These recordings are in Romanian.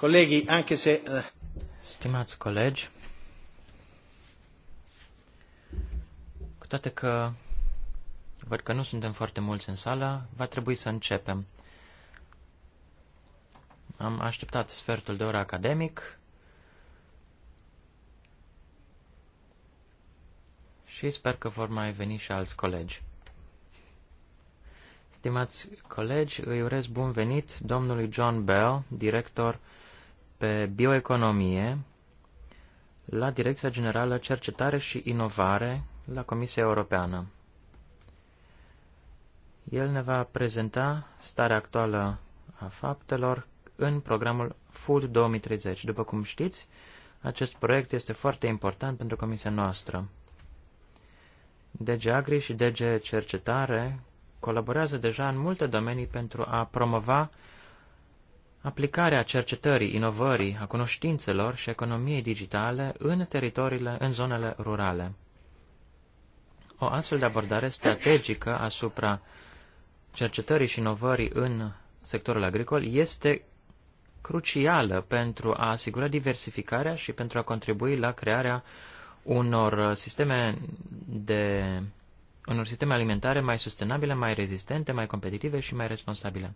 Colegi, anche se... Eh. Stimați colegi, cu toate că văd că nu suntem foarte mulți în sală, va trebui să începem. Am așteptat sfertul de oră academic și sper că vor mai veni și alți colegi. Stimați colegi, îi urez bun venit domnului John Bell, director pe bioeconomie la Direcția Generală Cercetare și Inovare la Comisia Europeană. El ne va prezenta starea actuală a faptelor în programul Food 2030. După cum știți, acest proiect este foarte important pentru comisia noastră. DG Agri și DG Cercetare colaborează deja în multe domenii pentru a promova aplicarea cercetării, inovării, a cunoștințelor și economiei digitale în teritoriile, în zonele rurale. O astfel de abordare strategică asupra cercetării și inovării în sectorul agricol este crucială pentru a asigura diversificarea și pentru a contribui la crearea unor sisteme de unor sisteme alimentare mai sustenabile, mai rezistente, mai competitive și mai responsabile.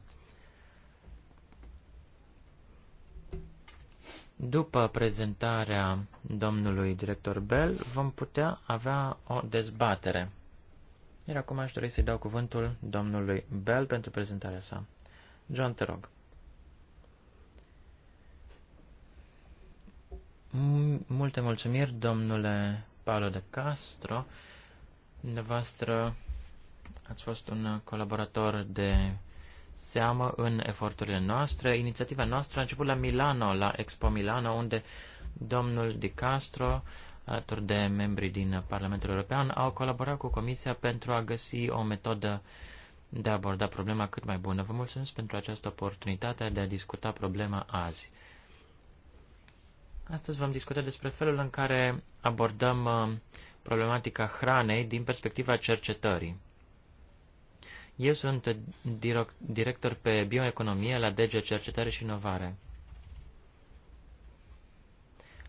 După prezentarea domnului director Bell, vom putea avea o dezbatere. Iar acum aș dori să-i dau cuvântul domnului Bell pentru prezentarea sa. John, te rog. Multe mulțumiri, domnule Paolo de Castro. Dumneavoastră ați fost un colaborator de seamă în eforturile noastre. Inițiativa noastră a început la Milano, la Expo Milano, unde domnul Di Castro, alături de membrii din Parlamentul European, au colaborat cu Comisia pentru a găsi o metodă de a aborda problema cât mai bună. Vă mulțumesc pentru această oportunitate de a discuta problema azi. Astăzi vom discuta despre felul în care abordăm uh, problematica hranei din perspectiva cercetării. Eu sunt director pe bioeconomie la DG Cercetare și Inovare.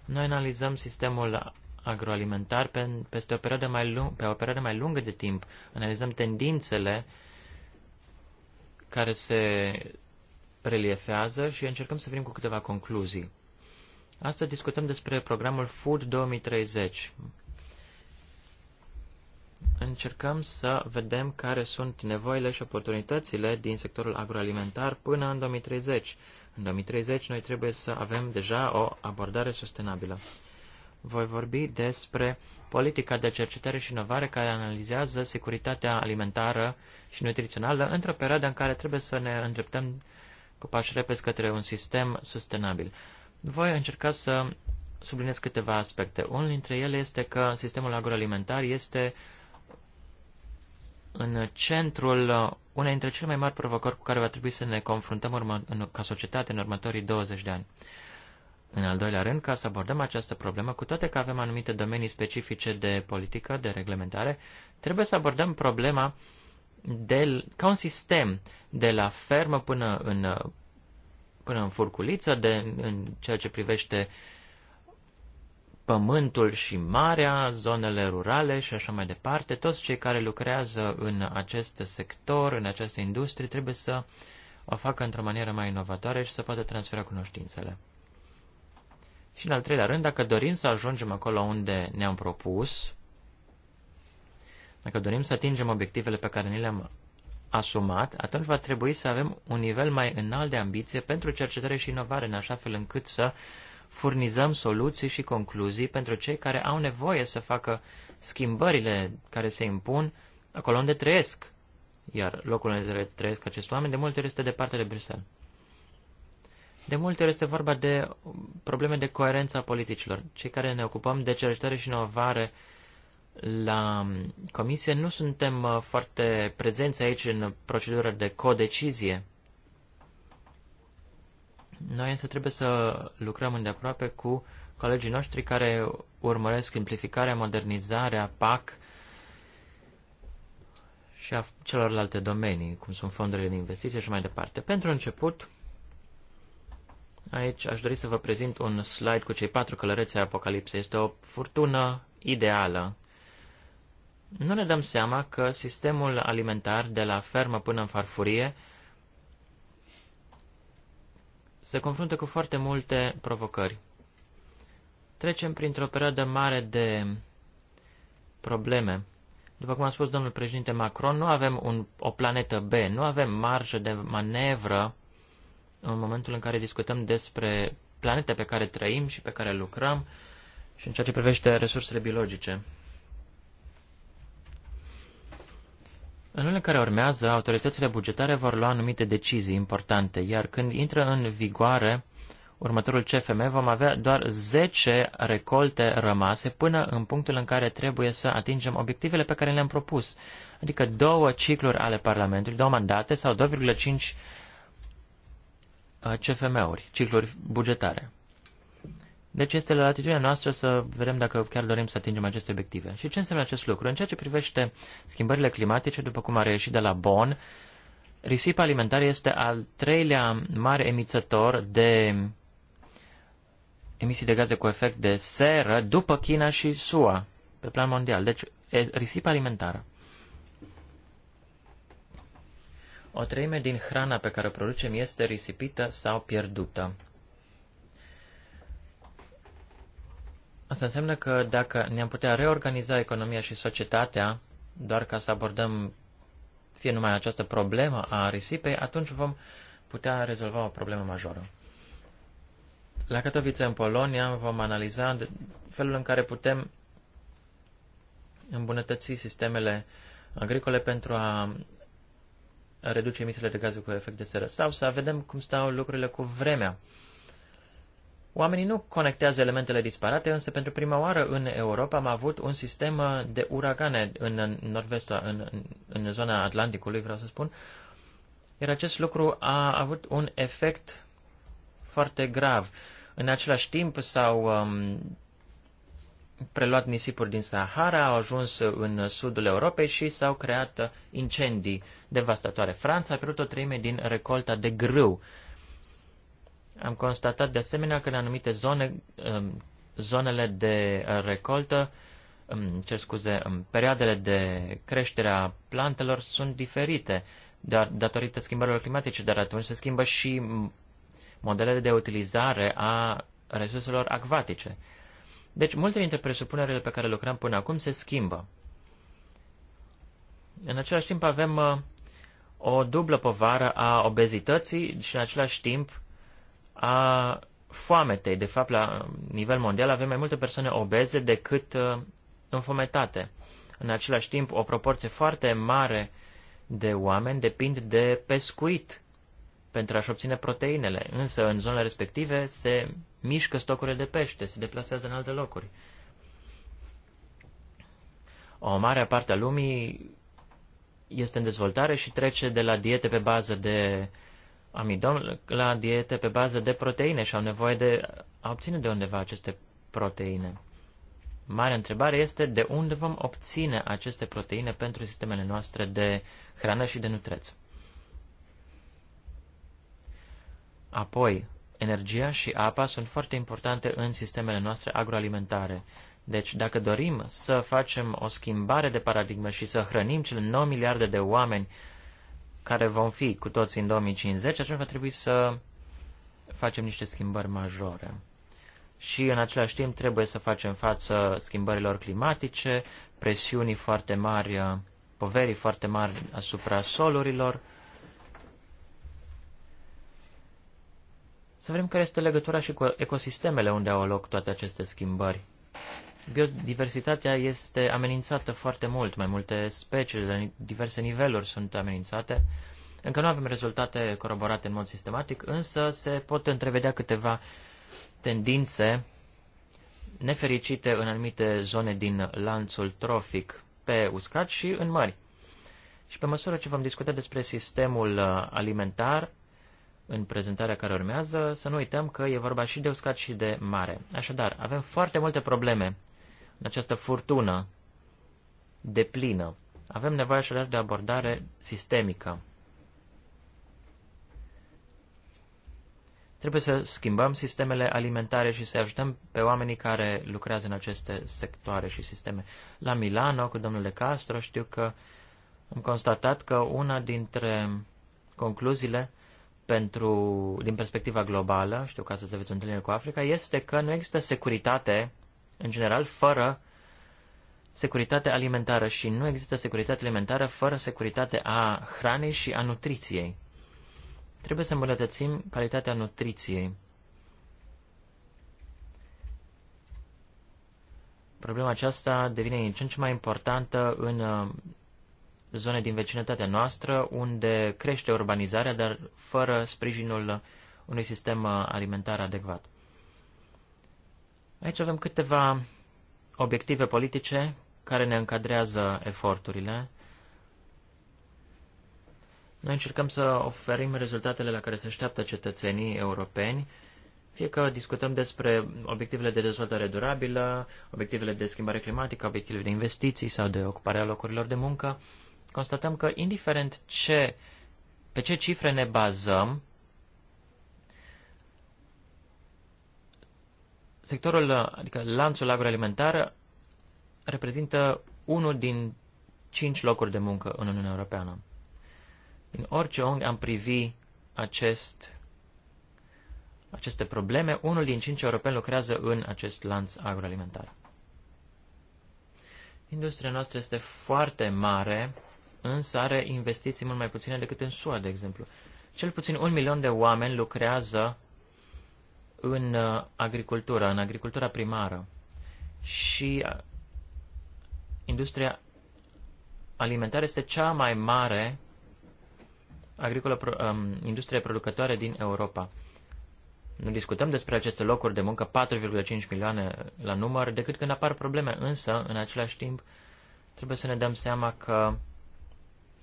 Noi analizăm sistemul agroalimentar pe, peste o perioadă mai lung, pe o perioadă mai lungă de timp. Analizăm tendințele care se reliefează și încercăm să venim cu câteva concluzii. Astăzi discutăm despre programul Food 2030, încercăm să vedem care sunt nevoile și oportunitățile din sectorul agroalimentar până în 2030. În 2030 noi trebuie să avem deja o abordare sustenabilă. Voi vorbi despre politica de cercetare și inovare care analizează securitatea alimentară și nutrițională într-o perioadă în care trebuie să ne îndreptăm cu pași repezi către un sistem sustenabil. Voi încerca să subliniez câteva aspecte. Unul dintre ele este că sistemul agroalimentar este uh, în centrul uh, una dintre cele mai mari provocări cu care va trebui să ne confruntăm urmă, în, ca societate în următorii 20 de ani. În al doilea rând, ca să abordăm această problemă, cu toate că avem anumite domenii specifice de politică, de reglementare, trebuie să abordăm problema de, ca un sistem, de la fermă până în, uh, până în furculiță, de, în ceea ce privește uh, pământul și marea, zonele rurale și așa mai departe. Toți cei care lucrează în acest sector, în această industrie, trebuie să o facă într-o manieră mai inovatoare și să poată transfera cunoștințele. Și în al treilea rând, dacă dorim să ajungem acolo unde ne-am propus, dacă dorim să atingem obiectivele pe care ni le-am asumat, atunci va trebui să avem un nivel mai înalt de ambiție pentru cercetare și inovare, în așa fel încât să uh, furnizăm soluții și concluzii pentru cei care au nevoie să facă schimbările care se impun acolo unde trăiesc. Iar locul unde trăiesc acest oameni de multe ori este departe de Bruxelles. De multe ori este vorba de probleme de coerență a politicilor. Cei care ne ocupăm de cercetare și inovare la comisie nu suntem uh, foarte prezenți aici în procedura de codecizie. Noi însă trebuie să lucrăm îndeaproape cu colegii noștri care urmăresc simplificarea, modernizarea PAC și a celorlalte domenii, cum sunt fondurile de investiție și mai departe. Pentru început, aici aș dori să vă prezint un slide cu cei patru călărețe apocalipse. Este o furtună ideală. Nu ne dăm seama că sistemul alimentar de la fermă până în farfurie se confruntă cu foarte multe provocări. Trecem printr-o perioadă mare de probleme. După cum a spus domnul președinte Macron, nu avem un, o planetă B, nu avem marjă de manevră în momentul în care discutăm despre planete pe care trăim și pe care lucrăm și în ceea ce privește resursele biologice. În lunile care urmează, autoritățile bugetare vor lua anumite decizii importante, iar când intră în vigoare următorul CFM, vom avea doar 10 recolte rămase până în punctul în care trebuie să atingem obiectivele pe care le-am propus, adică două cicluri ale Parlamentului, două mandate sau 2,5 CFM-uri, uh, cicluri bugetare. Deci este la latitudinea noastră să vedem dacă chiar dorim să atingem aceste obiective. Și ce înseamnă acest lucru? În ceea ce privește schimbările climatice, după cum a reieșit de la Bonn, risipa alimentară este al treilea mare emițător de emisii de gaze cu efect de seră după China și SUA pe plan mondial. Deci risipa alimentară. O treime din hrana pe care o producem este risipită sau pierdută. Asta înseamnă că dacă ne-am putea reorganiza economia și societatea doar ca să abordăm fie numai această problemă a risipei, atunci vom putea rezolva o problemă majoră. La Katowice, în Polonia, vom analiza felul în care putem îmbunătăți sistemele agricole pentru a reduce emisiile de gaze cu efect de seră sau să vedem cum stau lucrurile cu vremea. Oamenii nu conectează elementele disparate, însă pentru prima oară în Europa am avut un sistem uh, de uragane în nord-vestul, în, în zona Atlanticului, vreau să spun, iar acest lucru a avut un efect foarte grav. În același timp s-au um, preluat nisipuri din Sahara, au ajuns în sudul Europei și s-au creat uh, incendii devastatoare. Franța a pierdut o treime din recolta de grâu am constatat de asemenea că în anumite zone, um, zonele de uh, recoltă, um, cer scuze, um, perioadele de creștere a plantelor sunt diferite dar datorită schimbărilor climatice, dar atunci se schimbă și modelele de utilizare a resurselor acvatice. Deci, multe dintre presupunerile pe care lucrăm până acum se schimbă. În același timp, avem uh, o dublă povară a obezității și, în același timp, a foametei. De fapt, la nivel mondial avem mai multe persoane obeze decât uh, înfometate. În același timp, o proporție foarte mare de oameni depind de pescuit pentru a-și obține proteinele, însă în zonele respective se mișcă stocurile de pește, se deplasează în alte locuri. O mare parte a lumii este în dezvoltare și trece de la diete pe bază de amidon la diete pe bază de proteine și au nevoie de a obține de undeva aceste proteine. Mare întrebare este de unde vom obține aceste proteine pentru sistemele noastre de hrană și de nutreț. Apoi, energia și apa sunt foarte importante în sistemele noastre agroalimentare. Deci, dacă dorim să facem o schimbare de paradigmă și să hrănim cele 9 miliarde de oameni care vom fi cu toții în 2050, așa va trebui să facem niște schimbări majore. Și în același timp trebuie să facem față schimbărilor climatice, presiunii foarte mari, poverii foarte mari asupra solurilor. Să vedem care este legătura și cu ecosistemele unde au loc toate aceste schimbări. Biodiversitatea este amenințată foarte mult, mai multe specii de diverse niveluri sunt amenințate. Încă nu avem rezultate coroborate în mod sistematic, însă se pot întrevedea câteva tendințe nefericite în anumite zone din lanțul trofic pe uscat și în mări. Și pe măsură ce vom discuta despre sistemul uh, alimentar în prezentarea care urmează, să nu uităm că e vorba și de uscat și de mare. Așadar, avem foarte multe probleme în această furtună de plină. Avem nevoie și de abordare sistemică. Trebuie să schimbăm sistemele alimentare și să ajutăm pe oamenii care lucrează în aceste sectoare și sisteme. La Milano, cu domnul De Castro, știu că am constatat că una dintre concluziile pentru, din perspectiva globală, știu că să se veți întâlnire cu Africa, este că nu există securitate în general, fără securitate alimentară și nu există securitate alimentară fără securitate a hranei și a nutriției. Trebuie să îmbunătățim calitatea nutriției. Problema aceasta devine din ce în ce mai importantă în uh, zone din vecinătatea noastră, unde crește urbanizarea, dar fără sprijinul unui sistem uh, alimentar adecvat. Aici avem câteva obiective politice care ne încadrează eforturile. Noi încercăm să oferim rezultatele la care se așteaptă cetățenii europeni, fie că discutăm despre obiectivele de dezvoltare durabilă, obiectivele de schimbare climatică, obiectivele de investiții sau de ocupare a locurilor de muncă, constatăm că, indiferent ce, pe ce cifre ne bazăm, sectorul, adică lanțul agroalimentar, reprezintă unul din cinci locuri de muncă în Uniunea Europeană. Din orice unghi am privi acest, aceste probleme, unul din cinci europeni lucrează în acest lanț agroalimentar. Industria noastră este foarte mare, însă are investiții mult mai puține decât în SUA, de exemplu. Cel puțin un milion de oameni lucrează în uh, agricultură, în agricultura primară și uh, industria alimentară este cea mai mare agricolă, um, industrie producătoare din Europa. Nu discutăm despre aceste locuri de muncă, 4,5 milioane la număr, decât când apar probleme. Însă, în același timp, trebuie să ne dăm seama că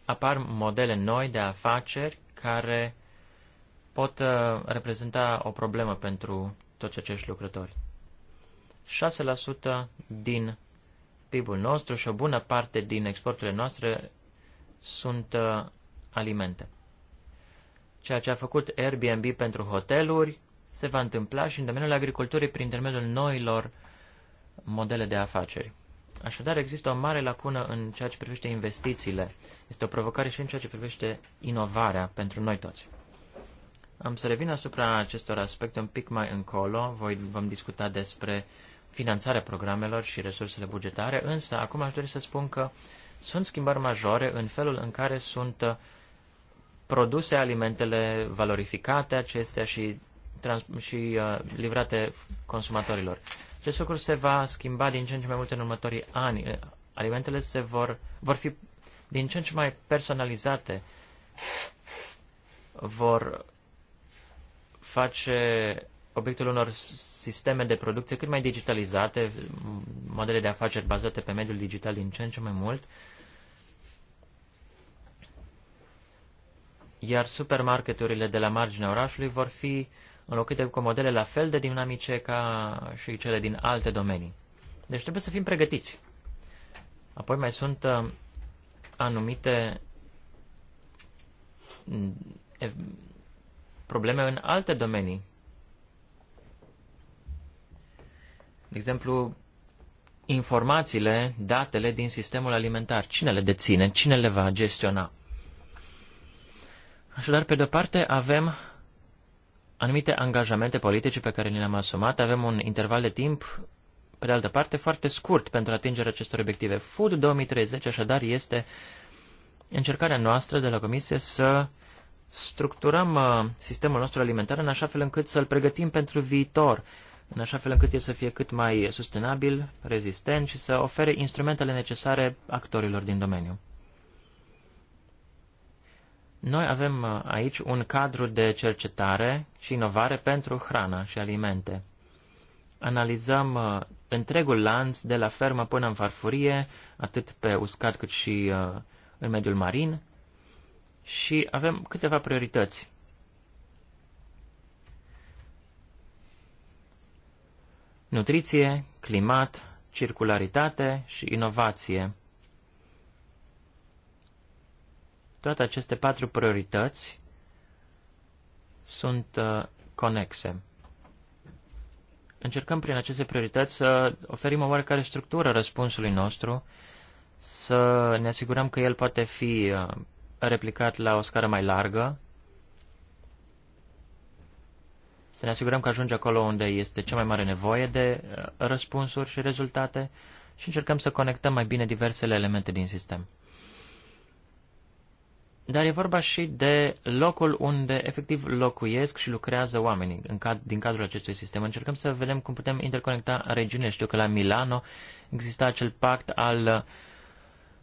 apar modele noi de afaceri care pot uh, reprezenta o problemă pentru toți acești lucrători. 6% din PIB-ul nostru și o bună parte din exporturile noastre sunt uh, alimente. Ceea ce a făcut Airbnb pentru hoteluri se va întâmpla și în domeniul agriculturii prin intermediul noilor modele de afaceri. Așadar, există o mare lacună în ceea ce privește investițiile. Este o provocare și în ceea ce privește inovarea pentru noi toți. Am să revin asupra acestor aspecte un pic mai încolo. Voi vom discuta despre finanțarea programelor și resursele bugetare, însă acum aș dori să spun că sunt schimbări majore în felul în care sunt uh, produse alimentele valorificate acestea și, trans- și uh, livrate consumatorilor. Acest lucru se va schimba din ce în ce mai mult în următorii ani. Alimentele se vor, vor fi din ce în ce mai personalizate, vor face obiectul unor sisteme de producție cât mai digitalizate, modele de afaceri bazate pe mediul digital din ce în ce mai mult, iar supermarketurile de la marginea orașului vor fi înlocuite cu modele la fel de dinamice ca și cele din alte domenii. Deci trebuie să fim pregătiți. Apoi mai sunt uh, anumite mm, probleme în alte domenii. De exemplu, informațiile, datele din sistemul alimentar. Cine le deține? Cine le va gestiona? Așadar, pe de-o parte, avem anumite angajamente politice pe care ni le-am asumat, avem un interval de timp, pe de altă parte, foarte scurt pentru atingerea acestor obiective. Food 2030, așadar, este încercarea noastră de la Comisie să uh, structurăm uh, sistemul nostru alimentar în așa fel încât să-l pregătim pentru viitor, în așa fel încât el să fie cât mai sustenabil, rezistent și să ofere instrumentele necesare actorilor din domeniu. Noi avem uh, aici un cadru de cercetare și inovare pentru hrana și alimente. Analizăm uh, întregul lanț de la fermă până în farfurie, atât pe uscat cât și în mediul marin, și avem câteva priorități. Nutriție, climat, circularitate și inovație. Toate aceste patru priorități sunt uh, conexe. Încercăm prin aceste priorități să oferim o oarecare structură răspunsului nostru, să ne asigurăm că el poate fi uh, replicat la o scară mai largă, să ne asigurăm că ajunge acolo unde este cea mai mare nevoie de uh, răspunsuri și rezultate și încercăm să conectăm mai bine diversele elemente din sistem. Dar e vorba și de locul unde efectiv locuiesc și lucrează oamenii în cad- din cadrul acestui sistem. Încercăm să vedem cum putem interconecta regiunile. Știu că la Milano exista acel pact al uh,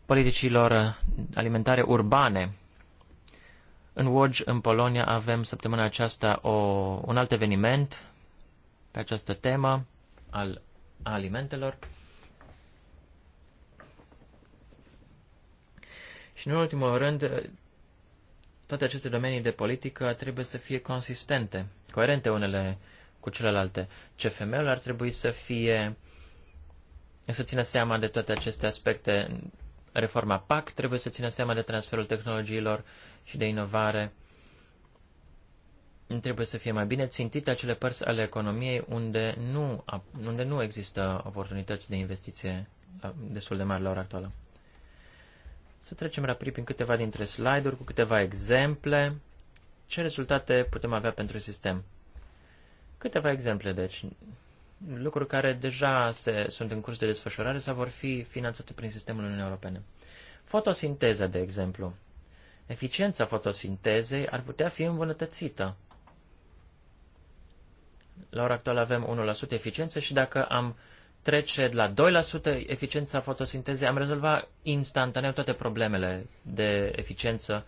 politicilor alimentare urbane. În Łódź, în Polonia, avem săptămâna aceasta o, un alt eveniment pe această temă al alimentelor. Și în ultimul rând, toate aceste domenii de politică trebuie să fie consistente, coerente unele cu celelalte. CFM-ul ar trebui să fie să țină seama de toate aceste aspecte reforma PAC trebuie să țină seama de transferul tehnologiilor și de inovare. Trebuie să fie mai bine țintite acele părți ale economiei unde nu, unde nu există oportunități de investiție destul de mari la ora actuală. Să trecem rapid prin câteva dintre slide-uri cu câteva exemple. Ce rezultate putem avea pentru sistem? Câteva exemple, deci lucruri care deja se, sunt în curs de desfășurare sau vor fi finanțate prin sistemul Uniunii Europene. Fotosinteza, de exemplu. Eficiența fotosintezei ar putea fi îmbunătățită. La ora actuală avem 1% eficiență și dacă am trece la 2% eficiența fotosintezei, am rezolvat instantaneu toate problemele de eficiență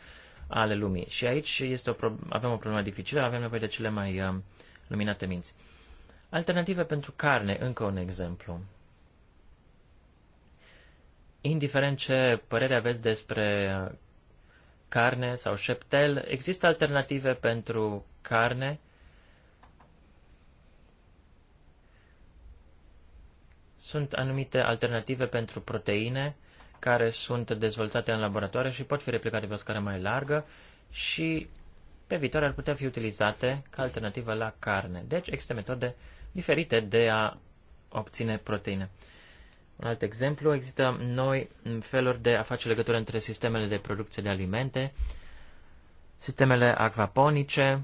ale lumii. Și aici este o, avem o problemă dificilă, avem nevoie de cele mai uh, luminate minți. Alternative pentru carne, încă un exemplu. Indiferent ce părere aveți despre carne sau șeptel, există alternative pentru carne. Sunt anumite alternative pentru proteine care sunt dezvoltate în laboratoare și pot fi replicate pe o scară mai largă și pe viitor ar putea fi utilizate ca alternativă la carne. Deci există metode uh, diferite de a obține proteine. Un alt exemplu, există noi feluri de a face legătură între sistemele de producție de alimente, sistemele acvaponice,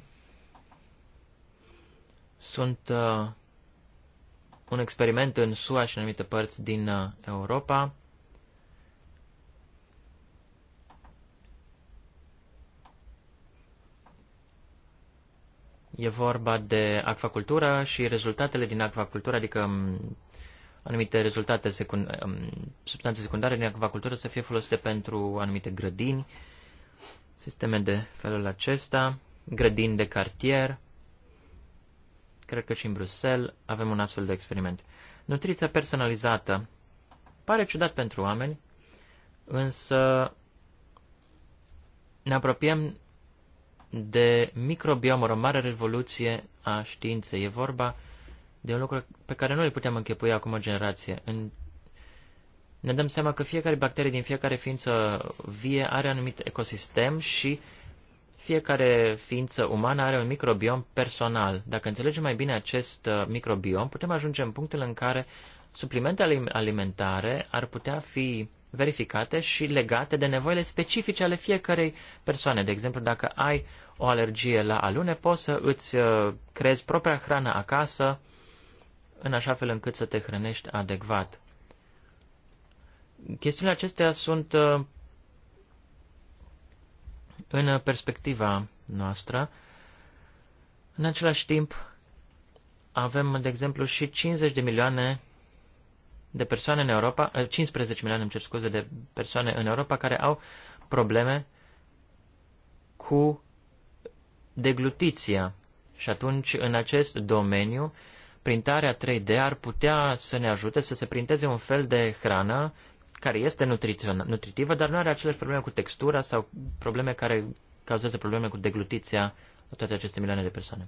sunt uh, un experiment în SUA și în anumite părți din uh, Europa, E vorba de acvacultură și rezultatele din acvacultură, adică anumite rezultate, secund- substanțe secundare din acvacultură să fie folosite pentru anumite grădini, sisteme de felul acesta, grădini de cartier. Cred că și în Bruxelles avem un astfel de experiment. Nutriția personalizată pare ciudat pentru oameni, însă ne apropiem de microbiom, o mare revoluție a științei. E vorba de un lucru pe care noi îl putem închepui acum o generație. În... Ne dăm seama că fiecare bacterie din fiecare ființă vie are un anumit ecosistem și fiecare ființă umană are un microbiom personal. Dacă înțelegem mai bine acest uh, microbiom, putem ajunge în punctul în care suplimentele alimentare ar putea fi verificate și legate de nevoile specifice ale fiecarei persoane. De exemplu, dacă ai o alergie la alune, poți să îți uh, creezi propria hrană acasă, în așa fel încât să te hrănești adecvat. Chestiunile acestea sunt uh, în perspectiva noastră. În același timp, avem, de exemplu, și 50 de milioane de persoane în Europa, 15 eh, milioane, îmi cer scuze, de persoane în Europa care au probleme cu deglutiția. Și atunci, în acest domeniu, printarea 3D ar putea să ne ajute să se printeze un fel de hrană care este nutritivă, dar nu are aceleași probleme cu textura sau probleme care cauzează probleme cu deglutiția toate aceste milioane de persoane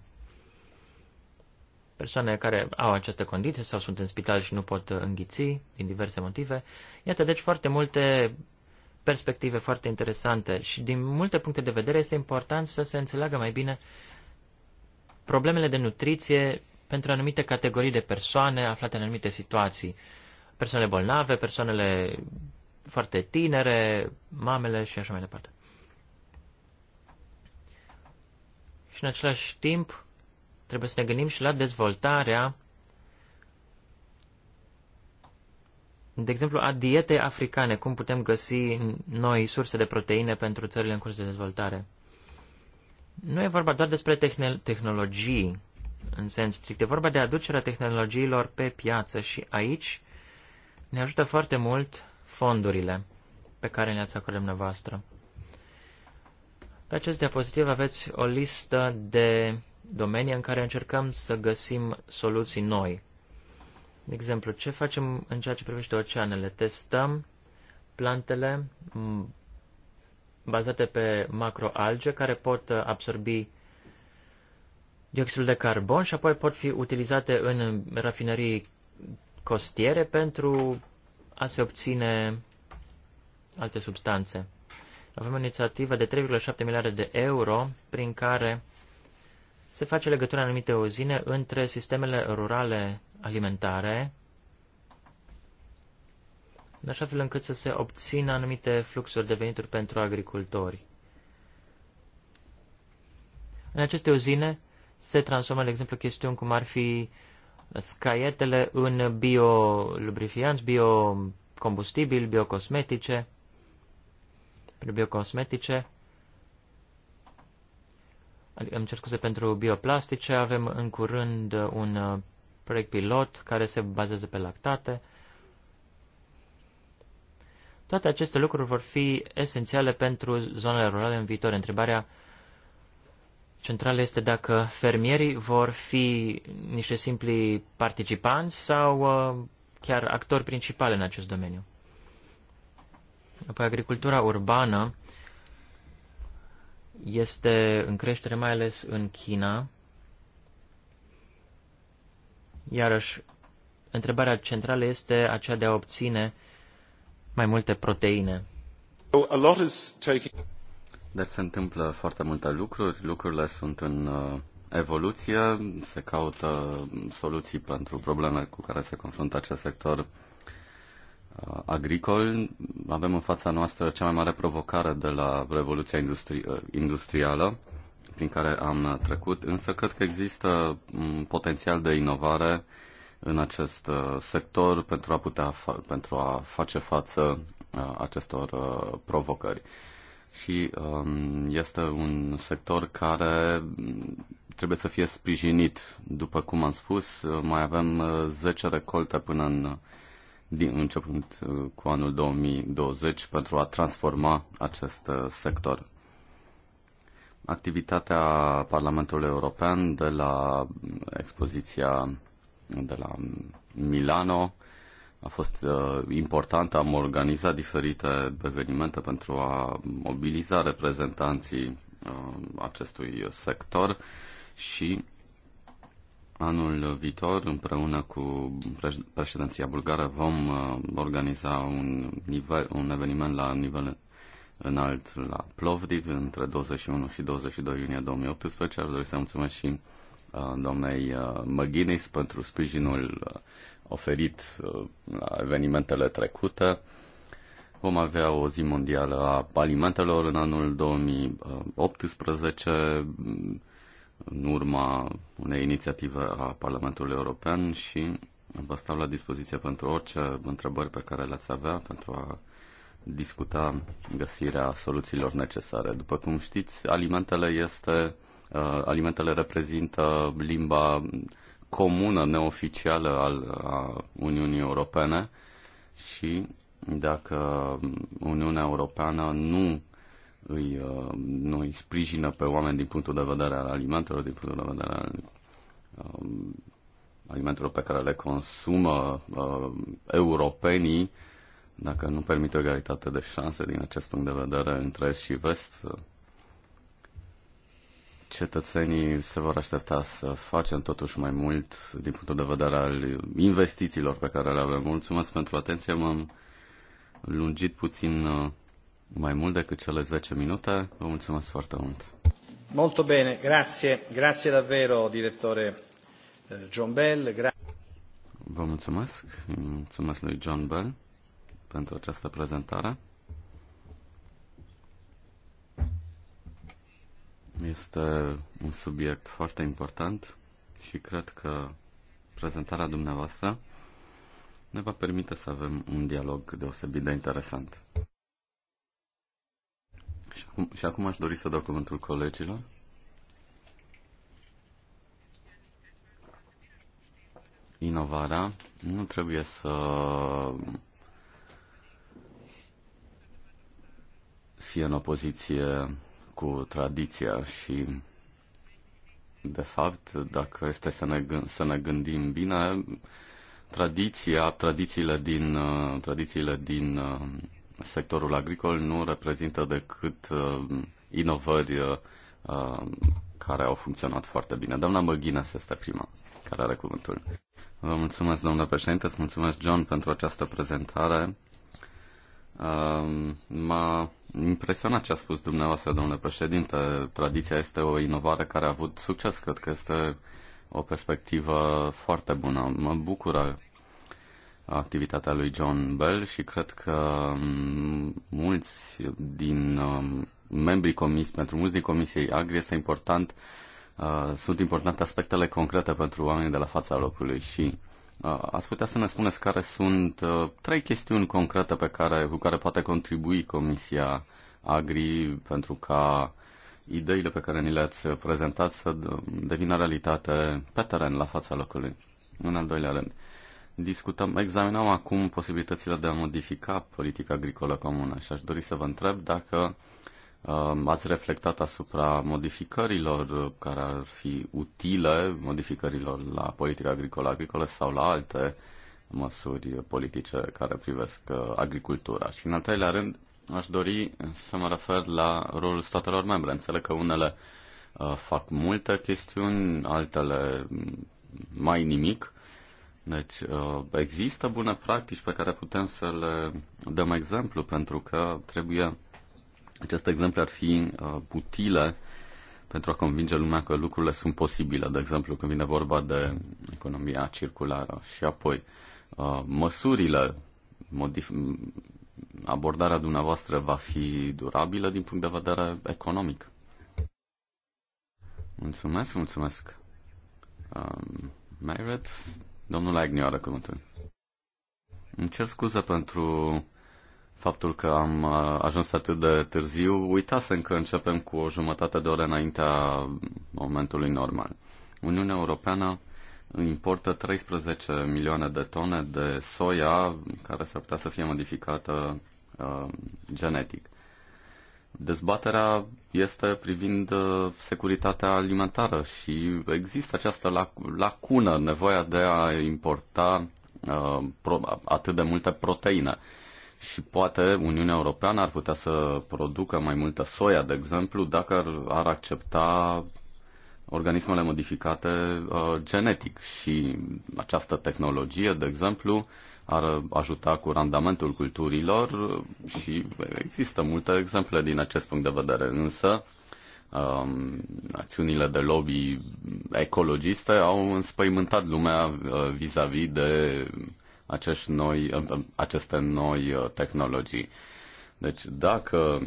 persoane care au această condiție sau sunt în spital și nu pot uh, înghiți din diverse motive. Iată, deci foarte multe perspective foarte interesante și din multe puncte de vedere este important să se înțeleagă mai bine problemele de nutriție pentru anumite categorii de persoane aflate în anumite situații. persoanele bolnave, persoanele foarte tinere, mamele și așa mai departe. Și în același timp, trebuie să ne gândim și la dezvoltarea, de exemplu, a dietei africane. Cum putem găsi noi surse de proteine pentru țările în curs de dezvoltare? Nu e vorba doar despre tehnologii, în sens strict. E vorba de aducerea tehnologiilor pe piață și aici ne ajută foarte mult fondurile pe care le-ați acordat dumneavoastră. Pe acest diapozitiv aveți o listă de domenii în care încercăm să găsim soluții noi. De exemplu, ce facem în ceea ce privește oceanele? Testăm plantele bazate pe macroalge care pot uh, absorbi dioxidul de carbon și apoi pot fi utilizate în rafinării costiere pentru a se obține alte substanțe. Avem o inițiativă de 3,7 miliarde de euro prin care se face legătura în anumite ozine între sistemele rurale alimentare, în așa fel încât să se obțină anumite fluxuri de venituri pentru agricultori. În aceste ozine se transformă, de exemplu, chestiuni cum ar fi scaietele în biolubrifianți, biocombustibili, biocosmetice, biocosmetice, Adică, îmi cer scuze pentru bioplastice, avem în curând uh, un uh, proiect pilot care se bazează pe lactate. Toate aceste lucruri vor fi esențiale pentru zonele rurale în viitor. Întrebarea centrală este dacă fermierii vor fi niște simpli participanți sau uh, chiar actori principali în acest domeniu. Apoi agricultura urbană este în creștere mai ales în China. Iarăși, întrebarea centrală este aceea de a obține mai multe proteine. Dar deci se întâmplă foarte multe lucruri, lucrurile sunt în uh, evoluție, se caută uh, soluții pentru problemele cu care se confruntă acest sector Uh, agricol, avem în fața noastră cea mai mare provocare de la Revoluția Industri- uh, Industrială prin care am trecut, însă cred că există un potențial de inovare în acest uh, sector pentru a putea pentru a face față acestor provocări. Și um, este un sector care trebuie să fie sprijinit. După cum am spus, mai avem 10 recolte până în din început uh, cu anul 2020 pentru a transforma acest uh, sector. Activitatea Parlamentului European de la expoziția de la Milano a fost uh, importantă. Am organizat diferite evenimente pentru a mobiliza reprezentanții uh, acestui sector și Anul viitor, împreună cu președinția bulgară, vom uh, organiza un, nivel, un eveniment la nivel înalt la Plovdiv între 21 și 22 iunie 2018. Aș dori să mulțumesc și uh, doamnei uh, Măghinis pentru sprijinul oferit la evenimentele trecute. Vom avea o zi mondială a alimentelor în anul 2018 în urma unei inițiative a Parlamentului European și vă stau la dispoziție pentru orice întrebări pe care le-ați avea pentru a discuta găsirea soluțiilor necesare. După cum știți, alimentele este uh, alimentele reprezintă limba comună neoficială al, a Uniunii Europene și dacă Uniunea Europeană nu îi, uh, nu îi sprijină pe oameni din punctul de vedere al alimentelor, din punctul de vedere al um, alimentelor pe care le consumă uh, europenii, dacă nu permite o egalitate de șanse din acest punct de vedere între est și vest, uh, cetățenii se vor aștepta să facem totuși mai mult din punctul de vedere al investițiilor pe care le avem. Mulțumesc pentru atenție, m-am lungit puțin uh, mai mult decât cele 10 minute. Vă mulțumesc foarte mult. Molto bene, grazie, grazie davvero, direttore eh, John Bell. Gra- Vă mulțumesc, mulțumesc lui John Bell pentru această prezentare. Este un subiect foarte important și cred că prezentarea dumneavoastră ne va permite să avem un dialog deosebit de interesant. Și acum, și acum aș dori să dau cuvântul colegilor. Inovarea nu trebuie să fie în opoziție cu tradiția și de fapt, dacă este să ne, să ne gândim bine, tradiția, tradițiile din, tradițiile din sectorul agricol nu reprezintă decât uh, inovări uh, uh, care au funcționat foarte bine. Doamna Măghines este prima care are cuvântul. Vă mulțumesc, domnule președinte, îți mulțumesc, John, pentru această prezentare. M-a impresionat ce a spus dumneavoastră, domnule președinte. Tradiția este o inovare care a avut succes. Cred că este o perspectivă foarte bună. Mă bucură activitatea lui John Bell și cred că mm, mulți din mm, membrii comisiei, pentru mulți din comisiei agri este important, uh, sunt importante aspectele concrete pentru oamenii de la fața locului și uh, ați putea să ne spuneți care sunt uh, trei chestiuni concrete pe care, cu care poate contribui comisia agri pentru ca ideile pe care ni le-ați prezentat să devină realitate pe teren, la fața locului, în al doilea rând. Uh, Discutăm, examinăm acum posibilitățile de a modifica politica agricolă comună și aș dori să vă întreb dacă um, ați reflectat asupra modificărilor care ar fi utile, modificărilor la politica agricolă agricolă sau la alte măsuri politice care privesc uh, agricultura. Și în al treilea rând, aș dori să mă refer la rolul statelor membre. Înțeleg că unele uh, fac multe chestiuni, altele mai nimic. Deci uh, există bune practici pe care putem să le dăm exemplu, pentru că trebuie, acest exemplu ar fi uh, utile pentru a convinge lumea că lucrurile sunt posibile, de exemplu când vine vorba de economia circulară și apoi uh, măsurile, modif- abordarea dumneavoastră va fi durabilă din punct de vedere economic. Mulțumesc, mulțumesc. Um, Merit, Domnul Agnew are cuvântul. Îmi cer scuze pentru faptul că am uh, ajuns atât de târziu. Uitasem că începem cu o jumătate de oră înaintea momentului normal. Uniunea Europeană importă 13 milioane de tone de soia care s-ar putea să fie modificată uh, genetic. Dezbaterea este privind uh, securitatea alimentară și există această lacună, nevoia de a importa uh, atât de multe proteine. Și poate Uniunea Europeană ar putea să producă mai multă soia, de exemplu, dacă ar, ar accepta organismele modificate uh, genetic. Și această tehnologie, de exemplu, ar ajuta cu randamentul culturilor și există multe exemple din acest punct de vedere, însă um, acțiunile de lobby ecologiste au înspăimântat lumea uh, vis-a-vis -vis de acești noi, uh, aceste noi uh, tehnologii. Deci dacă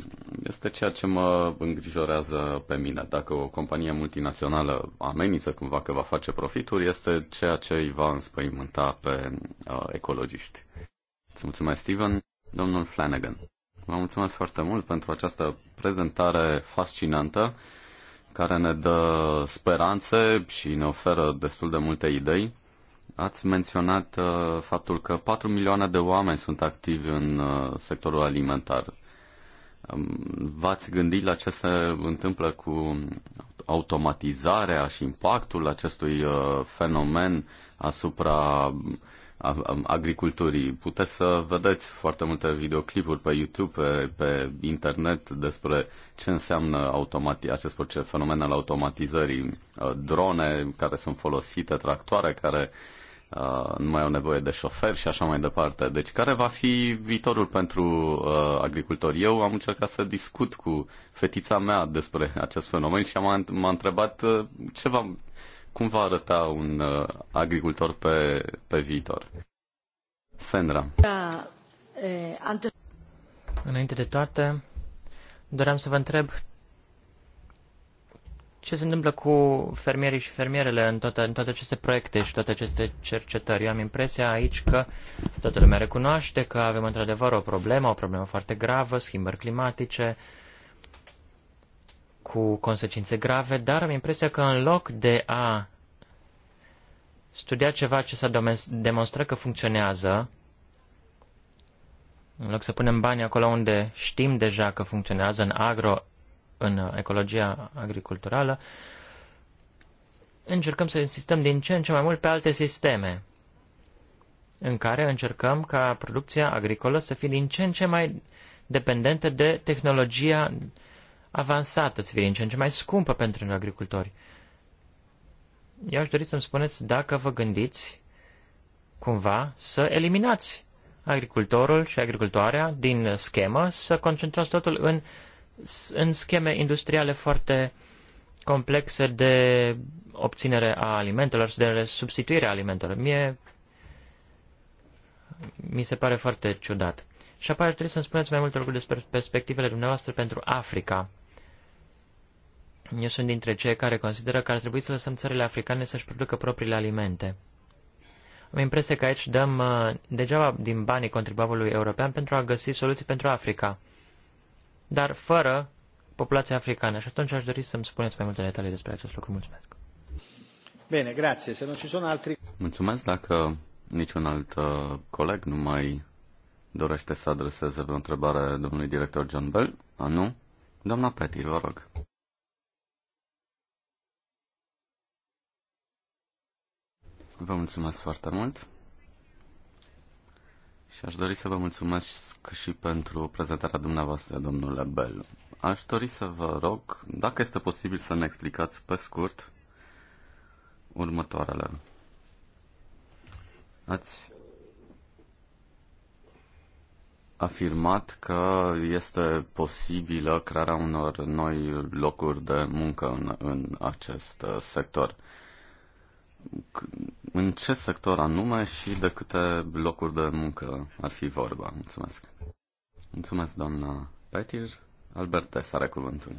este ceea ce mă îngrijorează pe mine, dacă o companie multinațională amenință cumva că va face profituri, este ceea ce îi va înspăimânta pe uh, ecologiști. Îți mulțumesc, Steven. Domnul Flanagan, vă mulțumesc foarte mult pentru această prezentare fascinantă care ne dă speranțe și ne oferă destul de multe idei. Ați menționat uh, faptul că 4 milioane de oameni sunt activi în uh, sectorul alimentar. Um, v-ați gândit la ce se întâmplă cu automatizarea și impactul acestui uh, fenomen asupra um, um, agriculturii. Puteți să vedeți foarte multe videoclipuri pe YouTube, pe, pe internet despre ce înseamnă automati- acest proces, fenomen al automatizării. Uh, drone care sunt folosite, tractoare care uh, Uh, nu mai au nevoie de șofer și așa mai departe. Deci care va fi viitorul pentru uh, agricultori? Eu am încercat să discut cu fetița mea despre acest fenomen și am, m-a întrebat uh, ce va, cum va arăta un uh, agricultor pe, pe viitor. Sandra. Uh, uh, Înainte de toate, doream să vă întreb ce se întâmplă cu fermierii și fermierele în toate, în toate aceste proiecte și toate aceste cercetări. Eu am impresia aici că toată lumea recunoaște că avem într-adevăr o problemă, o problemă foarte gravă, schimbări climatice, cu consecințe grave, dar am impresia că în loc de a studia ceva ce să demonstrat că funcționează, în loc să punem bani acolo unde știm deja că funcționează, în agro, în uh, ecologia agriculturală, încercăm să insistăm din ce în ce mai mult pe alte sisteme, în care încercăm ca producția agricolă să fie din ce în ce mai dependentă de tehnologia avansată, să fie din ce în ce mai scumpă pentru agricultori. Eu aș dori să-mi spuneți dacă vă gândiți cumva să eliminați agricultorul și agricultoarea din schemă, să concentrați totul în în scheme industriale foarte complexe de obținere a alimentelor și de substituire a alimentelor. Mie mi se pare foarte ciudat. Și apoi ar trebui să-mi spuneți mai multe lucruri despre perspectivele dumneavoastră pentru Africa. Eu sunt dintre cei care consideră că ar trebui să lăsăm țările africane să-și producă propriile alimente. Am impresia că aici dăm uh, degeaba din banii contribuabilului european pentru a găsi soluții pentru Africa dar fără populația africană. Și atunci aș dori să-mi spuneți mai multe detalii despre acest lucru. Mulțumesc. Bine, grație. Să nu și sunt altri... Mulțumesc dacă niciun alt uh, coleg nu mai dorește să adreseze vreo întrebare domnului director John Bell. A, nu? Doamna Petty, vă rog. Vă mulțumesc foarte mult. Și aș dori să vă mulțumesc și pentru prezentarea dumneavoastră, domnule Bell. Aș dori să vă rog, dacă este posibil să ne explicați pe scurt următoarele. Ați afirmat că este posibilă crearea unor noi locuri de muncă în, în acest uh, sector în ce sector anume și de câte locuri de muncă ar fi vorba. Mulțumesc. Mulțumesc, doamna Petir. Albertes are cuvântul.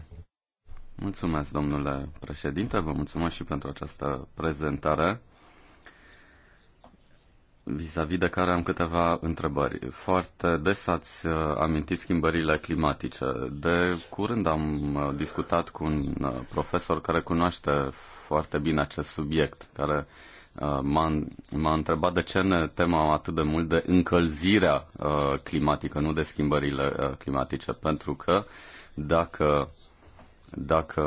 Mulțumesc, domnule președinte, vă mulțumesc și pentru această prezentare vis-a-vis -vis de care am câteva întrebări. Foarte des ați uh, amintit schimbările climatice. De curând am uh, discutat cu un uh, profesor care cunoaște foarte bine acest subiect, care uh, m-a, întrebat de ce ne temăm atât de mult de încălzirea uh, climatică, nu de schimbările uh, climatice, pentru că dacă dacă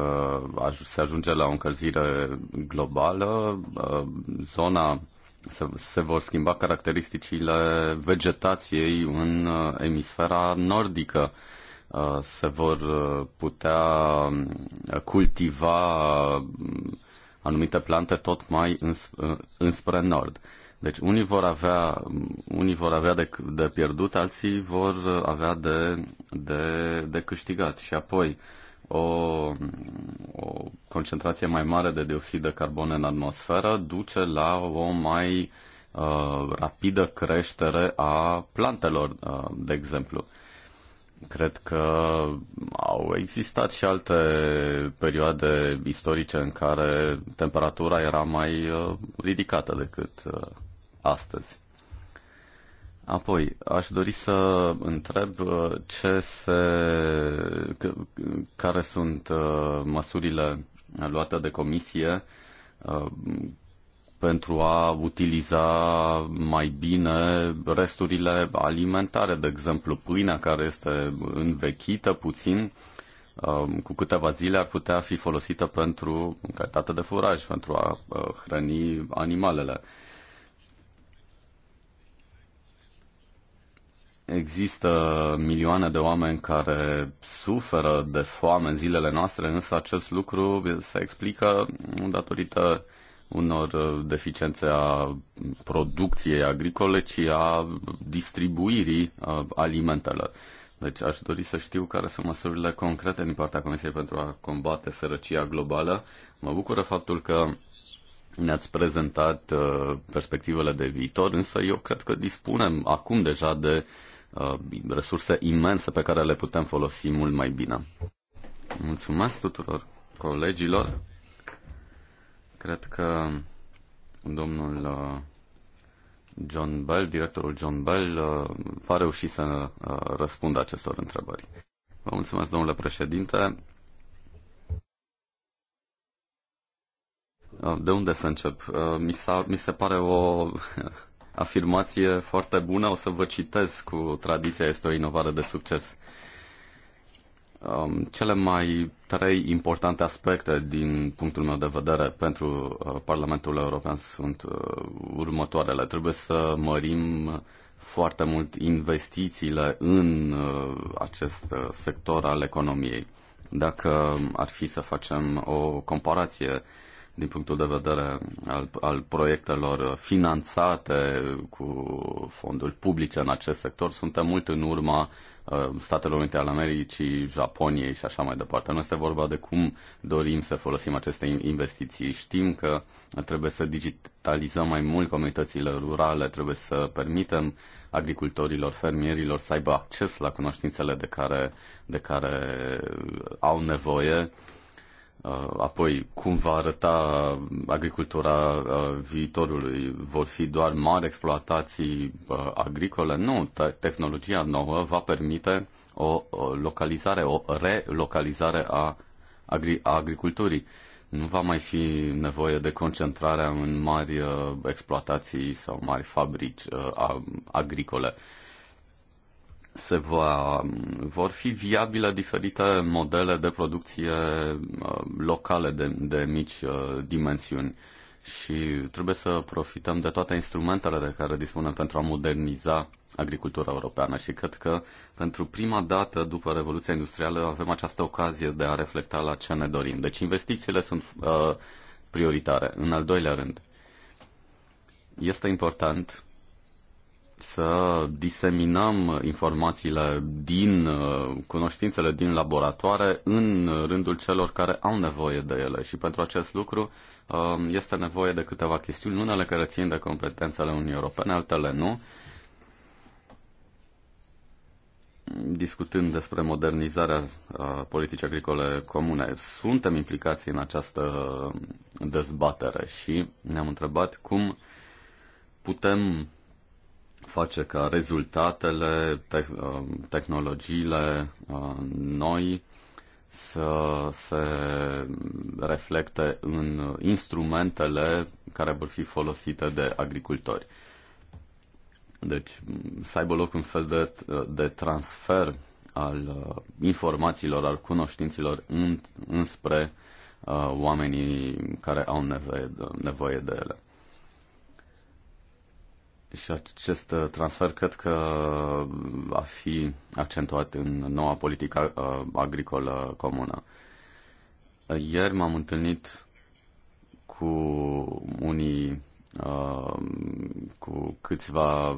se ajunge la o încălzire globală, uh, zona se, se vor schimba caracteristicile vegetației în uh, emisfera nordică Uh, se vor uh, putea uh, cultiva anumite plante tot mai înspre nord. Deci unii vor avea, unii vor avea de, de pierdut, alții vor avea de, de, de câștigat. Și apoi o, o concentrație mai mare de dioxid de carbon în atmosferă duce la o mai uh, rapidă creștere a plantelor, uh, de exemplu. Cred că au existat și alte perioade istorice în care temperatura era mai uh, ridicată decât uh, astăzi. Apoi, aș dori să întreb uh, ce se, care sunt măsurile luate de comisie pentru a utiliza mai bine resturile alimentare, de exemplu pâinea care este învechită puțin, um, cu câteva zile ar putea fi folosită pentru în calitate de furaj, pentru a uh, hrăni animalele. Există milioane de oameni care suferă de foame în zilele noastre, însă acest lucru se explică datorită uh, unor uh, deficiențe a producției agricole, ci a distribuirii uh, alimentelor. Deci aș dori să știu care sunt măsurile concrete din partea Comisiei pentru a combate sărăcia globală. Mă bucură faptul că ne-ați prezentat uh, perspectivele de viitor, însă eu cred că dispunem acum deja de resurse imense pe care le putem folosi mult mai bine. Mulțumesc tuturor colegilor. Cred că domnul uh, John Bell, directorul John Bell, uh, va reuși să uh, răspundă acestor întrebări. Vă mulțumesc, domnule președinte. De unde să încep? Mi, s-a, mi se pare o afirmație foarte bună. O să vă citez cu tradiția, este o inovare de succes um, cele mai trei importante aspecte din punctul meu de vedere pentru uh, Parlamentul European sunt uh, următoarele. Trebuie să mărim foarte mult investițiile în uh, acest uh, sector al economiei. Dacă ar fi să facem o comparație din punctul de vedere al, al proiectelor finanțate cu fonduri publice în acest sector, suntem mult în urma Uh, Statele Unite ale Americii, Japoniei și așa mai departe. Nu este vorba de cum dorim să folosim aceste investiții. Știm că trebuie să digitalizăm mai mult comunitățile rurale, trebuie să permitem agricultorilor, fermierilor să aibă acces la cunoștințele de care, de care au nevoie Uh, apoi, cum va arăta agricultura uh, viitorului? Vor fi doar mari exploatații uh, agricole? Nu, tehnologia nouă va permite o localizare, o relocalizare a, agri- a agriculturii. Nu va mai fi nevoie de concentrarea în mari exploatații sau mari fabrici agricole se va, vor fi viabile diferite modele de producție uh, locale de, de mici uh, dimensiuni și trebuie să profităm de toate instrumentele de care dispunem pentru a moderniza agricultura europeană și cred că pentru prima dată după Revoluția Industrială avem această ocazie de a reflecta la ce ne dorim. Deci investițiile sunt uh, prioritare. În al doilea rând, este important să diseminăm informațiile din uh, cunoștințele din laboratoare în rândul celor care au nevoie de ele și pentru acest lucru uh, este nevoie de câteva chestiuni, unele care țin de competențele Uniunii Europene, altele nu. Discutând despre modernizarea uh, politicii agricole comune, suntem implicați în această dezbatere și ne-am întrebat cum putem face ca rezultatele, te- um, tehnologiile uh, noi să se reflecte în instrumentele care vor fi folosite de agricultori. Deci să aibă loc un fel de, de transfer al uh, informațiilor, al cunoștinților în, înspre uh, oamenii care au nevoie, nevoie de ele. Și acest uh, transfer cred că va fi accentuat în noua politică uh, agricolă comună. Ieri m-am întâlnit cu unii uh, cu câțiva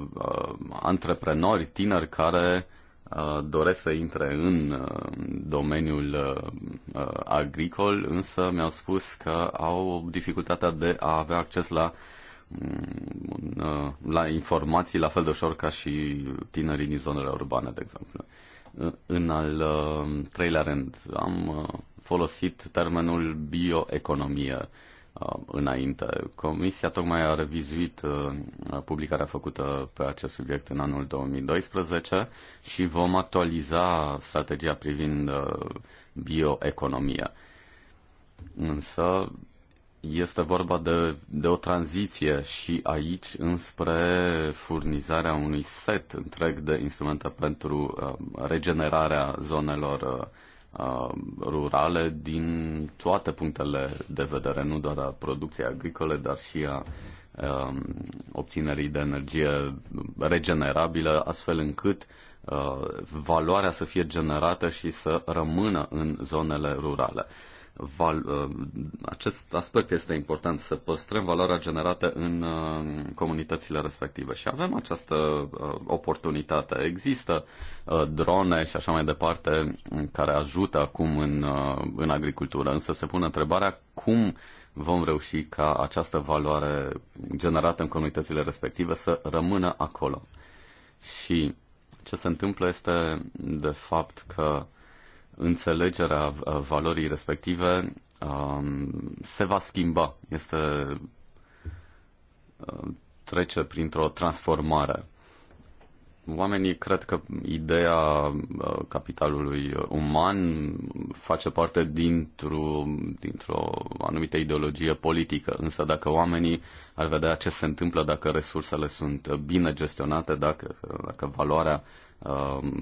antreprenori tineri care doresc să intre în domeniul agricol, însă mi-au spus că au dificultatea de a avea acces la uh, Mm, uh, la informații la fel de ușor ca și tinerii din zonele urbane, de exemplu. Uh, în al uh, treilea rând, am folosit termenul bioeconomie înainte. Comisia tocmai a revizuit publicarea făcută pe acest subiect în anul 2012 și vom actualiza strategia privind bioeconomia. Însă este vorba de, de o tranziție și aici înspre furnizarea unui set întreg de instrumente pentru uh, regenerarea zonelor uh, rurale din toate punctele de vedere, nu doar a producției agricole, dar și a uh, obținerii de energie regenerabilă, astfel încât uh, valoarea să fie generată și să rămână în zonele rurale val, uh, acest aspect este important, să păstrăm valoarea generată în uh, comunitățile respective. Și avem această uh, oportunitate. Există drone și așa mai departe mm, care ajută acum în, în agricultură, însă se pune întrebarea cum vom reuși ca această valoare generată în comunitățile respective să rămână acolo. Și ce se întâmplă este de fapt că înțelegerea uh, valorii respective um, se va schimba, este uh, trece printr-o transformare. Oamenii cred că ideea uh, capitalului uman face parte dintr-o, dintr-o anumită ideologie politică, însă dacă oamenii ar vedea ce se întâmplă dacă resursele sunt bine gestionate, dacă, dacă valoarea uh, Um,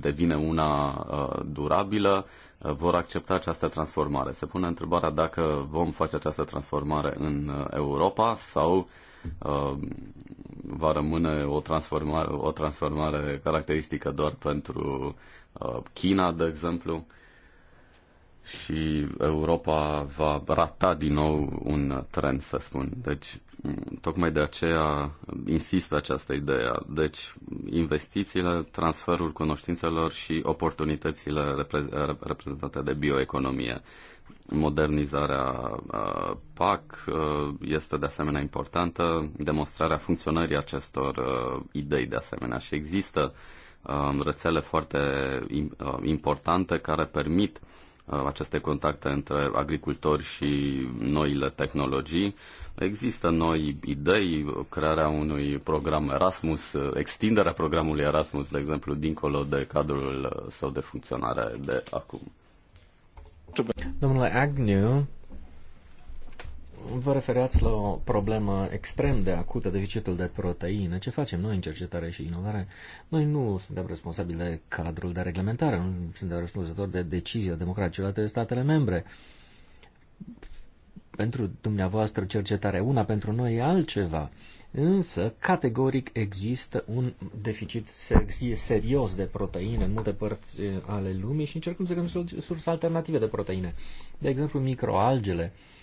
devine una uh, durabilă, uh, vor accepta această transformare. Se pune întrebarea dacă vom face această transformare în uh, Europa sau um, va rămâne o transformare, o transformare caracteristică doar pentru China, de exemplu, și Europa va rata din nou un trend, să spun. Deci Tocmai de aceea insist pe această idee. Deci, investițiile, transferul cunoștințelor și oportunitățile reprezentate de bioeconomie. Modernizarea PAC este de asemenea importantă, demonstrarea funcționării acestor idei de asemenea și există rețele foarte importante care permit Uh, aceste contacte între agricultori și noile tehnologii. Există noi idei, crearea unui program Erasmus, uh, extinderea programului Erasmus, de exemplu, dincolo de cadrul uh, său de funcționare de acum. Domnule Agnew, Vă referați la o problemă extrem de acută, deficitul de proteine. Ce facem noi în cercetare și inovare? Noi nu suntem responsabili de cadrul de reglementare, nu suntem responsabili de decizia democratică de statele membre. Pentru dumneavoastră cercetare una, pentru noi e altceva. Însă, categoric există un deficit serios de proteine în multe părți ale lumii și încercăm să găsim surse alternative de proteine. De exemplu, microalgele, uh,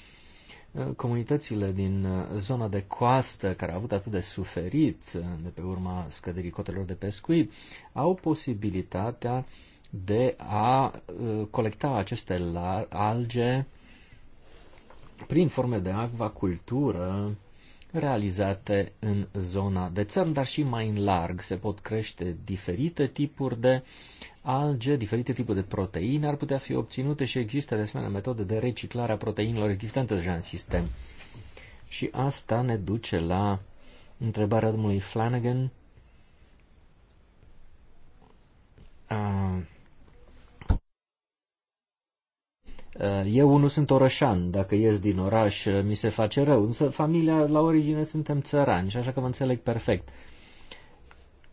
comunitățile din uh, zona de coastă care au avut atât de suferit uh, de pe urma scăderii cotelor de pescuit au posibilitatea de a uh, colecta aceste alge prin forme de acvacultură realizate în zona de țărm, dar și mai în larg. Se pot crește diferite tipuri de alge, diferite tipuri de proteine ar putea fi obținute și există de asemenea metode de reciclare a proteinelor existente deja în sistem. Și asta ne duce la întrebarea domnului Flanagan. Uh, Eh, eu nu sunt orășan, dacă ies din oraș eh, mi se face rău, însă familia la origine suntem țărani și așa că vă înțeleg perfect.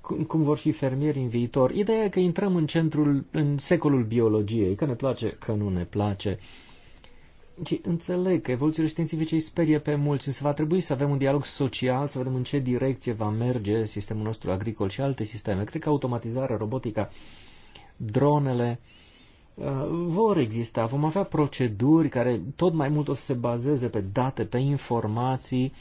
Cum, cum vor fi fermieri în viitor? Ideea e că intrăm în centrul, în secolul biologiei, că ne place, că nu ne place. Și înțeleg că evoluțiile științifice îi sperie pe mulți, însă va trebui să avem un dialog social, să vedem în ce direcție va merge sistemul nostru agricol și alte sisteme. Cred că automatizarea, robotica, dronele, Uh, vor exista, vom avea proceduri care tot mai mult o să se bazeze pe date, pe informații,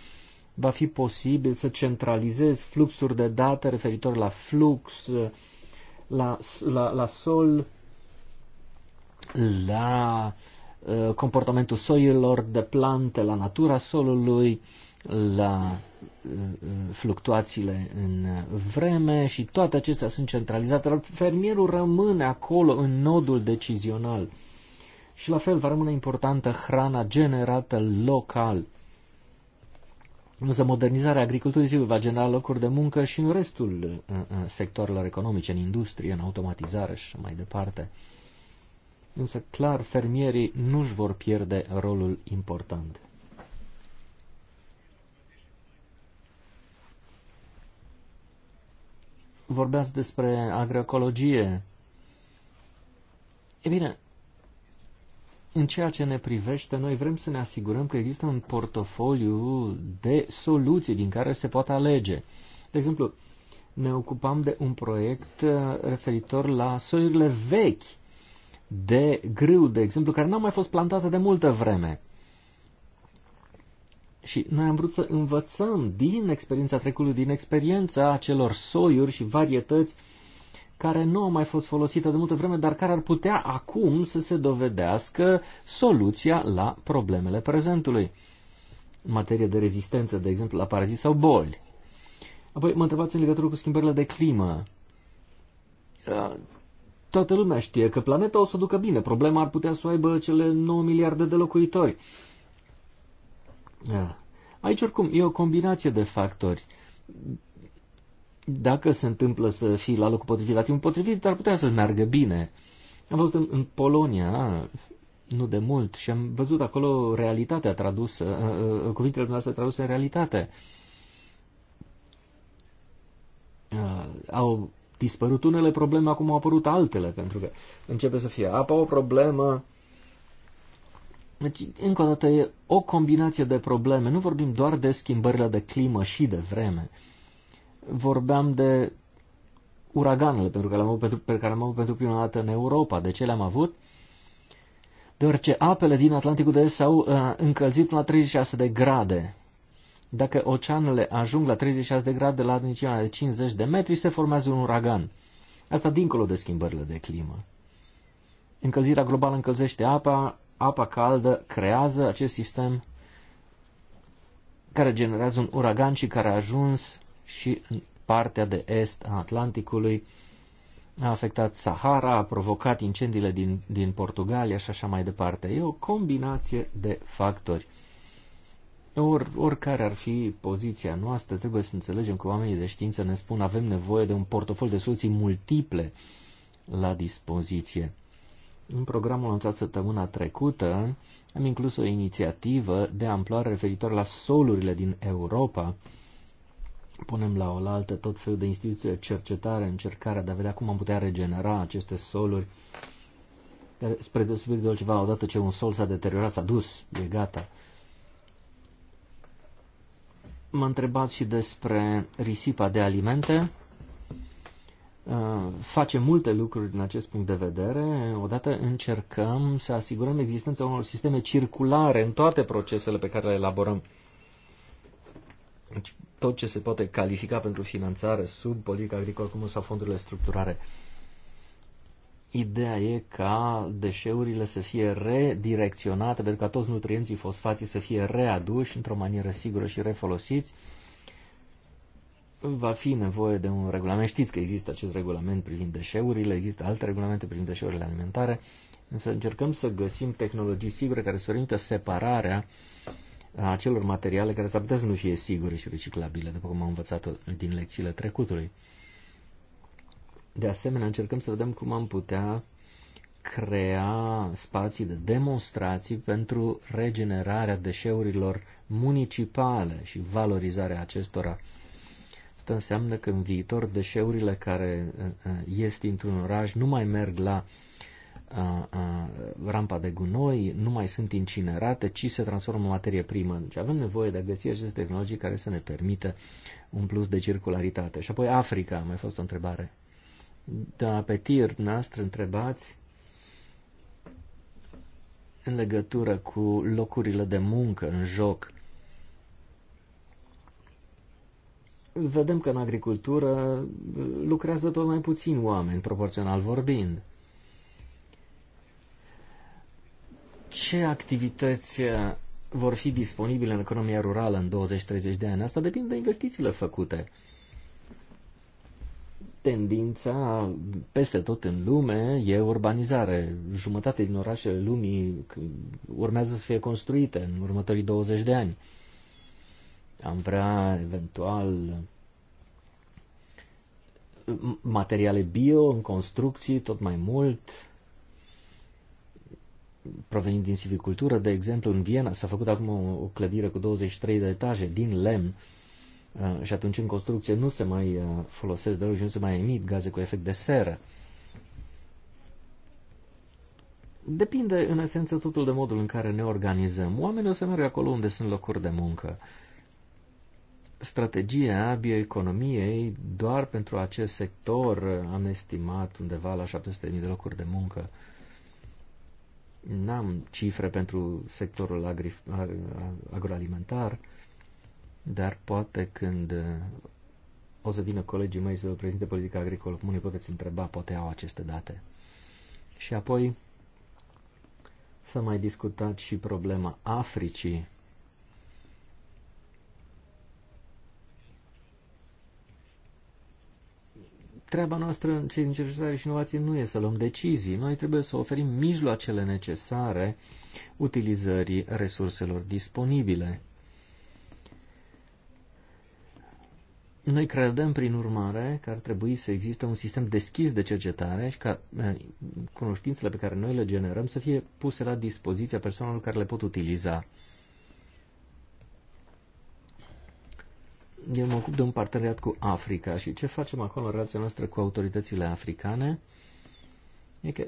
va fi posibil să centralizezi fluxuri de date referitor la flux, uh, la, la, la sol, la uh, comportamentul soiilor de plante, la natura solului, la fluctuațiile în vreme și toate acestea sunt centralizate, dar fermierul rămâne acolo în nodul decizional. Și la fel va rămâne importantă hrana generată local. Însă modernizarea agriculturii va genera locuri de muncă și în restul uh, uh, sectorilor economice, în industrie, în automatizare și mai departe. Însă, clar, fermierii nu-și vor pierde rolul important. vorbeați despre agroecologie. E bine, în ceea ce ne privește, noi vrem să ne asigurăm că există un portofoliu de soluții din care se poate alege. De exemplu, ne ocupam de un proiect uh, referitor la soiurile vechi de grâu, de exemplu, care n-au mai fost plantate de multă vreme. Și noi am vrut să învățăm din experiența trecutului, din experiența acelor soiuri și varietăți care nu au mai fost folosite de multă vreme, dar care ar putea acum să se dovedească soluția la problemele prezentului. În materie de rezistență, de exemplu, la parazit sau boli. Apoi mă întrebați în legătură cu schimbările de climă. Uh, toată lumea știe că planeta o să ducă bine. Problema ar putea să o aibă cele 9 miliarde de locuitori. Da. Aici, oricum, e o combinație de factori. Dacă se întâmplă să fii la locul potrivit, la timpul potrivit, ar putea să meargă bine. Am văzut în, în Polonia, nu de mult, și am văzut acolo realitatea tradusă, uh, uh, cuvintele dumneavoastră traduse în realitate. Uh, au dispărut unele probleme, acum au apărut altele, pentru că începe să fie apa o problemă, deci, încă o dată, e o combinație de probleme. Nu vorbim doar de schimbările de climă și de vreme. Vorbeam de uraganele pentru care, am pentru, pe care am avut pentru prima dată în Europa. De ce le-am avut? Deoarece apele din Atlanticul de Est s-au uh, încălzit până la 36 de grade. Dacă oceanele ajung la 36 de grade la adâncimea de 50 de metri, se formează un uragan. Asta dincolo de schimbările de climă. Încălzirea globală încălzește apa, apa caldă creează acest sistem care generează un uragan și care a ajuns și în partea de est a Atlanticului, a afectat Sahara, a provocat incendiile din, din Portugalia și așa mai departe. E o combinație de factori. Or, oricare ar fi poziția noastră, trebuie să înțelegem că oamenii de știință ne spun avem nevoie de un portofoliu de soluții multiple la dispoziție. În programul anunțat săptămâna trecută am inclus o inițiativă de amploare referitor la solurile din Europa. Punem la oaltă tot felul de instituții de cercetare, încercarea de a vedea cum am putea regenera aceste soluri. Spre deosebire de altceva, odată ce un sol s-a deteriorat, s-a dus, e gata. Mă întrebați și despre risipa de alimente. Uh, face multe lucruri din acest punct de vedere. Odată încercăm să asigurăm existența unor sisteme circulare în toate procesele pe care le elaborăm. Deci, tot ce se poate califica pentru finanțare sub politica agricolă comună sau fondurile structurare. Ideea e ca deșeurile să fie redirecționate, pentru ca toți nutrienții fosfații să fie readuși într-o manieră sigură și refolosiți va fi nevoie de un regulament. Știți că există acest regulament privind deșeurile, există alte regulamente privind deșeurile alimentare, însă încercăm să găsim tehnologii sigure care să permită separarea acelor materiale care s-ar putea să nu fie sigure și reciclabile, după cum am învățat din lecțiile trecutului. De asemenea, încercăm să vedem cum am putea crea spații de demonstrații pentru regenerarea deșeurilor municipale și valorizarea acestora Asta înseamnă că în viitor deșeurile care uh, uh, ies dintr-un oraș nu mai merg la uh, rampa de gunoi, nu mai sunt incinerate, ci se transformă în materie primă. Deci avem nevoie de a găsi aceste tehnologii care să ne permită un plus de circularitate. Și apoi Africa, a mai fost o întrebare. Da, pe tir, noastră întrebați în legătură cu locurile de muncă în joc. vedem că în agricultură uh, lucrează tot mai puțin oameni, proporțional vorbind. Ce activități uh, vor fi disponibile în economia rurală în 20-30 de ani? Asta depinde de investițiile făcute. Tendința peste tot în lume e urbanizare. Jumătate din orașele lumii urmează să fie construite în următorii 20 de ani. Am vrea eventual materiale bio în construcții tot mai mult, provenind din silvicultură. De exemplu, în Viena s-a făcut acum o, clădire cu 23 de etaje din lemn uh, și atunci în construcție nu se mai uh, folosesc deloc și nu se mai emit gaze cu efect de seră. Depinde, în esență, totul de modul în care ne organizăm. Oamenii o să meargă acolo unde sunt locuri de muncă strategia bioeconomiei doar pentru acest sector am estimat undeva la 700.000 de locuri de muncă. N-am cifre pentru sectorul agri- agroalimentar, dar poate când o să vină colegii mei să vă prezinte politica agricolă comună, puteți întreba, poate au aceste date. Și apoi să mai discutați și problema Africii treaba noastră în cei din cercetare și inovație nu e să luăm decizii. Noi trebuie să oferim mijloacele necesare utilizării resurselor disponibile. Noi credem, prin urmare, că ar trebui să existe un sistem deschis de cercetare și ca eh, cunoștințele pe care noi le generăm să fie puse la dispoziția persoanelor care le pot utiliza. eu mă ocup de un parteneriat cu Africa și ce facem acolo în relația noastră cu autoritățile africane e că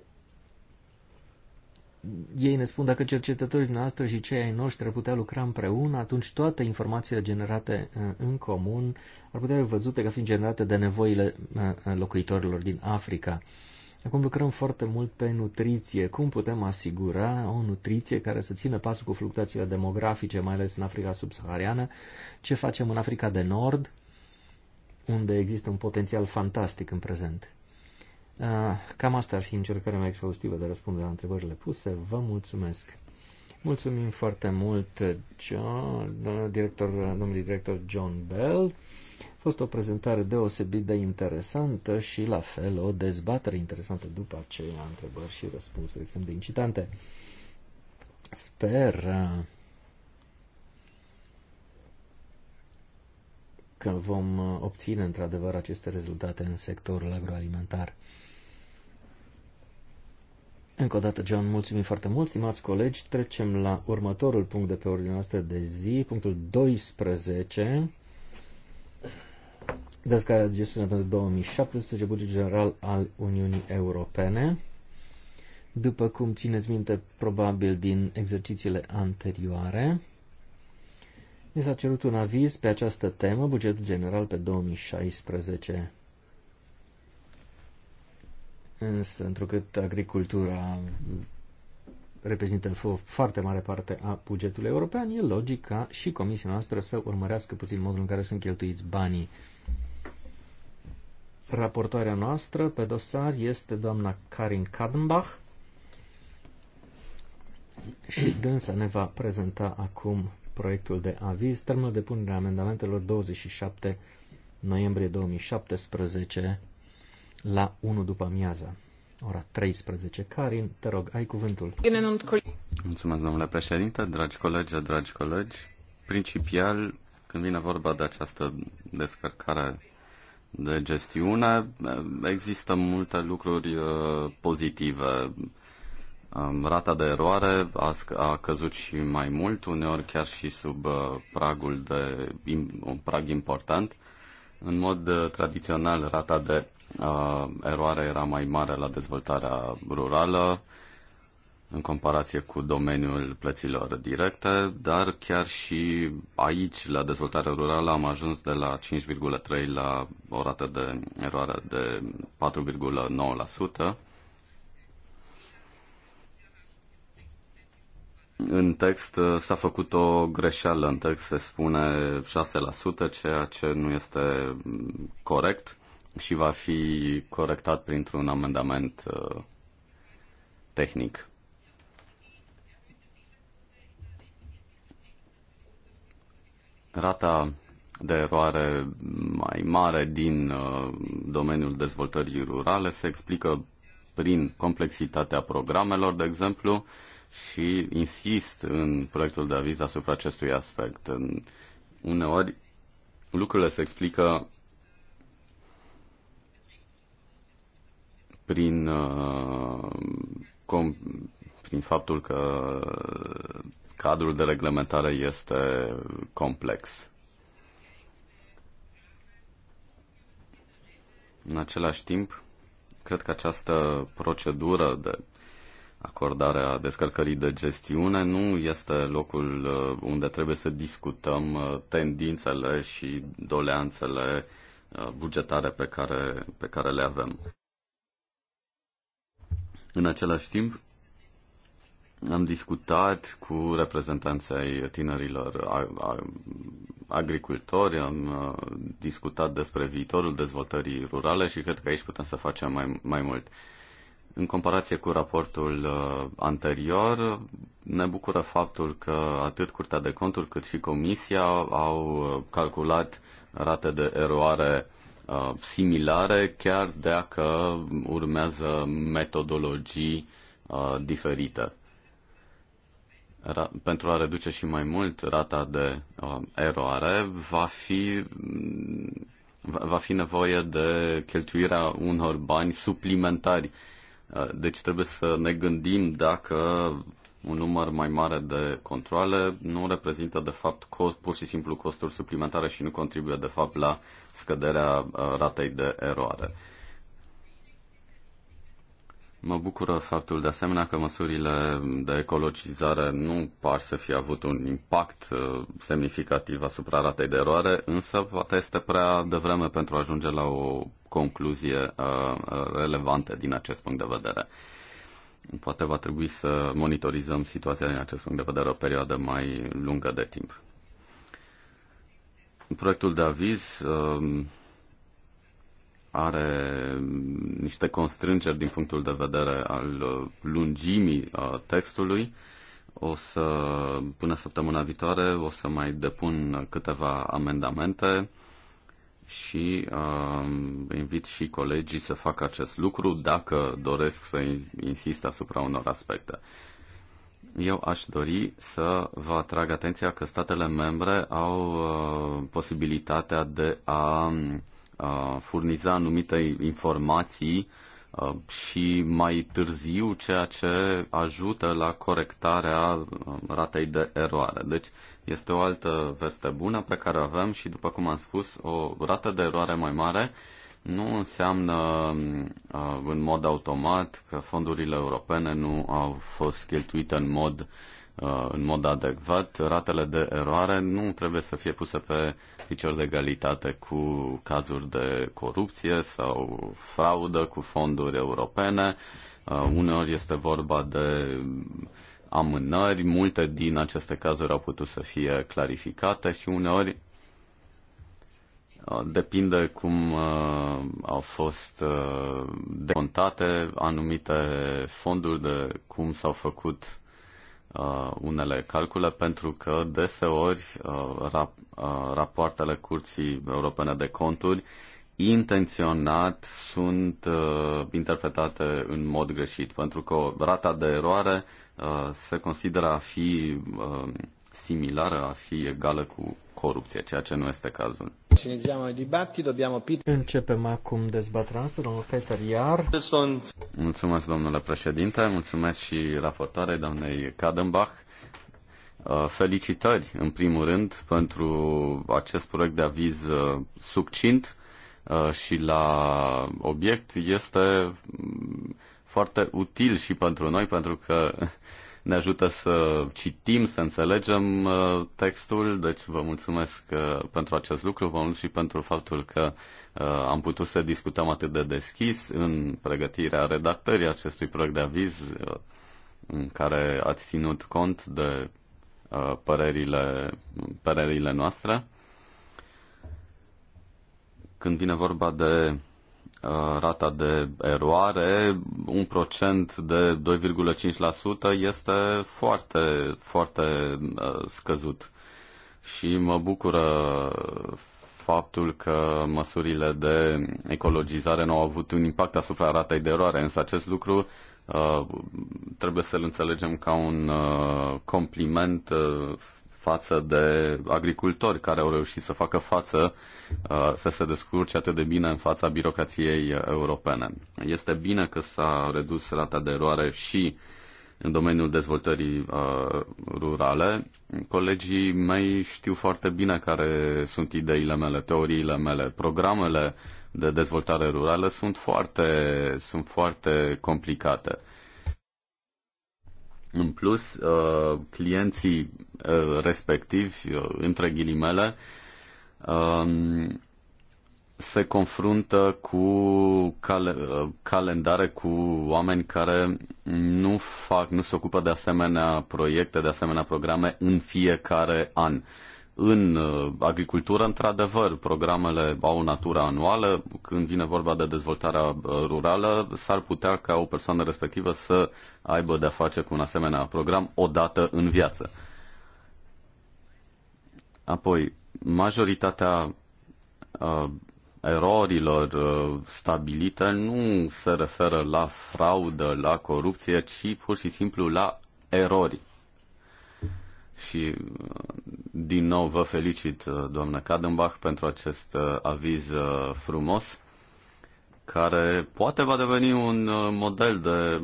ei ne spun dacă cercetătorii noastre și cei ai noștri ar putea lucra împreună, atunci toate informațiile generate uh, în comun ar putea fi văzute ca fiind generate de nevoile uh, uh, locuitorilor din Africa. Acum lucrăm foarte mult pe nutriție. Cum putem asigura o nutriție care să țină pasul cu fluctuațiile demografice, mai ales în Africa subsahariană? Ce facem în Africa de Nord, unde există un potențial fantastic în prezent? Uh, cam asta ar fi încercarea mea exhaustivă de răspunde la întrebările puse. Vă mulțumesc! Mulțumim foarte mult, John, director, domnul director John Bell fost o prezentare deosebit de interesantă și, la fel, o dezbatere interesantă după aceea, întrebări și răspunsuri extrem de incitante. Sper uh, că vom uh, obține, într-adevăr, aceste rezultate în sectorul agroalimentar. Încă o dată, John, mulțumim foarte mult, stimați colegi. Trecem la următorul punct de pe ordinea noastră de zi, punctul 12 descarea de gestiune pentru 2017, buget general al Uniunii Europene. După cum țineți minte, probabil din exercițiile anterioare, mi s-a cerut un aviz pe această temă, bugetul general pe 2016. Însă, întrucât agricultura reprezintă o foarte mare parte a bugetului european, e logic ca și comisia noastră să urmărească puțin modul în care sunt cheltuiți banii Raportoarea noastră pe dosar este doamna Karin Kadenbach și dânsa ne va prezenta acum proiectul de aviz. Termenul de punere a amendamentelor 27 noiembrie 2017 la 1 după amiaza, ora 13. Karin, te rog, ai cuvântul. Mulțumesc, domnule președinte, dragi colegi, dragi colegi. Principial, când vine vorba de această descărcare de gestiune, există multe lucruri uh, pozitive. Um, rata de eroare a, a căzut și mai mult, uneori chiar și sub uh, pragul de un prag important. În mod uh, tradițional, rata de eroare era mai mare la dezvoltarea rurală, în comparație cu domeniul plăților directe, dar chiar și aici, la dezvoltare rurală, am ajuns de la 5,3 la o rată de eroare de 4,9%. În text uh, s-a făcut o greșeală, în text se spune 6%, ceea ce nu este mm, corect și va fi corectat printr-un amendament uh, tehnic. rata de eroare mai mare din uh, domeniul dezvoltării rurale se explică prin complexitatea programelor, de exemplu, și insist în proiectul de aviz asupra acestui aspect. Uneori lucrurile se explică prin, uh, prin faptul că Cadrul de reglementare este complex. În același timp, cred că această procedură de acordare a descărcării de gestiune nu este locul uh, unde trebuie să discutăm uh, tendințele și doleanțele uh, bugetare pe care, pe care le avem. În același timp, am discutat cu reprezentanții tinerilor agricultori, am uh, discutat despre viitorul dezvoltării rurale și cred că aici putem să facem mai, mai mult. În comparație cu raportul uh, anterior, ne bucură faptul că atât Curtea de Conturi cât și Comisia au uh, calculat rate de eroare similare, chiar dacă urmează metodologii diferite pentru a reduce și mai mult rata de uh, eroare, va fi, mm, va fi nevoie de cheltuirea unor bani suplimentari. Uh, deci trebuie să ne gândim dacă un număr mai mare de controle nu reprezintă de fapt cost, pur și simplu costuri suplimentare și nu contribuie de fapt la scăderea uh, ratei de eroare. Mă bucură faptul de asemenea că măsurile de ecologizare nu par să fie avut un impact uh, semnificativ asupra ratei de eroare, însă poate este prea devreme pentru a ajunge la o concluzie uh, relevantă din acest punct de vedere. Poate va trebui să monitorizăm situația din acest punct de vedere o perioadă mai lungă de timp. Proiectul de aviz uh, are niște constrângeri din punctul de vedere al uh, lungimii uh, textului. O să, până săptămâna viitoare, o să mai depun câteva amendamente și uh, invit și colegii să facă acest lucru dacă doresc să insist asupra unor aspecte. Eu aș dori să vă atrag atenția că statele membre au uh, posibilitatea de a furniza anumite informații și mai târziu, ceea ce ajută la corectarea ratei de eroare. Deci este o altă veste bună pe care o avem și, după cum am spus, o rată de eroare mai mare nu înseamnă uh, în mod automat că fondurile europene nu au fost cheltuite în mod, uh, în mod adecvat. Ratele de eroare nu trebuie să fie puse pe picior de egalitate cu cazuri de corupție sau fraudă cu fonduri europene. Uh, uneori este vorba de amânări, multe din aceste cazuri au putut să fie clarificate și uneori Uh, depinde cum uh, au fost uh, decontate anumite fonduri, de cum s-au făcut unele calcule, pentru că deseori rapoartele Curții Europene de Conturi intenționat sunt uh, interpretate în mod greșit, pentru că rata de eroare uh, se consideră a fi uh, similară a fi egală cu corupție, ceea ce nu este cazul. Începem acum dezbaterea noastră, domnul Peter Iar. Mulțumesc, domnule președinte, mulțumesc și raportare doamnei Kadenbach. Uh, felicitări, în primul rând, pentru acest proiect de aviz uh, succint uh, și la obiect. Este mm, foarte util și pentru noi, pentru că ne ajută să citim, să înțelegem uh, textul, deci vă mulțumesc uh, pentru acest lucru, vă mulțumesc și pentru faptul că uh, am putut să discutăm atât de deschis în pregătirea redactării acestui proiect de aviz în care ați ținut cont de părerile, părerile noastre. Când vine vorba de Uh, rata de eroare, un procent de 2,5% este foarte, foarte uh, scăzut. Și mă bucură faptul că măsurile de ecologizare nu au avut un impact asupra ratei de eroare, însă acest lucru uh, trebuie să-l înțelegem ca un compliment față de agricultori care au reușit să facă față, uh, să se descurce atât de bine în fața birocrației europene. Este bine că s-a redus rata de eroare și în domeniul dezvoltării uh, rurale. Colegii mei știu foarte bine care sunt ideile mele, teoriile mele, programele de dezvoltare rurală sunt foarte, sunt foarte complicate în plus, uh, clienții uh, respectivi, uh, între ghilimele, um, se confruntă cu cal- calendare, cu oameni care nu fac, nu se ocupă de asemenea proiecte, de asemenea programe în fiecare an. În uh, agricultură, într-adevăr, programele au natura anuală. Când vine vorba de dezvoltarea uh, rurală, s-ar putea ca o persoană respectivă să aibă de-a face cu un asemenea program o dată în viață. Apoi, majoritatea uh, erorilor uh, stabilite nu se referă la fraudă, la corupție, ci pur și simplu la erori și uh, din nou vă felicit, uh, doamnă Kadenbach, pentru acest uh, aviz frumos care poate va deveni un model de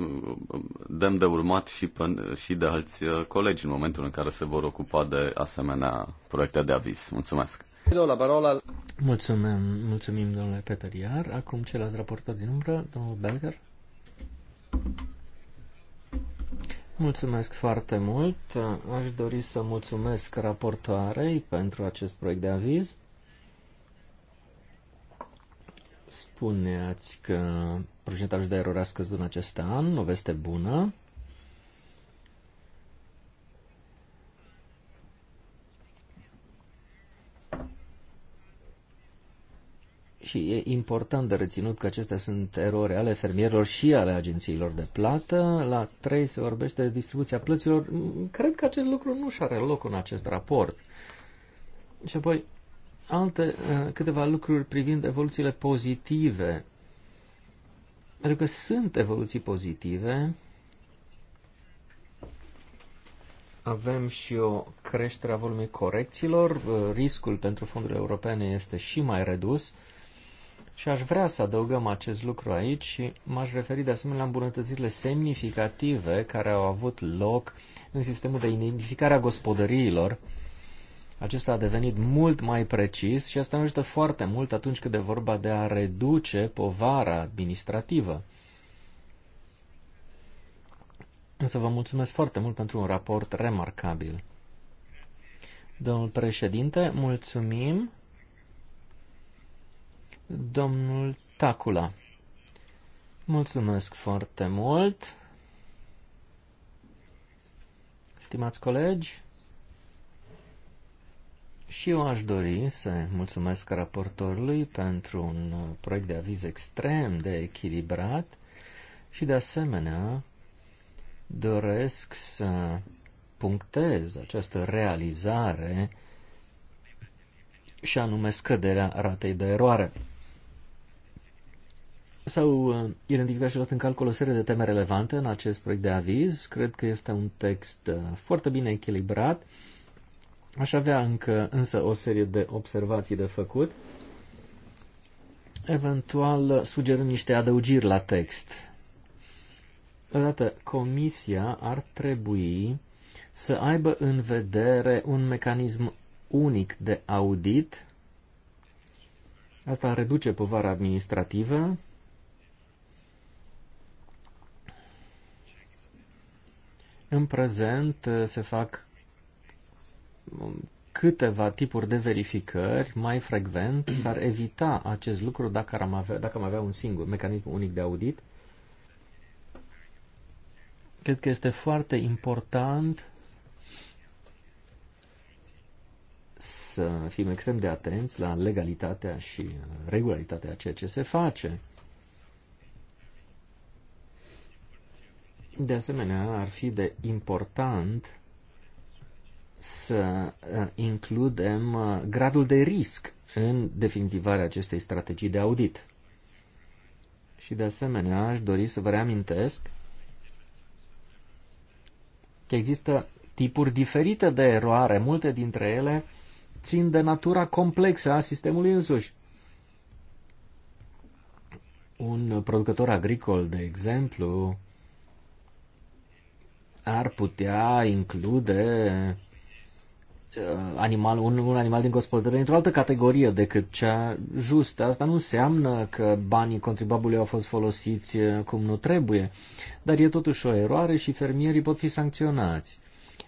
demn de urmat și, pe, și de alți colegi în momentul în care se vor ocupa de asemenea proiecte de aviz. Mulțumesc! La parola. Mulțumim, mulțumim domnule Peter Iar. Acum celălalt raportor din umbră, domnul Belger. Mulțumesc foarte mult. Aș dori să mulțumesc raportoarei pentru acest proiect de aviz. Spuneați că procentajul de erori a scăzut în acest an, o veste bună. Și e important de reținut că acestea sunt erori ale fermierilor și ale agențiilor de plată. La 3 se vorbește de distribuția plăților. Cred că acest lucru nu și are loc în acest raport. Și apoi alte eh, câteva lucruri privind evoluțiile pozitive. Pentru că sunt evoluții pozitive, avem și o creștere a volumului corecțiilor, eh, riscul pentru fondurile europene este și mai redus și aș vrea să adăugăm acest lucru aici și m-aș referi de asemenea la îmbunătățirile semnificative care au avut loc în sistemul de identificare a gospodăriilor. Acesta a devenit mult mai precis și asta ne ajută foarte mult atunci când e vorba de a reduce povara administrativă. Însă vă mulțumesc foarte mult pentru un raport remarcabil. Domnul președinte, mulțumim domnul Tacula. Mulțumesc foarte mult. Stimați colegi, și eu aș dori să mulțumesc raportorului pentru un proiect de aviz extrem de echilibrat și de asemenea doresc să punctez această realizare și anume scăderea ratei de eroare. S-au uh, identificat și luat în calcul o serie de teme relevante în acest proiect de aviz. Cred că este un text uh, foarte bine echilibrat. Aș avea încă însă o serie de observații de făcut, eventual uh, sugerând niște adăugiri la text. Odată, comisia ar trebui să aibă în vedere un mecanism unic de audit. Asta reduce povara administrativă În prezent uh, se fac um, câteva tipuri de verificări mai frecvent, s-ar evita acest lucru dacă am avea, dacă am avea un singur mecanism unic de audit. Cred că este foarte important să fim extrem de atenți la legalitatea și regularitatea ceea ce se face. De asemenea, ar fi de important să uh, includem uh, gradul de risc în definitivarea acestei strategii de audit. Și de asemenea, aș dori să vă reamintesc că există tipuri diferite de eroare, multe dintre ele țin de natura complexă a sistemului însuși. Un producător agricol, de exemplu, ar putea include uh, animal, un, un animal din gospodărie într-o altă categorie decât cea justă. Asta nu înseamnă că banii contribuabilului au fost folosiți uh, cum nu trebuie, dar e totuși o eroare și fermierii pot fi sancționați.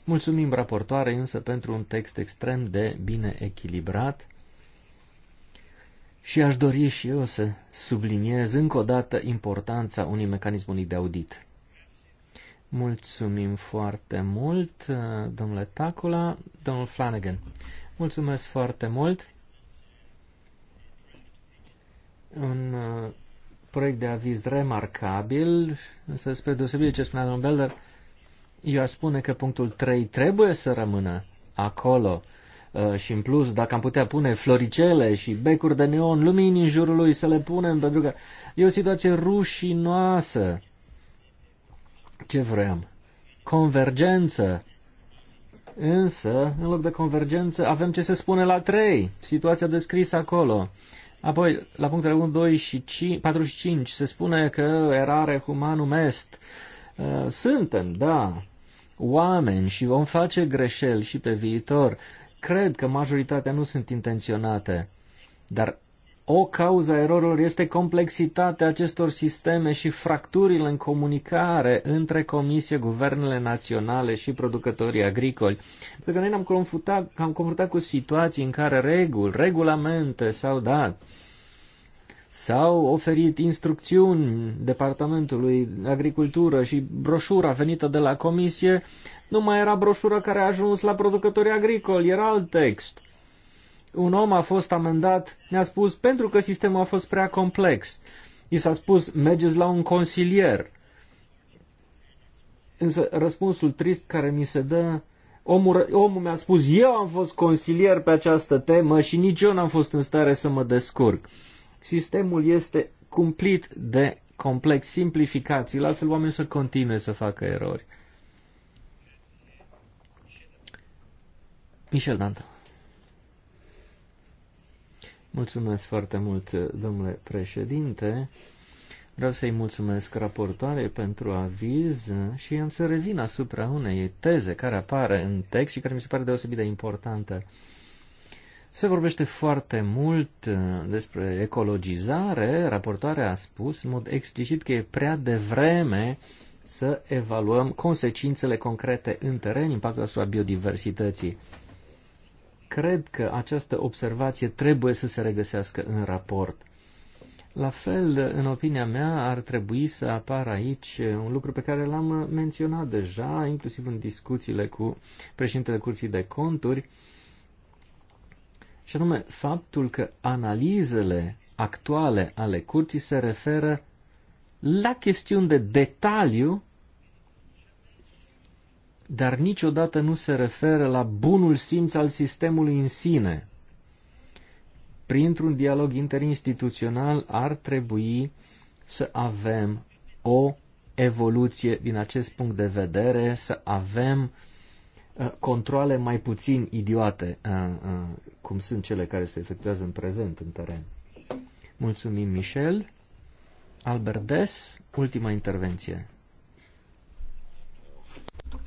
Mulțumim raportoare însă pentru un text extrem de bine echilibrat și aș dori și eu să subliniez încă o dată importanța unui mecanism unic de audit. Mulțumim foarte mult, domnule Tacula. Domnul Flanagan, mulțumesc foarte mult. Un uh, proiect de aviz remarcabil, însă spre deosebire ce spunea domnul Belder, eu aș spune că punctul 3 trebuie să rămână acolo uh, și în plus, dacă am putea pune floricele și becuri de neon, lumini în jurul lui, să le punem, pentru că e o situație rușinoasă. Ce vrem? Convergență. Însă, în loc de convergență, avem ce se spune la 3, situația descrisă acolo. Apoi, la punctele 1, 2 și 5, 45, se spune că erare humanum est. Uh, suntem, da, oameni și vom face greșeli și pe viitor. Cred că majoritatea nu sunt intenționate, dar o cauza erorilor este complexitatea acestor sisteme și fracturile în comunicare între comisie, guvernele naționale și producătorii agricoli. Pentru că noi ne-am confruntat, am confruntat cu situații în care reguli, regulamente s-au dat, s-au oferit instrucțiuni Departamentului Agricultură și broșura venită de la comisie nu mai era broșura care a ajuns la producătorii agricoli, era alt text – un om a fost amendat, ne-a spus, pentru că sistemul a fost prea complex. I s-a spus, mergeți la un consilier. Însă răspunsul trist care mi se dă, omul, omul mi-a spus, eu am fost consilier pe această temă și nici eu n-am fost în stare să mă descurc. Sistemul este cumplit de complex, simplificații, la altfel oamenii să continue să facă erori. Michel Dantă. Mulțumesc foarte mult, domnule președinte. Vreau să-i mulțumesc raportoare pentru aviz și am să revin asupra unei teze care apare în text și care mi se pare deosebit de importantă. Se vorbește foarte mult uh, despre ecologizare. Raportoarea a spus în mod explicit că e prea devreme să evaluăm consecințele concrete în teren, impactul asupra biodiversității. Cred că această observație trebuie să se regăsească în raport. La fel, în opinia mea, ar trebui să apară aici un lucru pe care l-am menționat deja, inclusiv în discuțiile cu președintele Curții de Conturi, și anume faptul că analizele actuale ale curții se referă la chestiuni de detaliu dar niciodată nu se referă la bunul simț al sistemului în sine. Printr-un dialog interinstituțional ar trebui să avem o evoluție din acest punct de vedere, să avem uh, controle mai puțin idiote, uh, uh, cum sunt cele care se efectuează în prezent în teren. Mulțumim, Michel. Albert Des, ultima intervenție.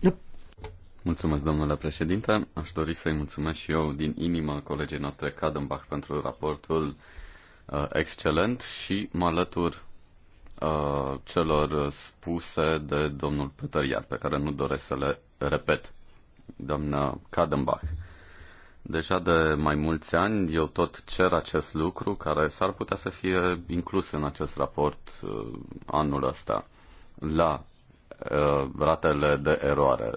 Yep. Mulțumesc, domnule președinte. Aș dori să-i mulțumesc și eu din inimă colegii noastre Cadenbach pentru raportul uh, excelent și mă alătur uh, celor spuse de domnul Peter Iar, pe care nu doresc să le repet. Doamna Cadenbach, deja de mai mulți ani eu tot cer acest lucru care s-ar putea să fie inclus în acest raport uh, anul ăsta la uh, ratele de eroare.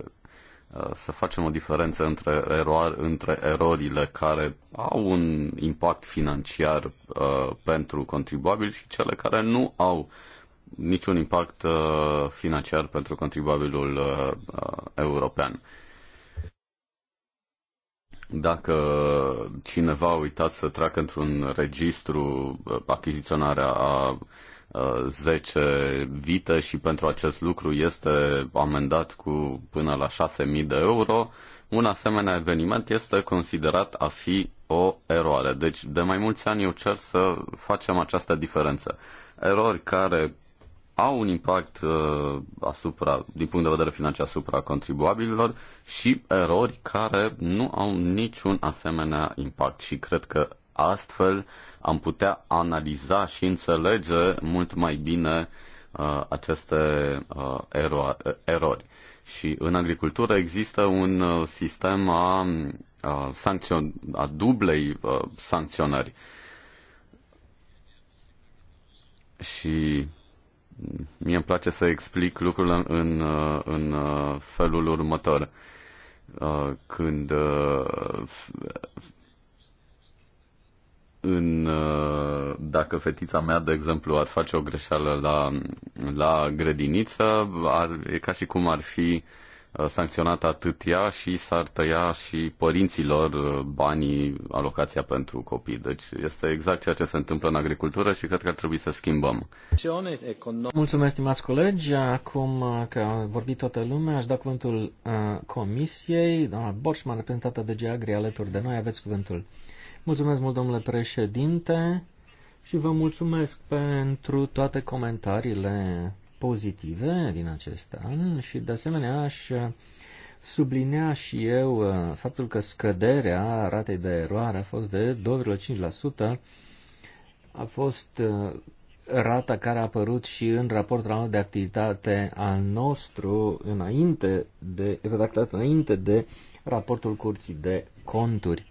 Uh, să facem o diferență între, eroar, între erorile care au un impact financiar uh, pentru contribuabil și cele care nu au niciun impact uh, financiar pentru contribuabilul uh, uh european. Dacă cineva a uitat să treacă într-un registru uh, achiziționarea a 10 vite și pentru acest lucru este amendat cu până la 6.000 de euro, un asemenea eveniment este considerat a fi o eroare. Deci de mai mulți ani eu cer să facem această diferență. Erori care au un impact uh, asupra, din punct de vedere financiar asupra contribuabililor și erori care nu au niciun asemenea impact și cred că Astfel am putea analiza și înțelege mult mai bine uh, aceste uh, ero- uh, erori. Și în agricultură există un uh, sistem a, a, uh, sancțion- a dublei uh, sancționări. Și mie îmi place să explic lucrurile în, în felul următor. Când în, uh, dacă fetița mea, de exemplu, ar face o greșeală la, la grădiniță, ar, e ca și cum ar fi uh, sancționată atât ea și s-ar tăia și părinților uh, banii, alocația pentru copii. Deci este exact ceea ce se întâmplă în agricultură și cred că ar trebui să schimbăm. Mulțumesc, stimați colegi. Acum că a vorbit toată lumea, aș da cuvântul uh, comisiei. Doamna Borșman, reprezentată de GEAGRI, alături de noi. Aveți cuvântul. Mulțumesc mult, domnule președinte, și vă mulțumesc pentru toate comentariile pozitive din acest an și, de asemenea, aș sublinea și eu uh, faptul că scăderea ratei de eroare a fost de 2,5%, a fost uh, rata care a apărut și în raportul anual de activitate al nostru înainte de, redactat înainte de raportul curții de conturi.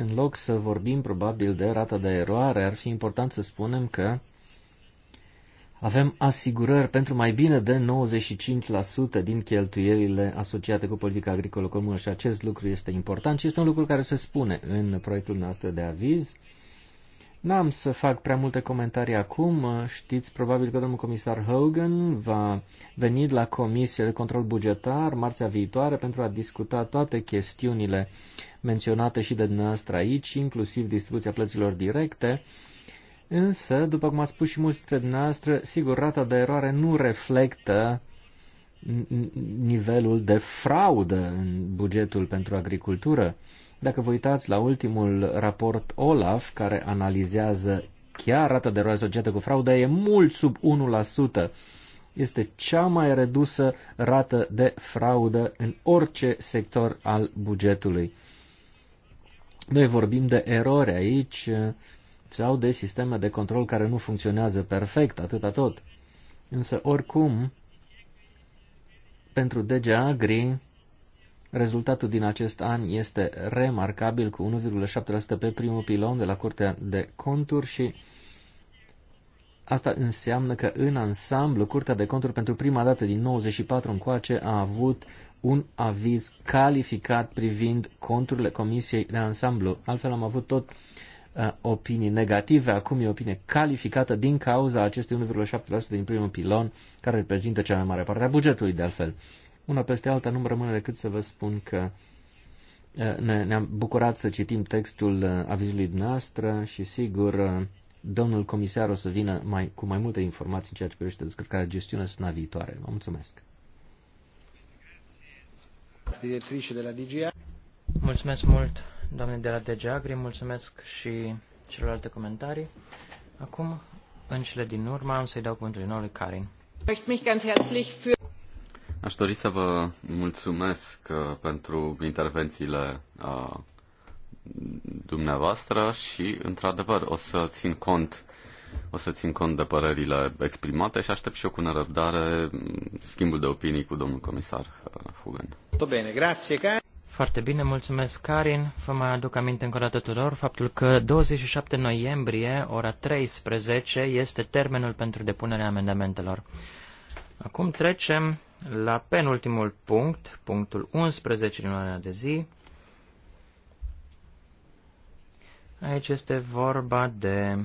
În loc să vorbim probabil de rata de eroare, ar fi important să spunem că avem asigurări pentru mai bine de 95% din cheltuielile asociate cu politica agricolă comună și acest lucru este important și este un lucru care se spune în proiectul nostru de aviz. N-am să fac prea multe comentarii acum. Știți probabil că domnul comisar Hogan va veni la Comisia de Control Bugetar marțea viitoare pentru a discuta toate chestiunile menționată și de dumneavoastră aici, inclusiv distribuția plăților directe, însă, după cum a spus și mulți dintre dumneavoastră, sigur, rata de eroare nu reflectă nivelul de fraudă în bugetul pentru agricultură. Dacă vă uitați la ultimul raport OLAF, care analizează chiar rata de eroare asociată cu fraudă, e mult sub 1%. Este cea mai redusă rată de fraudă în orice sector al bugetului. Noi vorbim de erori aici eh, sau de sisteme de control care nu funcționează perfect, atâta tot. Însă, oricum, pentru DG Agri, rezultatul din acest an este remarcabil cu 1,7% pe primul pilon de la Curtea de Conturi și asta înseamnă că în ansamblu Curtea de Conturi pentru prima dată din 94 încoace a avut un aviz calificat privind conturile Comisiei de ansamblu. Altfel am avut tot uh, opinii negative, acum e opinie calificată din cauza acestui 1,7% din primul pilon, care reprezintă cea mai mare parte a bugetului, de altfel. Una peste alta nu rămâne decât să vă spun că uh, ne, ne-am bucurat să citim textul uh, avizului dumneavoastră și sigur uh, domnul comisar o să vină mai, cu mai multe informații în ceea ce privește descărcarea gestiunea săptămâna viitoare. Vă mulțumesc! Directrice de la DGA. Mulțumesc mult, doamne de la DG Agri, mulțumesc și celorlalte comentarii. Acum, în cele din urmă, am să-i dau cuvântul din nou lui Karin. Aș dori să vă mulțumesc uh, pentru intervențiile uh, dumneavoastră și, într-adevăr, o să țin cont o să țin cont de părerile exprimate și aștept și eu cu nerăbdare schimbul de opinii cu domnul comisar Fugan. Uh, bine, grație, Karin. Foarte bine, mulțumesc, Karin. Vă mai aduc aminte încă o dată tuturor faptul că 27 noiembrie, ora 13, este termenul pentru depunerea amendamentelor. Acum trecem la penultimul punct, punctul 11 din ordinea de zi. Aici este vorba de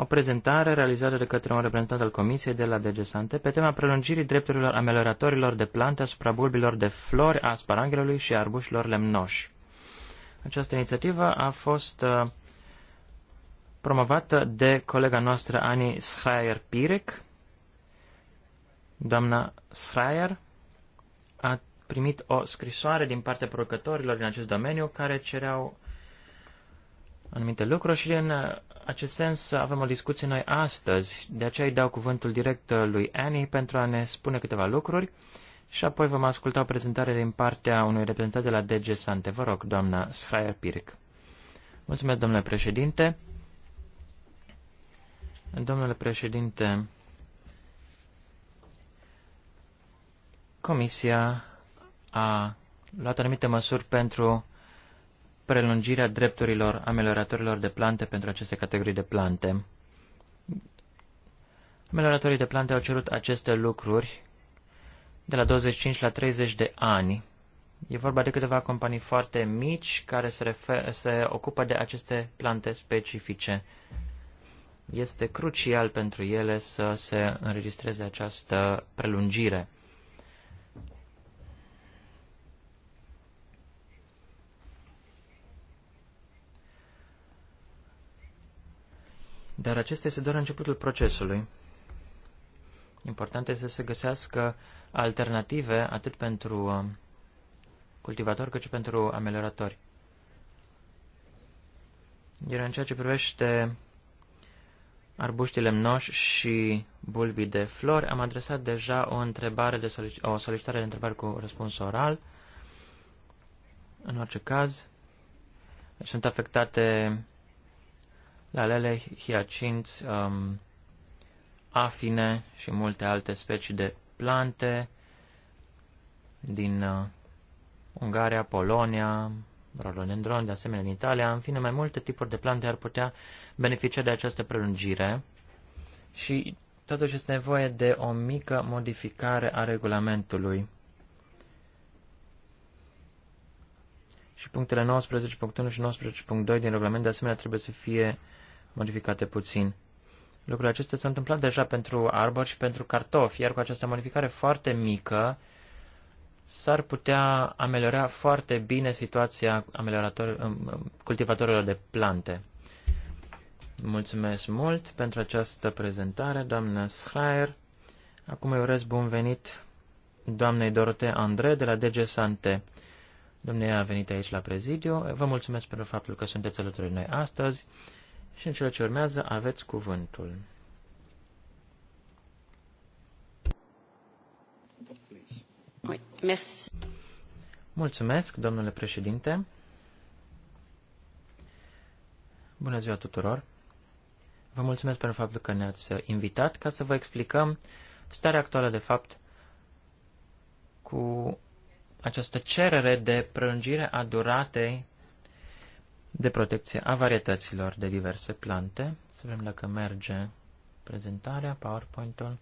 o prezentare realizată de către un reprezentant al Comisiei de la Degesante pe tema prelungirii drepturilor amelioratorilor de plante asupra bulbilor de flori, a sparanghelului și arbușilor lemnoși. Această inițiativă a fost uh, promovată de colega noastră Ani Schreier-Pirek. Doamna Schreier a primit o scrisoare din partea producătorilor din acest domeniu care cereau anumite lucruri și în uh, acest sens avem o discuție noi astăzi, de aceea îi dau cuvântul direct uh, lui Annie pentru a ne spune câteva lucruri și apoi vom asculta o prezentare din partea unui reprezentant de la DG Sante. Vă rog, doamna Schreier Piric. Mulțumesc, domnule președinte. Domnule președinte, Comisia a luat anumite măsuri pentru prelungirea drepturilor amelioratorilor de plante pentru aceste categorii de plante. Amelioratorii de plante au cerut aceste lucruri de la 25 la 30 de ani. E vorba de câteva companii foarte mici care se, refer- se ocupă de aceste plante specifice. Este crucial pentru ele să se înregistreze această prelungire Dar acesta este doar începutul procesului. Important este să se găsească alternative atât pentru uh, cultivatori cât și pentru amelioratori. Iar în ceea ce privește arbuștile mnoși și bulbii de flori, am adresat deja o, întrebare de solic o solicitare de întrebare cu răspuns oral. În orice caz, sunt afectate lalele, hiacinți, um, afine și multe alte specii de plante din uh, Ungaria, Polonia, rolonendron, de asemenea în Italia, în fine, mai multe tipuri de plante ar putea beneficia de această prelungire și totuși este nevoie de o mică modificare a regulamentului. Și punctele 19.1 și 19.2 din regulament de asemenea trebuie să fie modificate puțin. Lucrurile acestea s-au întâmplat deja pentru arbor și pentru cartofi, iar cu această modificare foarte mică s-ar putea ameliora foarte bine situația um, um, cultivatorilor de plante. Mulțumesc mult pentru această prezentare, doamnă Schreier. Acum îi urez bun venit doamnei Dorote Andre de la DG Sante. Domnea a venit aici la prezidiu. Vă mulțumesc pentru faptul că sunteți alături de noi astăzi. Și în cele ce urmează aveți cuvântul. Mulțumesc, domnule președinte. Bună ziua tuturor. Vă mulțumesc pentru faptul că ne-ați invitat ca să vă explicăm starea actuală de fapt cu această cerere de prelungire a duratei de protecție a varietăților de diverse plante. Să vedem dacă merge prezentarea, PowerPoint-ul.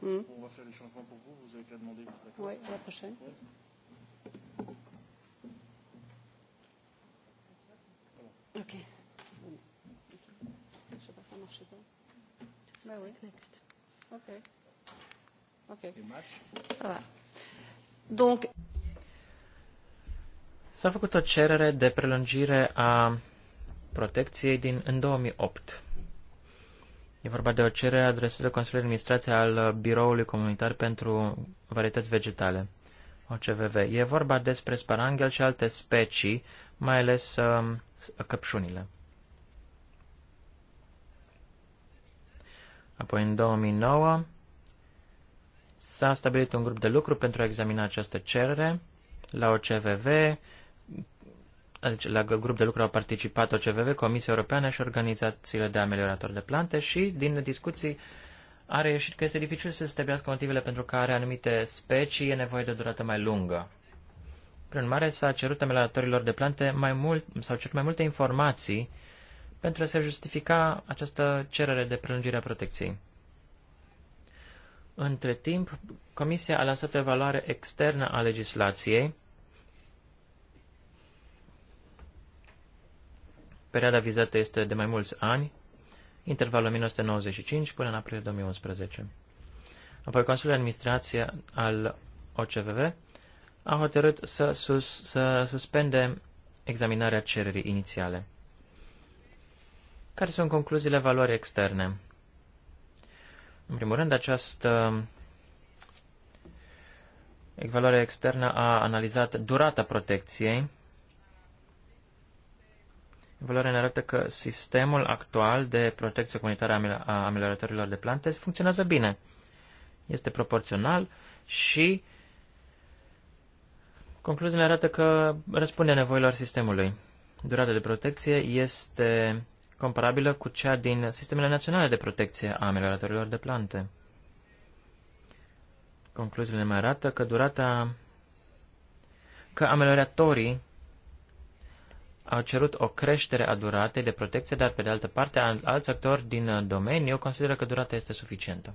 Hmm? Okay. Next. S-a făcut o cerere de prelungire a protecției din, în 2008. E vorba de o cerere adresată Consiliului Administrație al Biroului Comunitar pentru Varietăți Vegetale, OCVV. E vorba despre sparanghel și alte specii, mai ales uh, căpșunile. Apoi în 2009 S-a stabilit un grup de lucru pentru a examina această cerere la OCVV, adică la grup de lucru au participat OCVV, Comisia Europeană și organizațiile de amelioratori de plante și din discuții a reieșit că este dificil să se stabilească motivele pentru care anumite specii e nevoie de o durată mai lungă. Prin urmare, s-a cerut amelioratorilor de plante mai mult, sau cerut mai multe informații pentru a se justifica această cerere de prelungire a protecției. Între timp, Comisia a lansat o evaluare externă a legislației, Perioada vizată este de mai mulți ani, intervalul 1995 până în aprilie 2011. Apoi Consiliul de Administrație al OCVV a hotărât să, sus, să suspende examinarea cererii inițiale. Care sunt concluziile valoare externe? În primul rând, această evaluare externă a analizat durata protecției. Evaluarea ne arată că sistemul actual de protecție comunitară a amelioratorilor de plante funcționează bine. Este proporțional și concluziile arată că răspunde nevoilor sistemului. Durata de protecție este comparabilă cu cea din sistemele naționale de protecție a amelioratorilor de plante. Concluziile mai arată că durata că amelioratorii au cerut o creștere a duratei de protecție, dar pe de altă parte alți actori din domeniu consideră că durata este suficientă.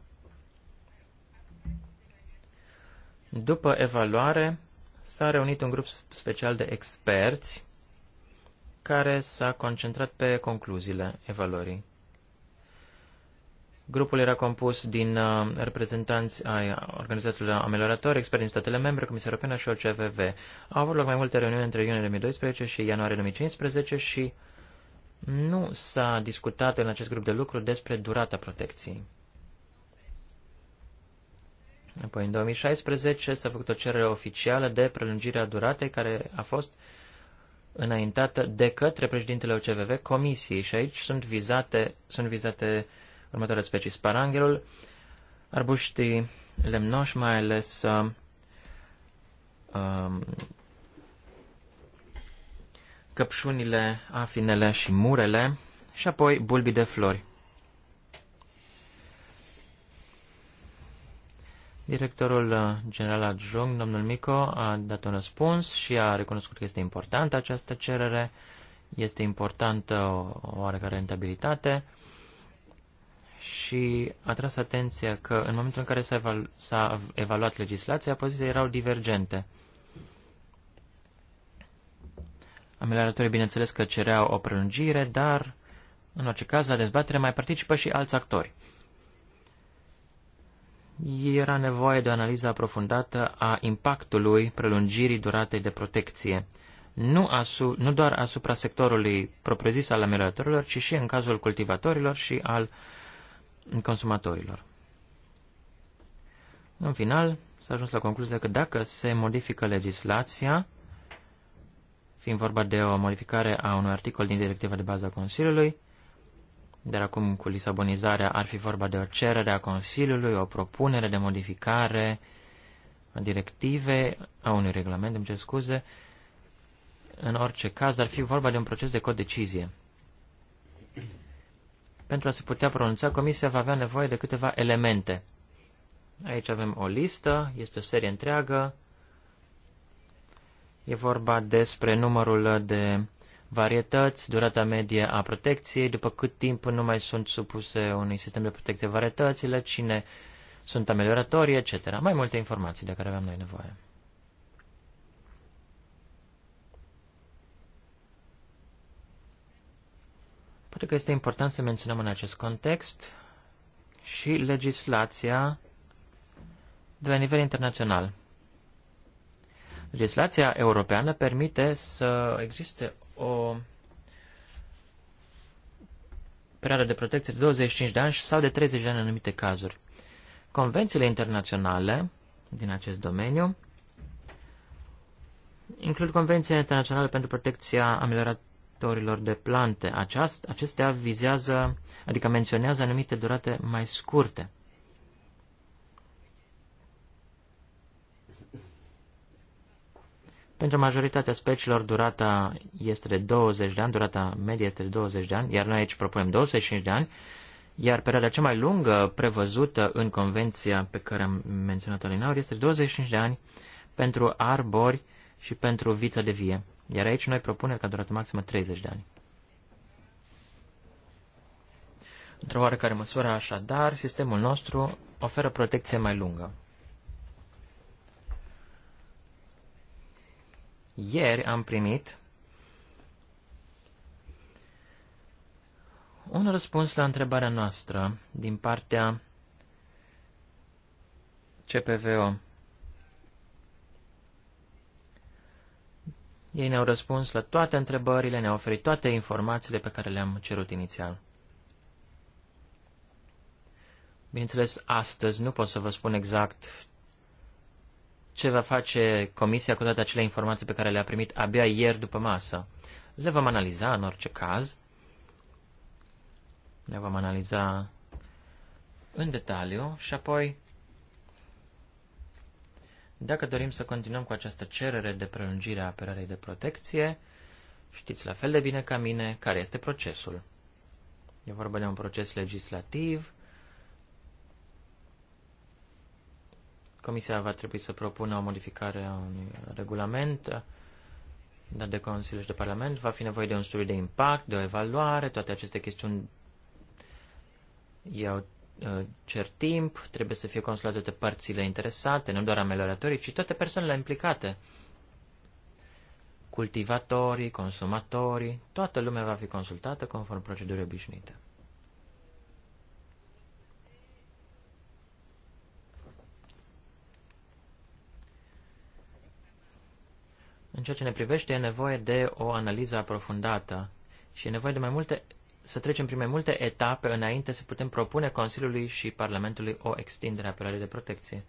După evaluare, s-a reunit un grup special de experți care s-a concentrat pe concluziile evaluării. Grupul era compus din uh, reprezentanți ai organizațiilor amelioratori, experți din statele membre, Comisia Europeană și OCVV. Au avut loc mai multe reuniuni între iunie 2012 și ianuarie 2015 și nu s-a discutat în acest grup de lucru despre durata protecției. Apoi, în 2016 s-a făcut o cerere oficială de prelungire a duratei care a fost uh, înaintată de către președintele OCVV comisiei și aici sunt vizate, sunt vizate următoarele specii, sparanghelul, arbuștii lemnoși, mai ales um, um, căpșunile, afinele și murele și apoi bulbii de flori. Directorul uh, general adjunct, domnul Mico, a dat un răspuns și a recunoscut că este importantă această cerere, este importantă o oarecare rentabilitate și a tras atenția că în momentul în care s-a, evalu- evaluat legislația, pozițiile erau divergente. Amelioratorii, bineînțeles că cereau o prelungire, dar, în orice caz, la dezbatere mai participă și alți actori era nevoie de o analiză aprofundată a impactului prelungirii duratei de protecție, nu, asu, nu doar asupra sectorului propriu-zis al amelioratorilor, ci și în cazul cultivatorilor și al consumatorilor. În final, s-a ajuns la concluzia că dacă se modifică legislația, fiind vorba de o modificare a unui articol din directiva de bază a Consiliului, dar acum, cu lisabonizarea, ar fi vorba de o cerere a Consiliului, o propunere de modificare a directivei, a unui regulament, îmi cer scuze. În orice caz, ar fi vorba de un proces de codecizie. Pentru a se putea pronunța, Comisia va avea nevoie de câteva elemente. Aici avem o listă, este o serie întreagă. E vorba despre numărul de varietăți, durata medie a protecției, după cât timp nu mai sunt supuse unui sistem de protecție varietățile, cine sunt amelioratorii, etc. Mai multe informații de care avem noi nevoie. Poate că este important să menționăm în acest context și legislația de la nivel internațional. Legislația europeană permite să existe o perioadă de protecție de 25 de ani sau de 30 de ani în anumite cazuri. Convențiile internaționale din acest domeniu includ Convenția Internațională pentru Protecția Amelioratorilor de Plante. Aceast, acestea vizează, adică menționează anumite durate mai scurte. Pentru majoritatea speciilor, durata este de 20 de ani, durata medie este de 20 de ani, iar noi aici propunem 25 de ani, iar perioada cea mai lungă prevăzută în convenția pe care am menționat-o alinaur este de 25 de ani pentru arbori și pentru viță de vie. Iar aici noi propunem ca durată maximă 30 de ani. Într-o oarecare măsură, așadar, sistemul nostru oferă protecție mai lungă. Ieri am primit un răspuns la întrebarea noastră din partea CPVO. Ei ne-au răspuns la toate întrebările, ne-au oferit toate informațiile pe care le-am cerut inițial. Bineînțeles, astăzi nu pot să vă spun exact ce va face comisia cu toate acele informații pe care le-a primit abia ieri după masă. Le vom analiza în orice caz. Le vom analiza în detaliu și apoi, dacă dorim să continuăm cu această cerere de prelungire a apărării de protecție, știți la fel de bine ca mine care este procesul. E vorba de un proces legislativ Comisia va trebui să propună o modificare a unui regulament dat de Consiliu și de Parlament. Va fi nevoie de un studiu de impact, de o evaluare, toate aceste chestiuni iau uh, cer timp, trebuie să fie consultate toate părțile interesate, nu doar amelioratorii, ci toate persoanele implicate. Cultivatorii, consumatorii, toată lumea va fi consultată conform procedurii obișnuite. În ceea ce ne privește, e nevoie de o analiză aprofundată și e nevoie de mai multe, să trecem prin mai multe etape înainte să putem propune Consiliului și Parlamentului o extindere a perioadei de protecție.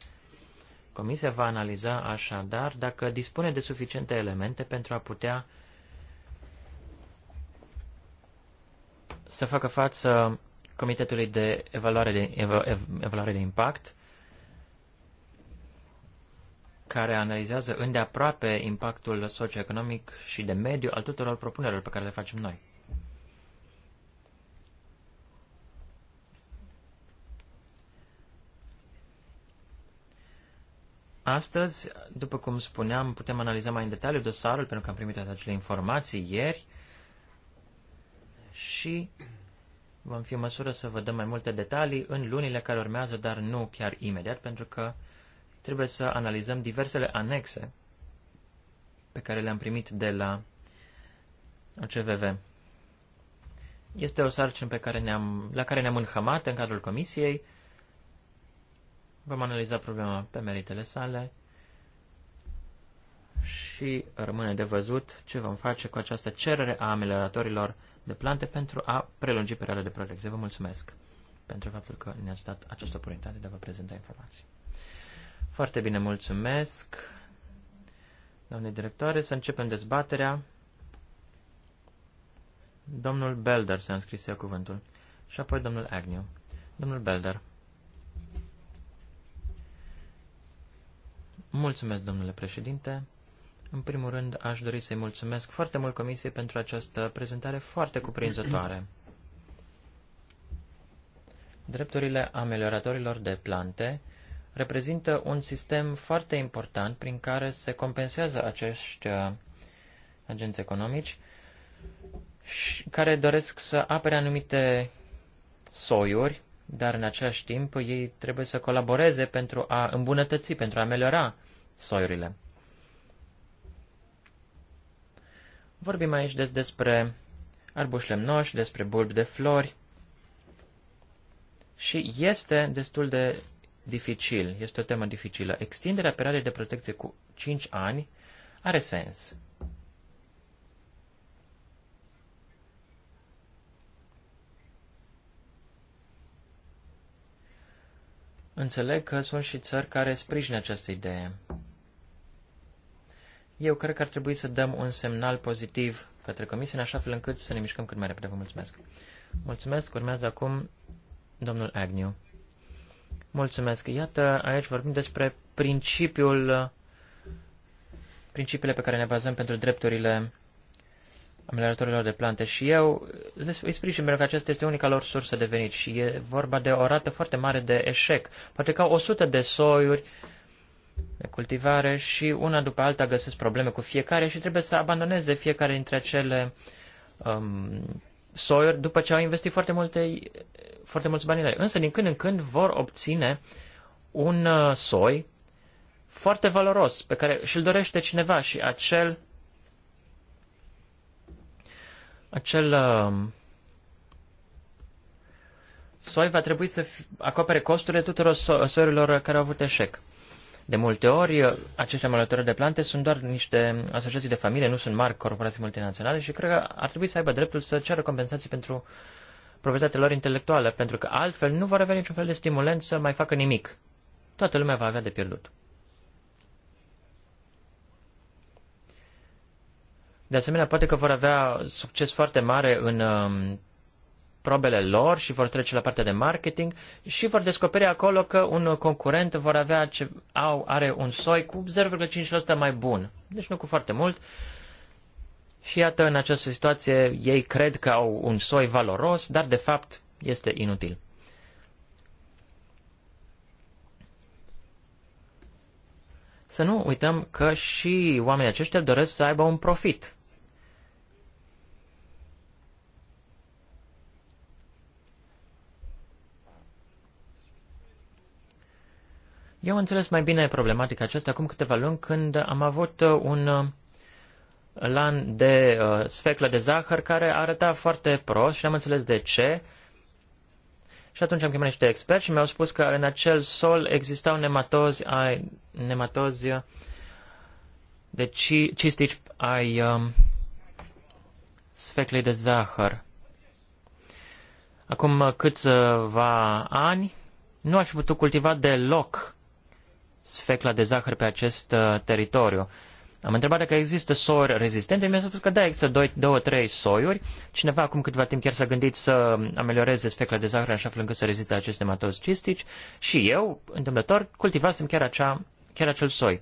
Comisia va analiza așadar dacă dispune de suficiente elemente pentru a putea să facă față Comitetului de Evaluare de, ev, ev, evaluare de Impact care analizează îndeaproape impactul socioeconomic și de mediu al tuturor propunerilor pe care le facem noi. Astăzi, după cum spuneam, putem analiza mai în detaliu dosarul, pentru că am primit toate acele informații ieri și vom fi în măsură să vă dăm mai multe detalii în lunile care urmează, dar nu chiar imediat, pentru că trebuie să analizăm diversele anexe pe care le-am primit de la OCVV. Este o sarcină pe care ne-am, la care ne-am înhămat în cadrul comisiei. Vom analiza problema pe meritele sale și rămâne de văzut ce vom face cu această cerere a amelioratorilor de plante pentru a prelungi perioada de protecție. Vă mulțumesc pentru faptul că ne-ați dat această oportunitate de a vă prezenta informații. Foarte bine, mulțumesc. Doamne directoare, să începem dezbaterea. Domnul Belder s-a înscris eu cuvântul și apoi domnul Agnew. Domnul Belder. Mulțumesc, domnule președinte. În primul rând, aș dori să-i mulțumesc foarte mult Comisiei pentru această prezentare foarte cuprinzătoare. Drepturile amelioratorilor de plante reprezintă un sistem foarte important prin care se compensează acești uh, agenți economici și care doresc să apere anumite soiuri, dar în același timp ei trebuie să colaboreze pentru a îmbunătăți, pentru a ameliora soiurile. Vorbim aici des despre arbuși lemnoși, despre bulbi de flori și este destul de dificil, este o temă dificilă. Extinderea perioadei de protecție cu 5 ani are sens. Înțeleg că sunt și țări care sprijină această idee. Eu cred că ar trebui să dăm un semnal pozitiv către comisie, în așa fel încât să ne mișcăm cât mai repede. Vă mulțumesc. Mulțumesc. Urmează acum domnul Agnew. Mulțumesc. Iată, aici vorbim despre principiul, principiile pe care ne bazăm pentru drepturile amelioratorilor de plante și eu îi sprijin pentru că aceasta este unica lor sursă de venit și e vorba de o rată foarte mare de eșec. Poate că 100 de soiuri de cultivare și una după alta găsesc probleme cu fiecare și trebuie să abandoneze fiecare dintre cele um, Sawyer după ce au investit foarte, multe, foarte mulți bani în ele. Însă din când în când vor obține un uh, soi foarte valoros pe care și-l dorește cineva și acel acel um, soi va trebui să acopere costurile tuturor soiurilor care au avut eșec. De multe ori, acești amălători de plante sunt doar niște asociații de familie, nu sunt mari corporații multinaționale și cred că ar trebui să aibă dreptul să ceară compensații pentru proprietatea lor intelectuală, pentru că altfel nu vor avea niciun fel de stimulent să mai facă nimic. Toată lumea va avea de pierdut. De asemenea, poate că vor avea succes foarte mare în um, probele lor și vor trece la partea de marketing și vor descoperi acolo că un concurent vor avea ce, au, are un soi cu 0,5% mai bun, deci nu cu foarte mult. Și iată, în această situație, ei cred că au un soi valoros, dar de fapt este inutil. Să nu uităm că și oamenii aceștia doresc să aibă un profit Eu înțeles mai bine problematica aceasta acum câteva luni când am avut uh, un uh, lan de uh, sfeclă de zahăr care arăta foarte prost și am înțeles de ce. Și atunci am chemat niște experți și mi-au spus că în acel sol existau nematozi, ai, nematozi uh, de ci, cistici ai um, sfeclei de zahăr. Acum câțiva ani nu aș putut cultiva deloc sfecla de zahăr pe acest uh, teritoriu. Am întrebat dacă există soiuri rezistente, mi-a spus că da, există 2-3 soiuri. Cineva acum câteva timp chiar s-a gândit să amelioreze sfecla de zahăr așa fel încât să reziste acest nematoz cistici și eu, întâmplător, cultivasem chiar, acea, chiar acel soi.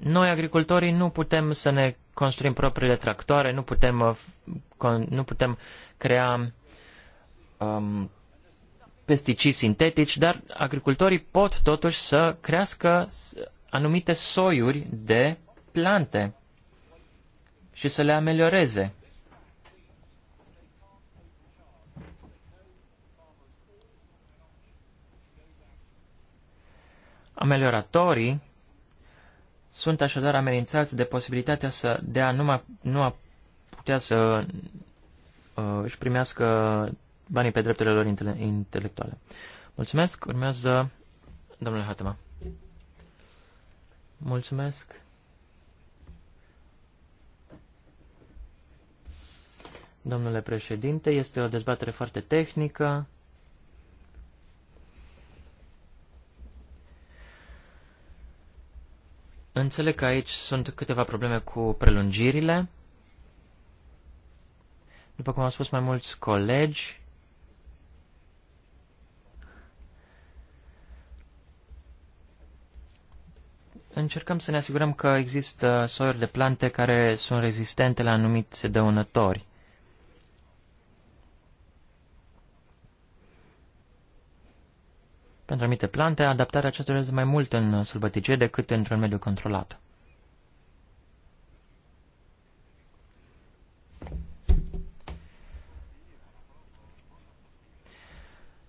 Noi, agricultorii, nu putem să ne construim propriile tractoare, nu putem, uh, nu putem crea um, pesticizi sintetici, dar agricultorii pot totuși să crească anumite soiuri de plante și să le amelioreze. Amelioratorii sunt așadar amenințați de posibilitatea să, de a nu, a, nu a putea să uh, își primească banii pe drepturile lor intele intelectuale. Mulțumesc. Urmează domnule Hatema. Mulțumesc. Domnule președinte, este o dezbatere foarte tehnică. Înțeleg că aici sunt câteva probleme cu prelungirile. După cum au spus mai mulți colegi, încercăm să ne asigurăm că există soiuri de plante care sunt rezistente la anumiți dăunători. Pentru anumite plante, adaptarea acestora este mai mult în sălbăticie decât într-un mediu controlat.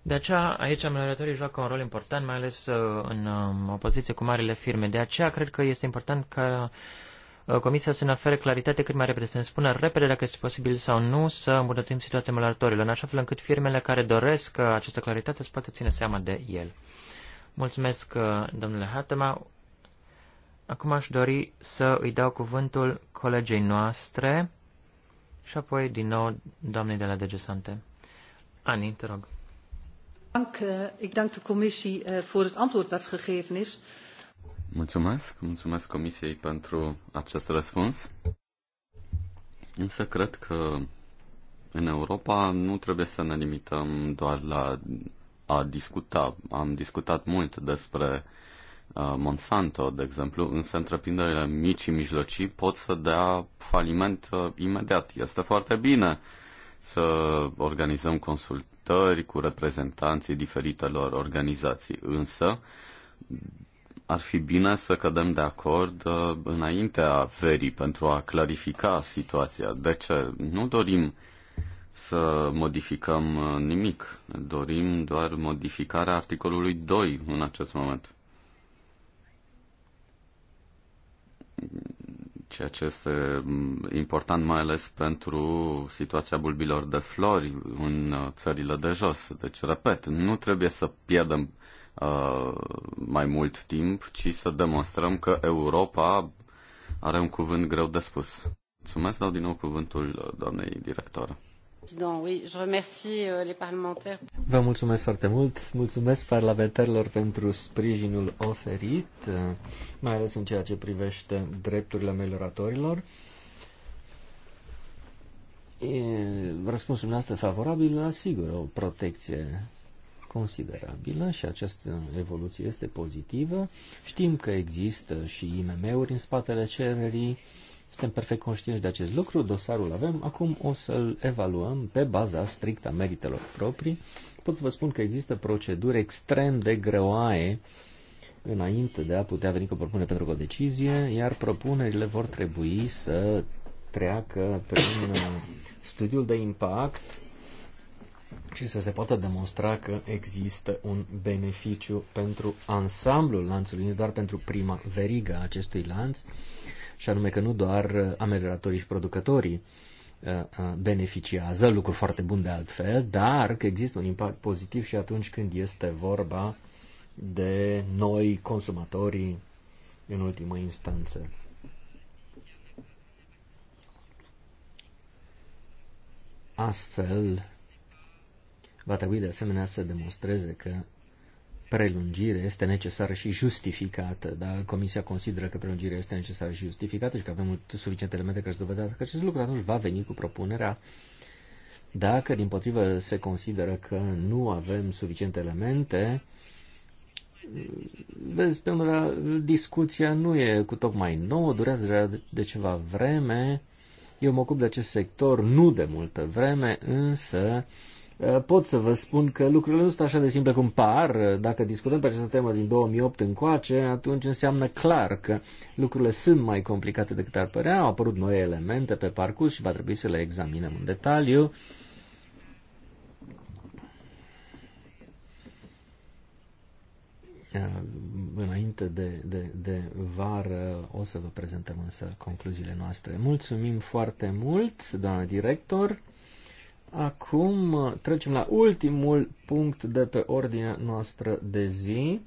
De aceea, aici amelioratorii joacă un rol important, mai ales uh, în um, opoziție cu marile firme. De aceea, cred că este important ca uh, Comisia să ne ofere claritate cât mai repede, să ne spună repede dacă este posibil sau nu să îmbunătățim situația ameliorătorilor, în așa fel încât firmele care doresc uh, această claritate să poată ține seama de el. Mulțumesc, domnule Hatema. Acum aș dori să îi dau cuvântul colegei noastre și apoi din nou doamnei de la Degesante. Ani, te rog. Eh, ik dank de commissie eh, voor het antwoord dat gegeven is. Mulțumesc, mulțumesc comisiei pentru acest răspuns. Însă cred că în Europa nu trebuie să ne limităm doar la a discuta. Am discutat mult despre uh, Monsanto, de exemplu, însă întreprinderile mici și mijlocii pot să dea faliment uh, imediat. Este foarte bine să organizăm consult consultări cu reprezentanții diferitelor organizații, însă ar fi bine să cădem de acord uh, înaintea verii pentru a clarifica situația. De ce? Nu dorim să modificăm uh, nimic. Dorim doar modificarea articolului 2 în acest moment ceea ce este mm, important mai ales pentru situația bulbilor de flori în uh, țările de jos. Deci, repet, nu trebuie să pierdem uh, mai mult timp, ci să demonstrăm că Europa are un cuvânt greu de spus. Mulțumesc, dau din nou cuvântul uh, doamnei directoră. Euh, Vă mulțumesc foarte mult, mulțumesc parlamentarilor pentru sprijinul oferit, uh, mai ales în ceea ce privește drepturile amelioratorilor. Răspunsul noastră favorabil asigură o protecție considerabilă și această evoluție este pozitivă. Știm că există și IMM-uri în spatele cererii, suntem perfect conștienți de acest lucru, dosarul avem, acum o să-l evaluăm pe baza strict a meritelor proprii. Pot să vă spun că există proceduri extrem de greoaie înainte de a putea veni cu o propunere pentru o decizie, iar propunerile vor trebui să treacă prin uh, studiul de impact și să se poată demonstra că există un beneficiu pentru ansamblul lanțului, nu doar pentru prima verigă a acestui lanț și anume că nu doar uh, amelioratorii și producătorii uh, uh, beneficiază, lucru foarte bun de altfel, dar că există un impact pozitiv și atunci când este vorba de noi consumatorii în ultimă instanță. Astfel, va trebui de asemenea să demonstreze că prelungire este necesară și justificată, dar Comisia consideră că prelungirea este necesară și justificată și că avem suficiente elemente care să dovedească că acest lucru, atunci va veni cu propunerea. Dacă, din potrivă, se consideră că nu avem suficiente elemente, vezi, pe la discuția nu e cu tocmai nouă, durează deja de ceva vreme. Eu mă ocup de acest sector nu de multă vreme, însă uh, Eh, pot să vă spun că lucrurile nu sunt așa de simple cum par. Dacă discutăm pe această temă din 2008 încoace, atunci înseamnă clar că lucrurile sunt mai complicate decât ar părea, au apărut noi elemente pe parcurs și va trebui să le examinăm în detaliu. Eh, înainte de, de, de vară o să vă prezentăm însă concluziile noastre. Mulțumim foarte mult, doamna director. Acum uh, trecem la ultimul punct de pe ordinea noastră de zi.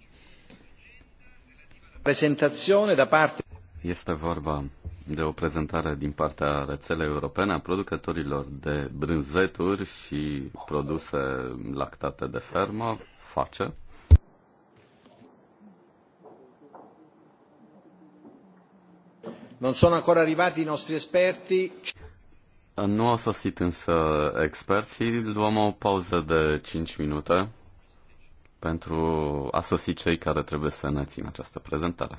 Prezentare da parte este vorba de o prezentare din partea rețelei europene a producătorilor de brânzeturi și produse lactate de fermă, face. Non sono ancora arrivati i nostri esperti. Nu au sosit însă experții. Luăm o pauză de 5 minute pentru a sosi cei care trebuie să ne țină această prezentare.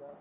da?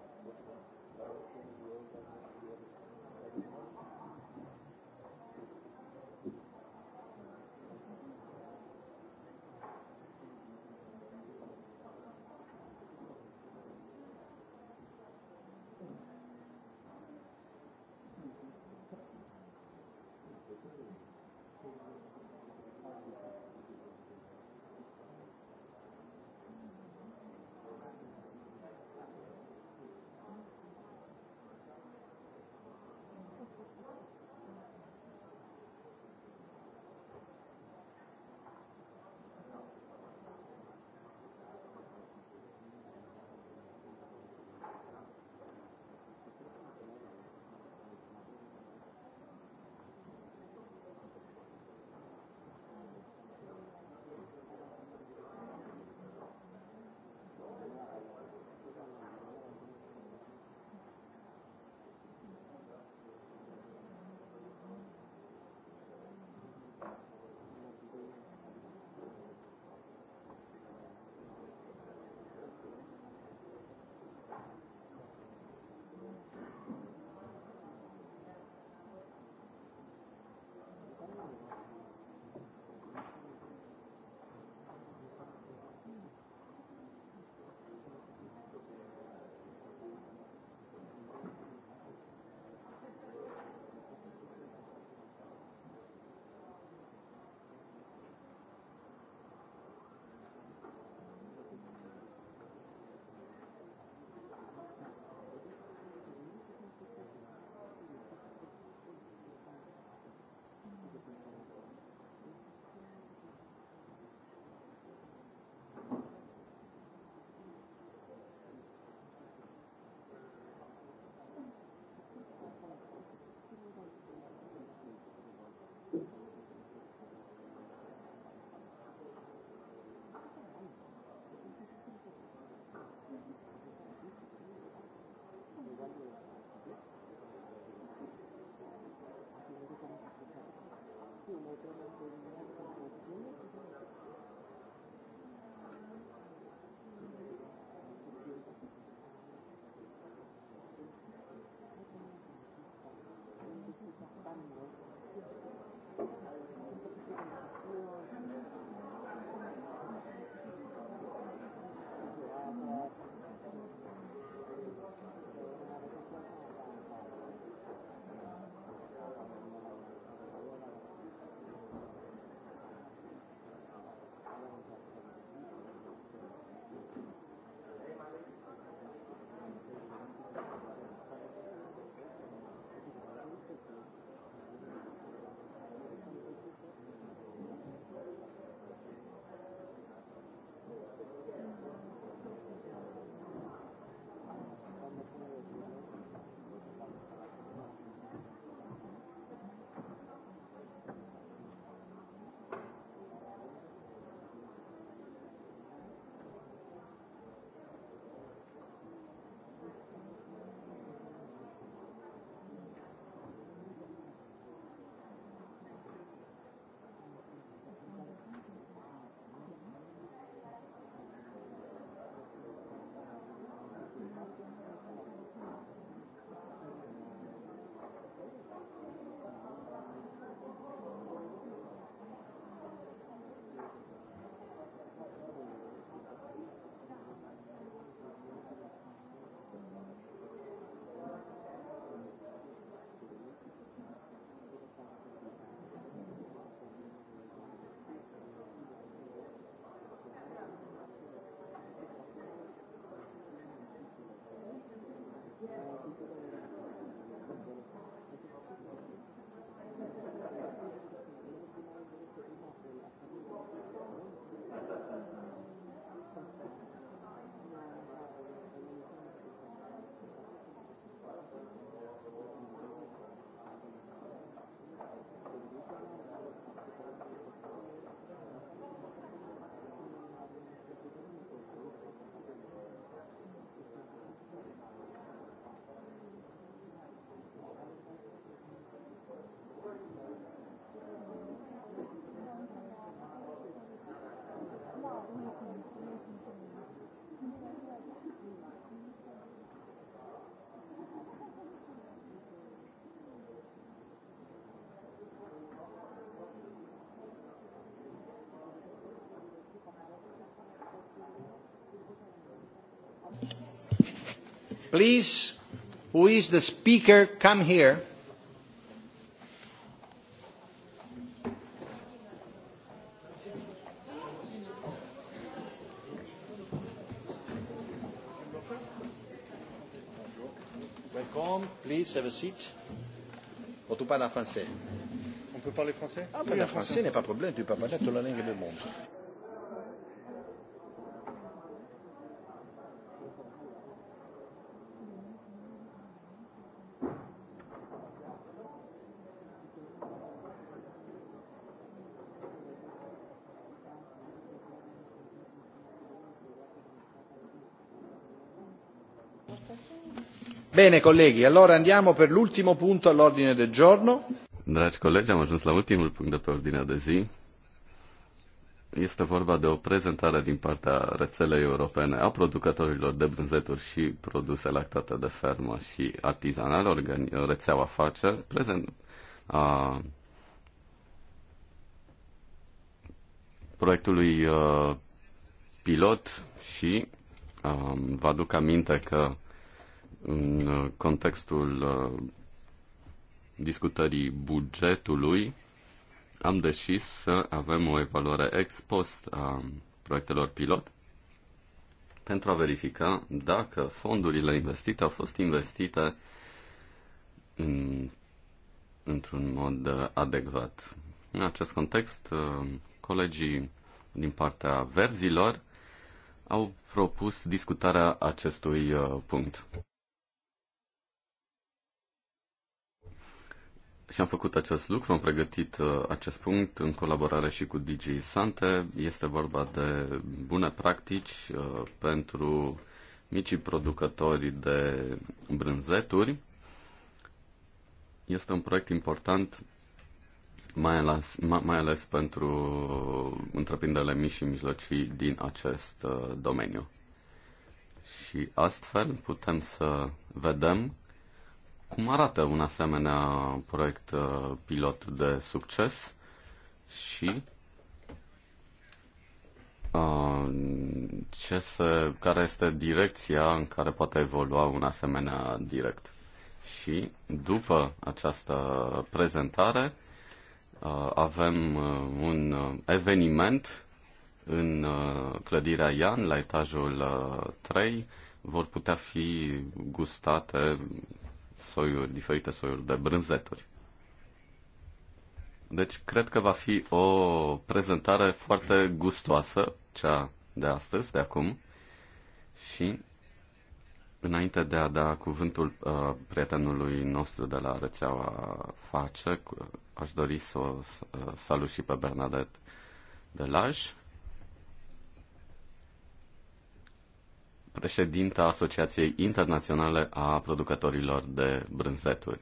Thank you. Thank you. Please, who is the speaker, come here. Welcome, please have a seat. Bon, tu parles en français. On peut parler français Ah, parler oui, français, français n'est pas problème, tu peux parler toute la langue du monde. Bine, colegi, allora andiamo per l'ultimo punto all'ordine del giorno. Dragi colegi, am ajuns la ultimul punct de pe ordinea de zi. Este vorba de o prezentare din partea rețelei europene a producătorilor de brânzeturi și produse lactate de fermă și artizanale, organi- rețeaua face, prezent, a, proiectului a, uh, pilot și a, um, vă aduc aminte că în uh, contextul uh, discutării bugetului, am decis să avem o evaluare ex post a proiectelor pilot pentru a verifica dacă fondurile investite au fost investite în, într-un mod uh, adecvat. În acest context, colegii din partea verzilor au propus discutarea acestui punct. Și am făcut acest lucru, am pregătit uh, acest punct în colaborare și cu DJ Sante. Este vorba de bune practici uh, pentru micii producători de brânzeturi. Este un proiect important mai ales, mai ales pentru întreprinderile mici și mijlocii din acest uh, domeniu. Și astfel putem să vedem cum arată un asemenea proiect uh, pilot de succes și uh, ce se, care este direcția în care poate evolua un asemenea direct? Și după această prezentare uh, avem un eveniment în clădirea Ian, la etajul 3, vor putea fi gustate soiuri, diferite soiuri de brânzeturi. Deci cred că va fi o prezentare foarte gustoasă, cea de astăzi, de acum. Și înainte de a da cuvântul uh, prietenului nostru de la rețeaua Face, aș dori să o uh, salut și pe Bernadette Delaj, președinta Asociației Internaționale a Producătorilor de Brânzeturi,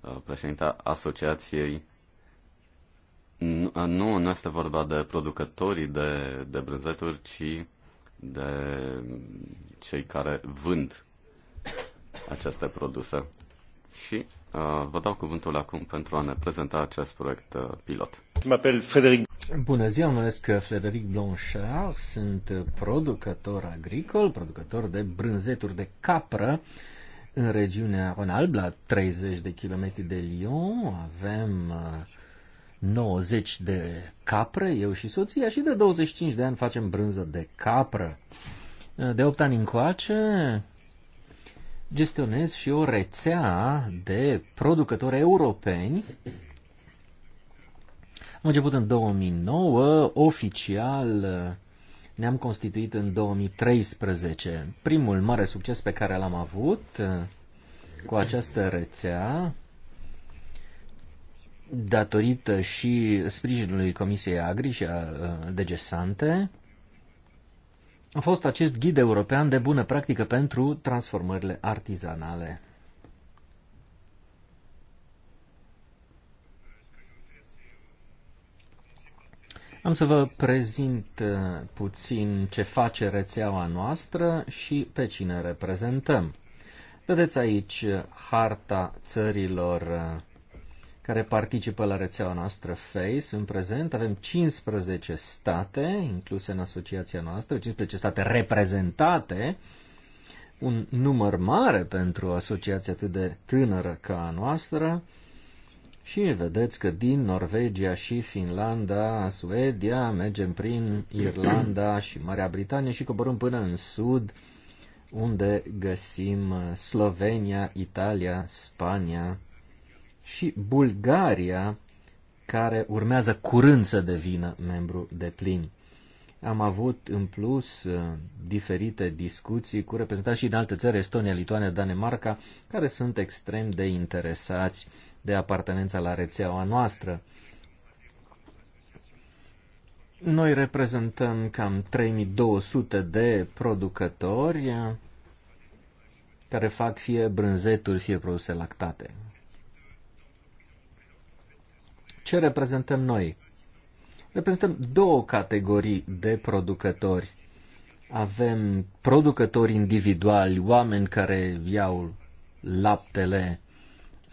uh, președinta Asociației nu, nu este vorba de producătorii de, de brânzeturi, ci de cei care vând aceste produse. Și uh, vă dau cuvântul acum pentru a ne prezenta acest proiect uh, pilot. Mă Frederic Bună ziua, mă numesc Frederic Blanchard, sunt producător agricol, producător de brânzeturi de capră în regiunea Ronalb, la 30 de kilometri de Lyon. Avem 90 uh, de capre, eu și soția, și de 25 de ani facem brânză de capră. Uh, de 8 ani încoace gestionez și o rețea de producători europeni am început în 2009, oficial uh, ne-am constituit în 2013. Primul mare succes pe care l-am avut uh, cu această rețea, datorită și sprijinului Comisiei Agri și a uh, Degesante, a fost acest ghid european de bună practică pentru transformările artizanale. Am să vă prezint uh, puțin ce face rețeaua noastră și pe cine reprezentăm. Vedeți aici uh, harta țărilor uh, care participă la rețeaua noastră FACE în prezent. Avem 15 state incluse în asociația noastră, 15 state reprezentate, un număr mare pentru asociația atât de tânără ca a noastră. Și vedeți că din Norvegia și Finlanda, Suedia, mergem prin Irlanda și Marea Britanie și coborâm până în sud, unde găsim Slovenia, Italia, Spania și Bulgaria, care urmează curând să devină membru de plin. Am avut în plus diferite discuții cu reprezentanți și din alte țări, Estonia, Lituania, Danemarca, care sunt extrem de interesați de apartenența la rețeaua noastră. Noi reprezentăm cam 3200 de producători eh, care fac fie brânzeturi, fie produse lactate. Ce reprezentăm noi? Reprezentăm două categorii de producători. Avem producători individuali, oameni care iau laptele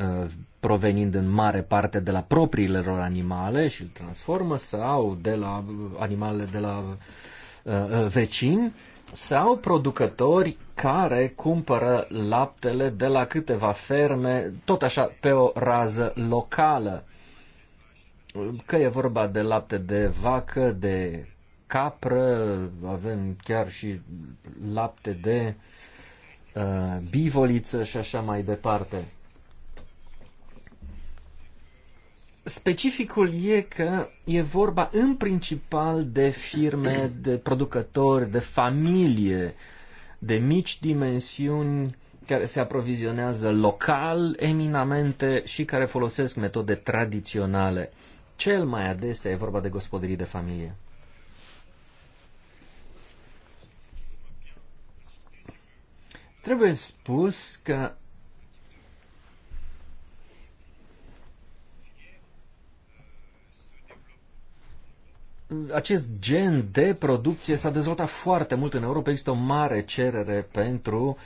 Uh, provenind în mare parte de la propriile lor animale și îl transformă sau de la uh, animalele de la uh, vecini sau producători care cumpără laptele de la câteva ferme, tot așa pe o rază locală. Că e vorba de lapte de vacă, de capră, avem chiar și lapte de uh, bivoliță și așa mai departe. Specificul e că e vorba în principal de firme, de producători, de familie, de mici dimensiuni care se aprovizionează local eminamente și care folosesc metode tradiționale. Cel mai adesea e vorba de gospodării de familie. Trebuie spus că acest gen de producție s-a dezvoltat foarte mult în Europa. Există o mare cerere pentru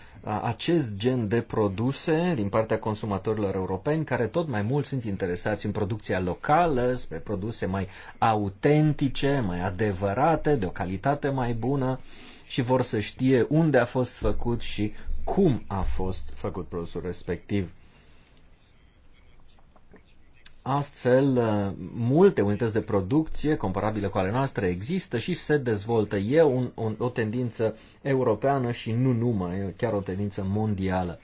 acest gen de produse din partea consumatorilor europeni, care tot mai mult sunt interesați în producția locală, spre produse mai autentice, mai adevărate, de o calitate mai bună și vor să știe unde a fost făcut și cum a fost făcut produsul respectiv. Astfel, uh, multe unități de producție comparabile cu ale noastre există și se dezvoltă. E un, un, o tendință europeană și nu numai, e chiar o tendință mondială.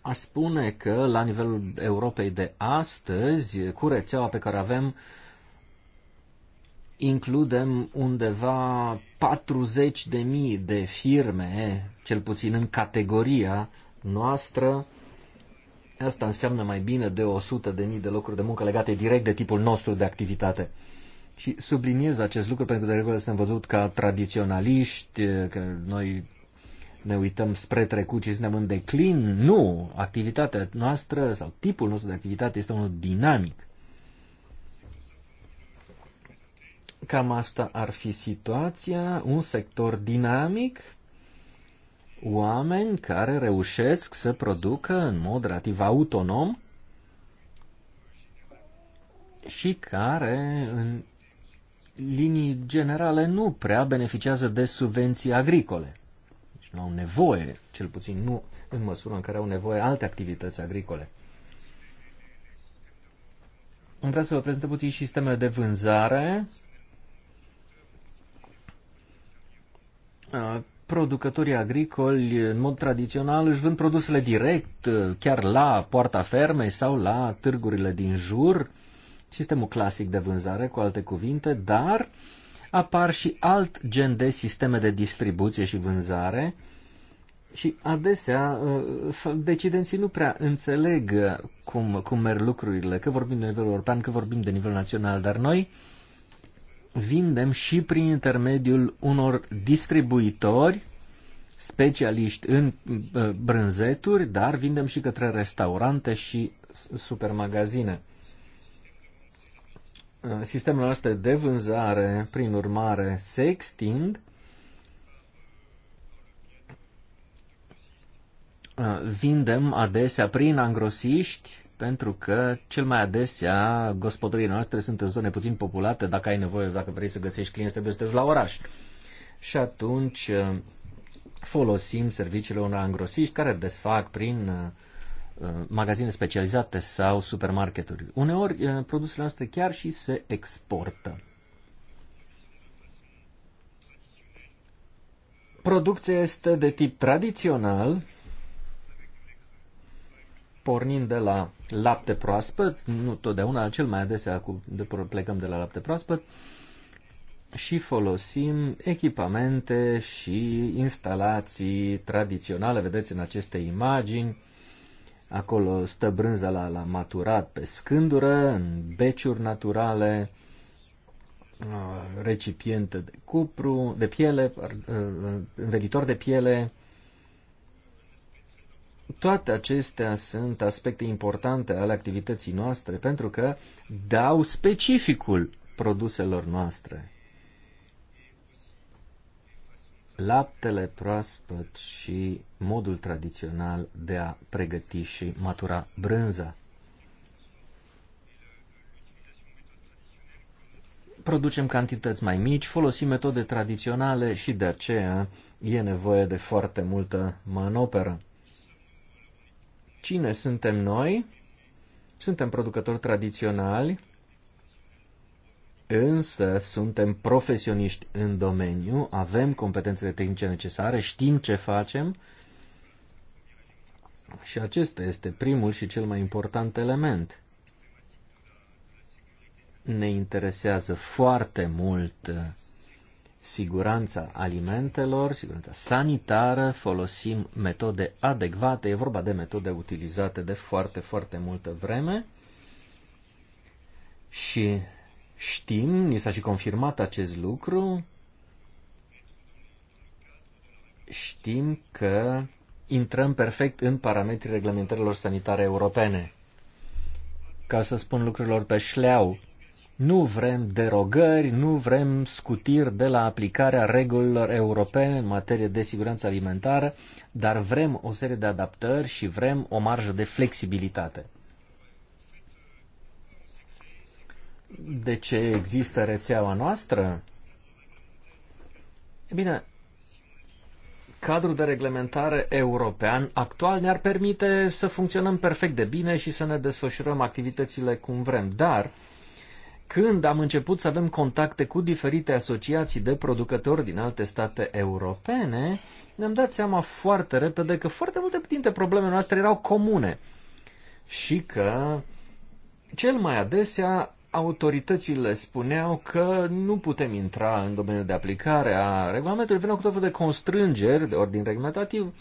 Aș spune că la nivelul Europei de astăzi, cu rețeaua pe care avem, includem undeva 40.000 de firme, cel puțin în categoria noastră, Asta înseamnă mai bine de 100 de mii de locuri de muncă legate direct de tipul nostru de activitate. Și subliniez acest lucru pentru că de regulă suntem văzut ca tradiționaliști, că noi ne uităm spre trecut și suntem în declin. Nu! Activitatea noastră sau tipul nostru de activitate este unul dinamic. Cam asta ar fi situația, un sector dinamic oameni care reușesc să producă în mod relativ autonom și care în linii generale nu prea beneficiază de subvenții agricole. Deci nu au nevoie, cel puțin nu în măsura în care au nevoie alte activități agricole. Îmi vreau să vă prezintă puțin și sistemele de vânzare producătorii agricoli, în mod tradițional, își vând produsele direct, chiar la poarta fermei sau la târgurile din jur, sistemul clasic de vânzare, cu alte cuvinte, dar apar și alt gen de sisteme de distribuție și vânzare și adesea uh, decidenții nu prea înțeleg uh, cum, cum merg lucrurile, că vorbim de nivel european, că vorbim de nivel național, dar noi vindem și prin intermediul unor distribuitori specialiști în uh, brânzeturi, dar vindem și către restaurante și supermagazine. Uh, sistemul noastre de vânzare, prin urmare, se extind. Uh, vindem adesea prin angrosiști, pentru că cel mai adesea gospodăriile noastre sunt în zone puțin populate, dacă ai nevoie, dacă vrei să găsești clienți, trebuie să te duci la oraș. Și atunci uh, folosim serviciile unor angrosiști care desfac prin uh, uh, magazine specializate sau supermarketuri. Uneori, produsele noastre chiar și se exportă. Producția este de tip tradițional, pornind de la lapte proaspăt, nu totdeauna, cel mai adesea cu, de, plecăm de la lapte proaspăt, și folosim echipamente și instalații tradiționale. Vedeți în aceste imagini, acolo stă brânza la, la maturat pe scândură, în beciuri naturale, uh, recipiente de cupru, de piele, uh, înveditor de piele, toate acestea sunt aspecte importante ale activității noastre pentru că dau specificul produselor noastre. Laptele proaspăt și modul tradițional de a pregăti și matura brânza. producem cantități mai mici, folosim metode tradiționale și de aceea e nevoie de foarte multă manoperă. Cine suntem noi? Suntem producători tradiționali, însă suntem profesioniști în domeniu, avem competențele tehnice necesare, știm ce facem și acesta este primul și cel mai important element. Ne interesează foarte mult siguranța alimentelor, siguranța sanitară, folosim metode adecvate, e vorba de metode utilizate de foarte, foarte multă vreme și știm, ni s-a și confirmat acest lucru, știm că intrăm perfect în parametrii reglementărilor sanitare europene. Ca să spun lucrurilor pe șleau, nu vrem derogări, nu vrem scutiri de la aplicarea regulilor europene în materie de siguranță alimentară, dar vrem o serie de adaptări și vrem o marjă de flexibilitate. De ce există rețeaua noastră? E bine, cadrul de reglementare european actual ne-ar permite să funcționăm perfect de bine și să ne desfășurăm activitățile cum vrem, dar când am început să avem contacte cu diferite asociații de producători din alte state europene, ne-am dat seama foarte repede că foarte multe dintre problemele noastre erau comune și că cel mai adesea autoritățile spuneau că nu putem intra în domeniul de aplicare a regulamentului, veneau cu tot felul de constrângeri de ordin reglementativ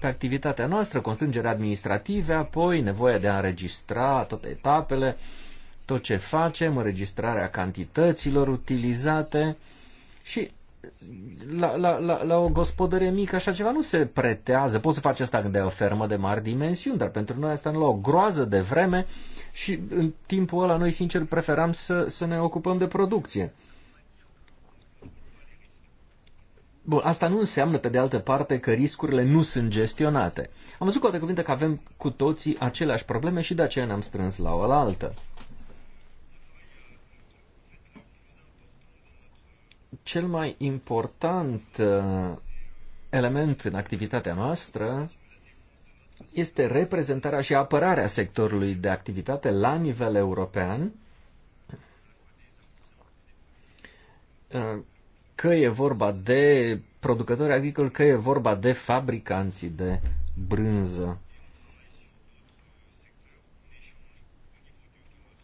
pe activitatea noastră, constrângeri administrative, apoi nevoia de a înregistra toate etapele, uh, tot ce facem, înregistrarea cantităților utilizate și la, la, la, la o gospodărie mică așa ceva nu se pretează. Poți să faci asta de o fermă de mari dimensiuni, dar pentru noi asta nu la o groază de vreme și în timpul ăla noi sincer preferam să, să ne ocupăm de producție. Bun, asta nu înseamnă, pe de altă parte, că riscurile nu sunt gestionate. Am văzut cu alte cuvinte că avem cu toții aceleași probleme și de aceea ne-am strâns la o la altă. cel mai important uh, element în activitatea noastră este reprezentarea și apărarea sectorului de activitate la nivel european, uh, că e vorba de producători agricoli, că e vorba de fabricanții de brânză.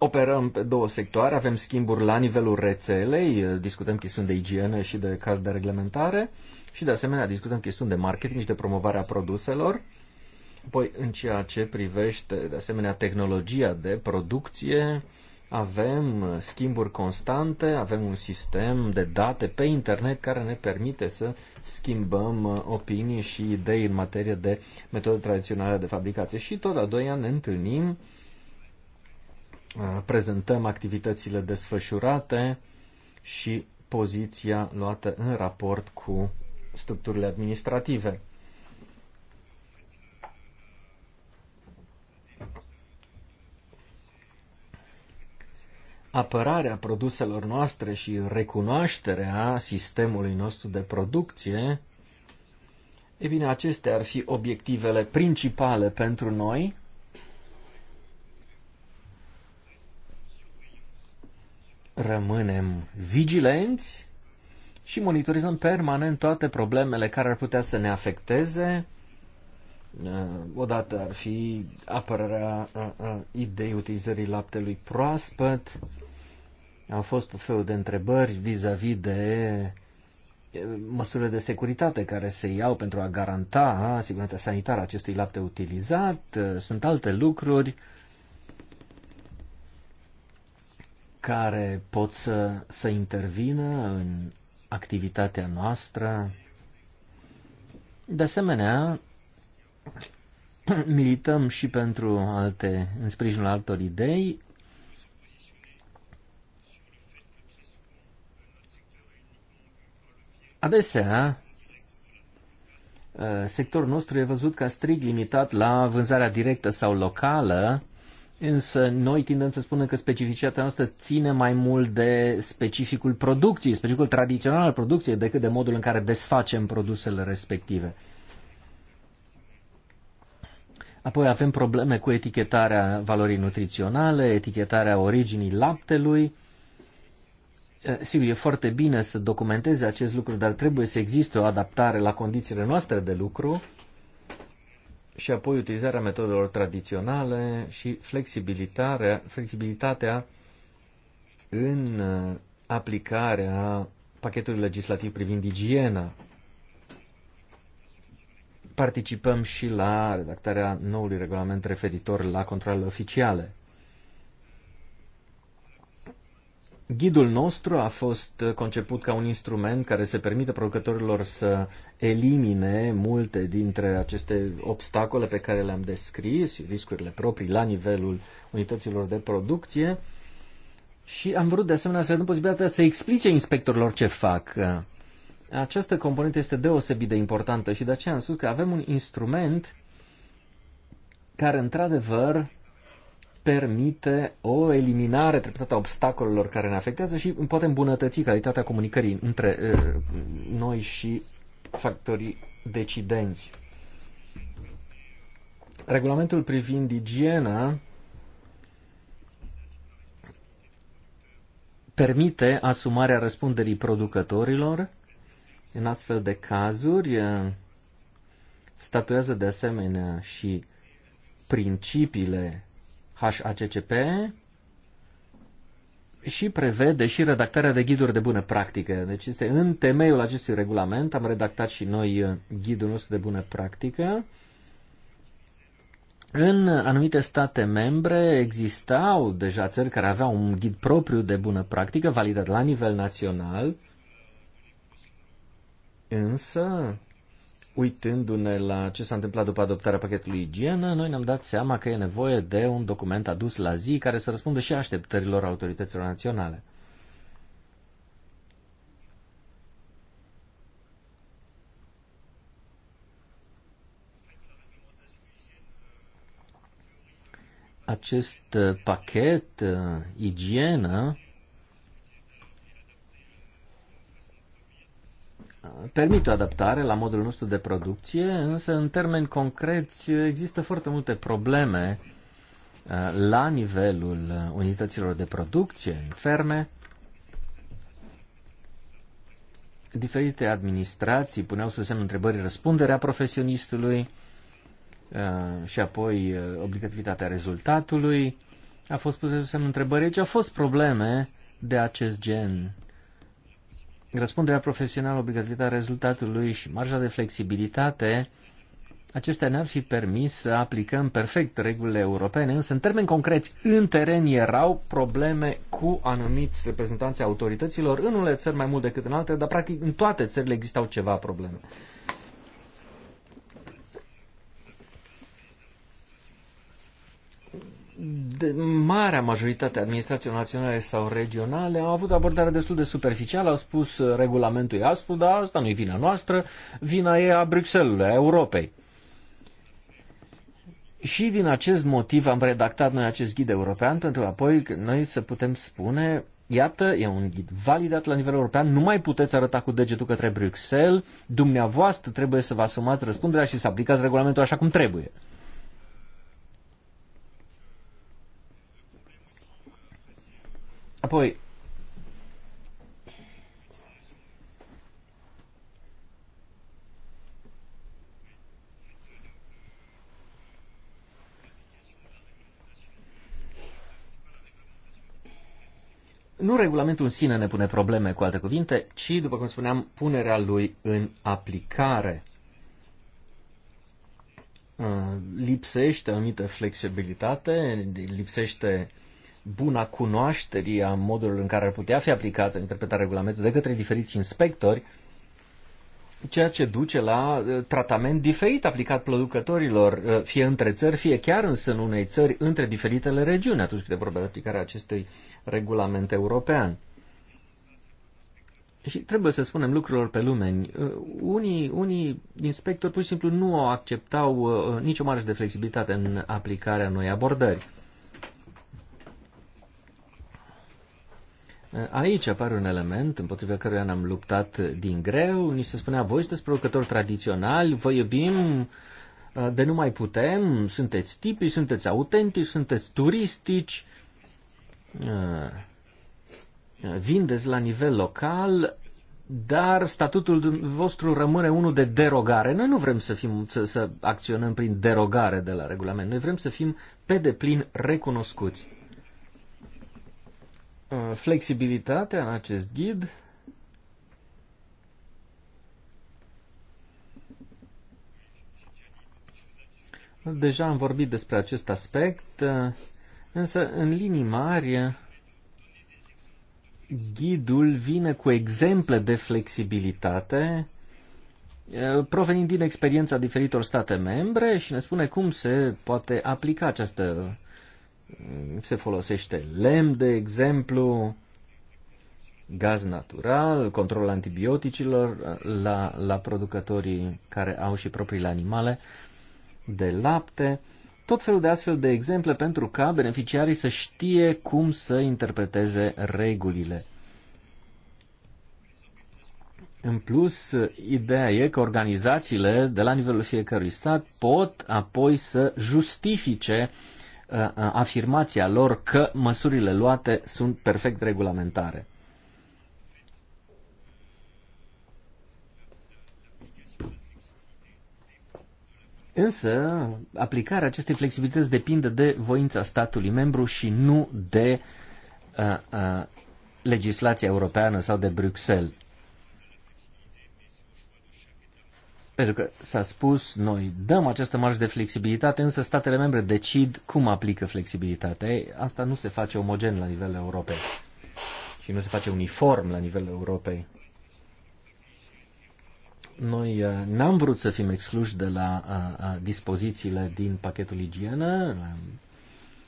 Operăm pe două sectoare, avem schimburi la nivelul rețelei, eh, discutăm chestiuni de igienă și de cald de reglementare și de asemenea discutăm chestiuni de marketing și de promovarea produselor. Apoi, în ceea ce privește, de asemenea, tehnologia de producție, avem eh, schimburi constante, avem un sistem de date pe internet care ne permite să schimbăm eh, opinii și idei în materie de metode tradiționale de fabricație și tot a ani ne întâlnim Uh, prezentăm activitățile desfășurate și poziția luată în raport cu structurile administrative. Apărarea produselor noastre și recunoașterea sistemului nostru de producție, e bine, acestea ar fi obiectivele principale pentru noi rămânem vigilenți și monitorizăm permanent toate problemele care ar putea să ne afecteze. Uh, odată ar fi apărarea uh, uh, idei utilizării laptelui proaspăt. Au fost un fel de întrebări vis-a-vis -vis de măsurile de securitate care se iau pentru a garanta siguranța sanitară a acestui lapte utilizat. Sunt alte lucruri care pot să, să intervină în activitatea noastră. De asemenea, milităm și pentru alte, în sprijinul altor idei. Adesea, uh, sectorul nostru e văzut ca strict limitat la vânzarea directă sau locală, Însă noi tindem să spunem că specificitatea noastră ține mai mult de specificul producției, specificul tradițional al producției, decât de modul în care desfacem produsele respective. Apoi avem probleme cu etichetarea valorii nutriționale, etichetarea originii laptelui. Sigur, e foarte bine să documenteze acest lucru, dar trebuie să existe o adaptare la condițiile noastre de lucru și apoi utilizarea metodelor tradiționale și flexibilitatea, flexibilitatea în uh, aplicarea pachetului legislativ privind igiena. Participăm și la redactarea noului regulament referitor la controlele oficiale. Ghidul nostru a fost conceput ca un instrument care se permite producătorilor să elimine multe dintre aceste obstacole pe care le-am descris, riscurile proprii la nivelul unităților de producție și am vrut de asemenea să dăm posibilitatea să explice inspectorilor ce fac. Această componentă este deosebit de importantă și de aceea am spus că avem un instrument care într-adevăr permite o eliminare treptată a obstacolelor care ne afectează și poate îmbunătăți calitatea comunicării între noi și factorii decidenți. Regulamentul privind igiena permite asumarea răspunderii producătorilor în astfel de cazuri, statuează de asemenea și principiile HACCP și prevede și redactarea de ghiduri de bună practică. Deci este în temeiul acestui regulament, am redactat și noi uh, ghidul nostru de bună practică. În anumite state membre existau deja țări care aveau un ghid propriu de bună practică, validat la nivel național, însă uitându-ne la ce s-a întâmplat după adoptarea pachetului igienă, noi ne-am dat seama că e nevoie de un document adus la zi care să răspundă și așteptărilor autorităților naționale. Acest uh, pachet uh, igienă permite o adaptare la modul nostru de producție, însă în termeni concreți există foarte multe probleme uh, la nivelul uh, unităților de producție în ferme. Diferite administrații puneau sub semn întrebări, răspunderea profesionistului uh, și apoi obligativitatea rezultatului. A fost pusă sub semn întrebări. Aici deci au fost probleme de acest gen răspunderea profesională, a rezultatului și marja de flexibilitate, acestea ne-ar fi permis să aplicăm perfect regulile europene, însă în termeni concreți, în teren erau probleme cu anumiți reprezentanții autorităților, în unele țări mai mult decât în alte, dar practic în toate țările existau ceva probleme. de, marea majoritate a administrațiilor naționale sau regionale au avut abordare destul de superficială, au spus uh, regulamentul e astfel, dar asta nu e vina noastră, vina e a Bruxelles, a Europei. Și din acest motiv am redactat noi acest ghid european, pentru că apoi noi să putem spune, iată, e un ghid validat la nivel european, nu mai puteți arăta cu degetul către Bruxelles, dumneavoastră trebuie să vă asumați răspunderea și să aplicați regulamentul așa cum trebuie. Apoi, nu regulamentul în sine ne pune probleme, cu alte cuvinte, ci, după cum spuneam, punerea lui în aplicare. Uh, lipsește anumită flexibilitate, lipsește buna cunoașterii a modului în care ar putea fi aplicată interpretarea regulamentului de către diferiți inspectori, ceea ce duce la uh, tratament diferit aplicat producătorilor, uh, fie între țări, fie chiar în sânul unei țări, între diferitele regiuni, atunci când e de aplicarea acestui regulament european. Și trebuie să spunem lucrurilor pe lumeni. Uh, unii, unii inspectori pur și simplu nu acceptau nicio marjă de flexibilitate în aplicarea noi abordări. Aici apare un element împotriva căruia ne-am luptat din greu. Ni se spunea, voi sunteți producători tradiționali, vă iubim, uh, de nu mai putem, sunteți tipici, sunteți autentici, sunteți turistici, uh, vindeți la nivel local, dar statutul vostru rămâne unul de derogare. Noi nu vrem să, fim, să, să acționăm prin derogare de la regulament, noi vrem să fim pe deplin recunoscuți. Uh, flexibilitatea în acest ghid Deja am vorbit despre acest aspect, uh, însă în linii mari uh, ghidul vine cu exemple de flexibilitate provenind din experiența diferitor state membre și ne spune cum se poate aplica această se folosește lemn, de exemplu, gaz natural, controlul antibioticilor uh, la, la producătorii care au și propriile animale de lapte, tot felul de astfel de exemple pentru ca beneficiarii să știe cum să interpreteze regulile. În plus, ideea e că organizațiile de la nivelul fiecărui stat pot apoi să justifice uh, Uh, uh, afirmația lor că măsurile luate sunt perfect regulamentare. Însă, aplicarea acestei flexibilități depinde de voința statului membru și nu de uh, uh, legislația europeană sau de Bruxelles. Pentru că s-a spus, noi dăm această marjă de flexibilitate, însă statele membre decid cum aplică flexibilitatea. asta nu se face omogen la nivelul Europei și nu se face uniform la nivelul Europei. Noi uh, n-am vrut să fim excluși de la a, uh, a, uh, dispozițiile din pachetul igienă,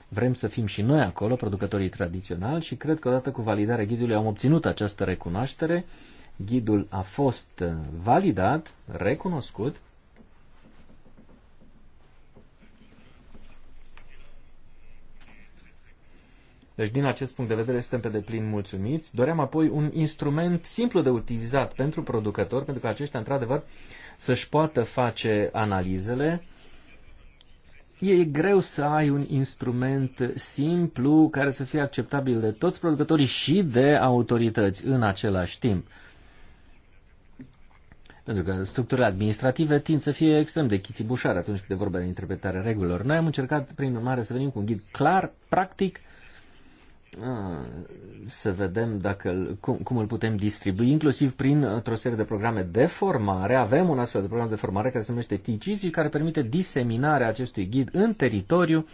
vrem să fim și noi acolo, producătorii tradiționali, și cred că odată cu validarea ghidului am obținut această recunoaștere. Uh, Ghidul a fost uh, validat, recunoscut, Deci, din acest punct de vedere, suntem pe deplin mulțumiți. Doream apoi un instrument simplu de utilizat pentru producători, pentru că aceștia, într-adevăr, să-și poată face analizele. E greu să ai un instrument simplu care să fie acceptabil de toți producătorii și de autorități în același timp. Pentru că structurile administrative tind să fie extrem de chitibușare atunci când e vorba de interpretarea regulilor. Noi am încercat, prin urmare, să venim cu un ghid clar, practic, să vedem dacă, cum, cum îl putem distribui, inclusiv prin o serie de programe de formare. Avem un astfel de program de formare care se numește TICIS și care permite diseminarea acestui ghid în teritoriu.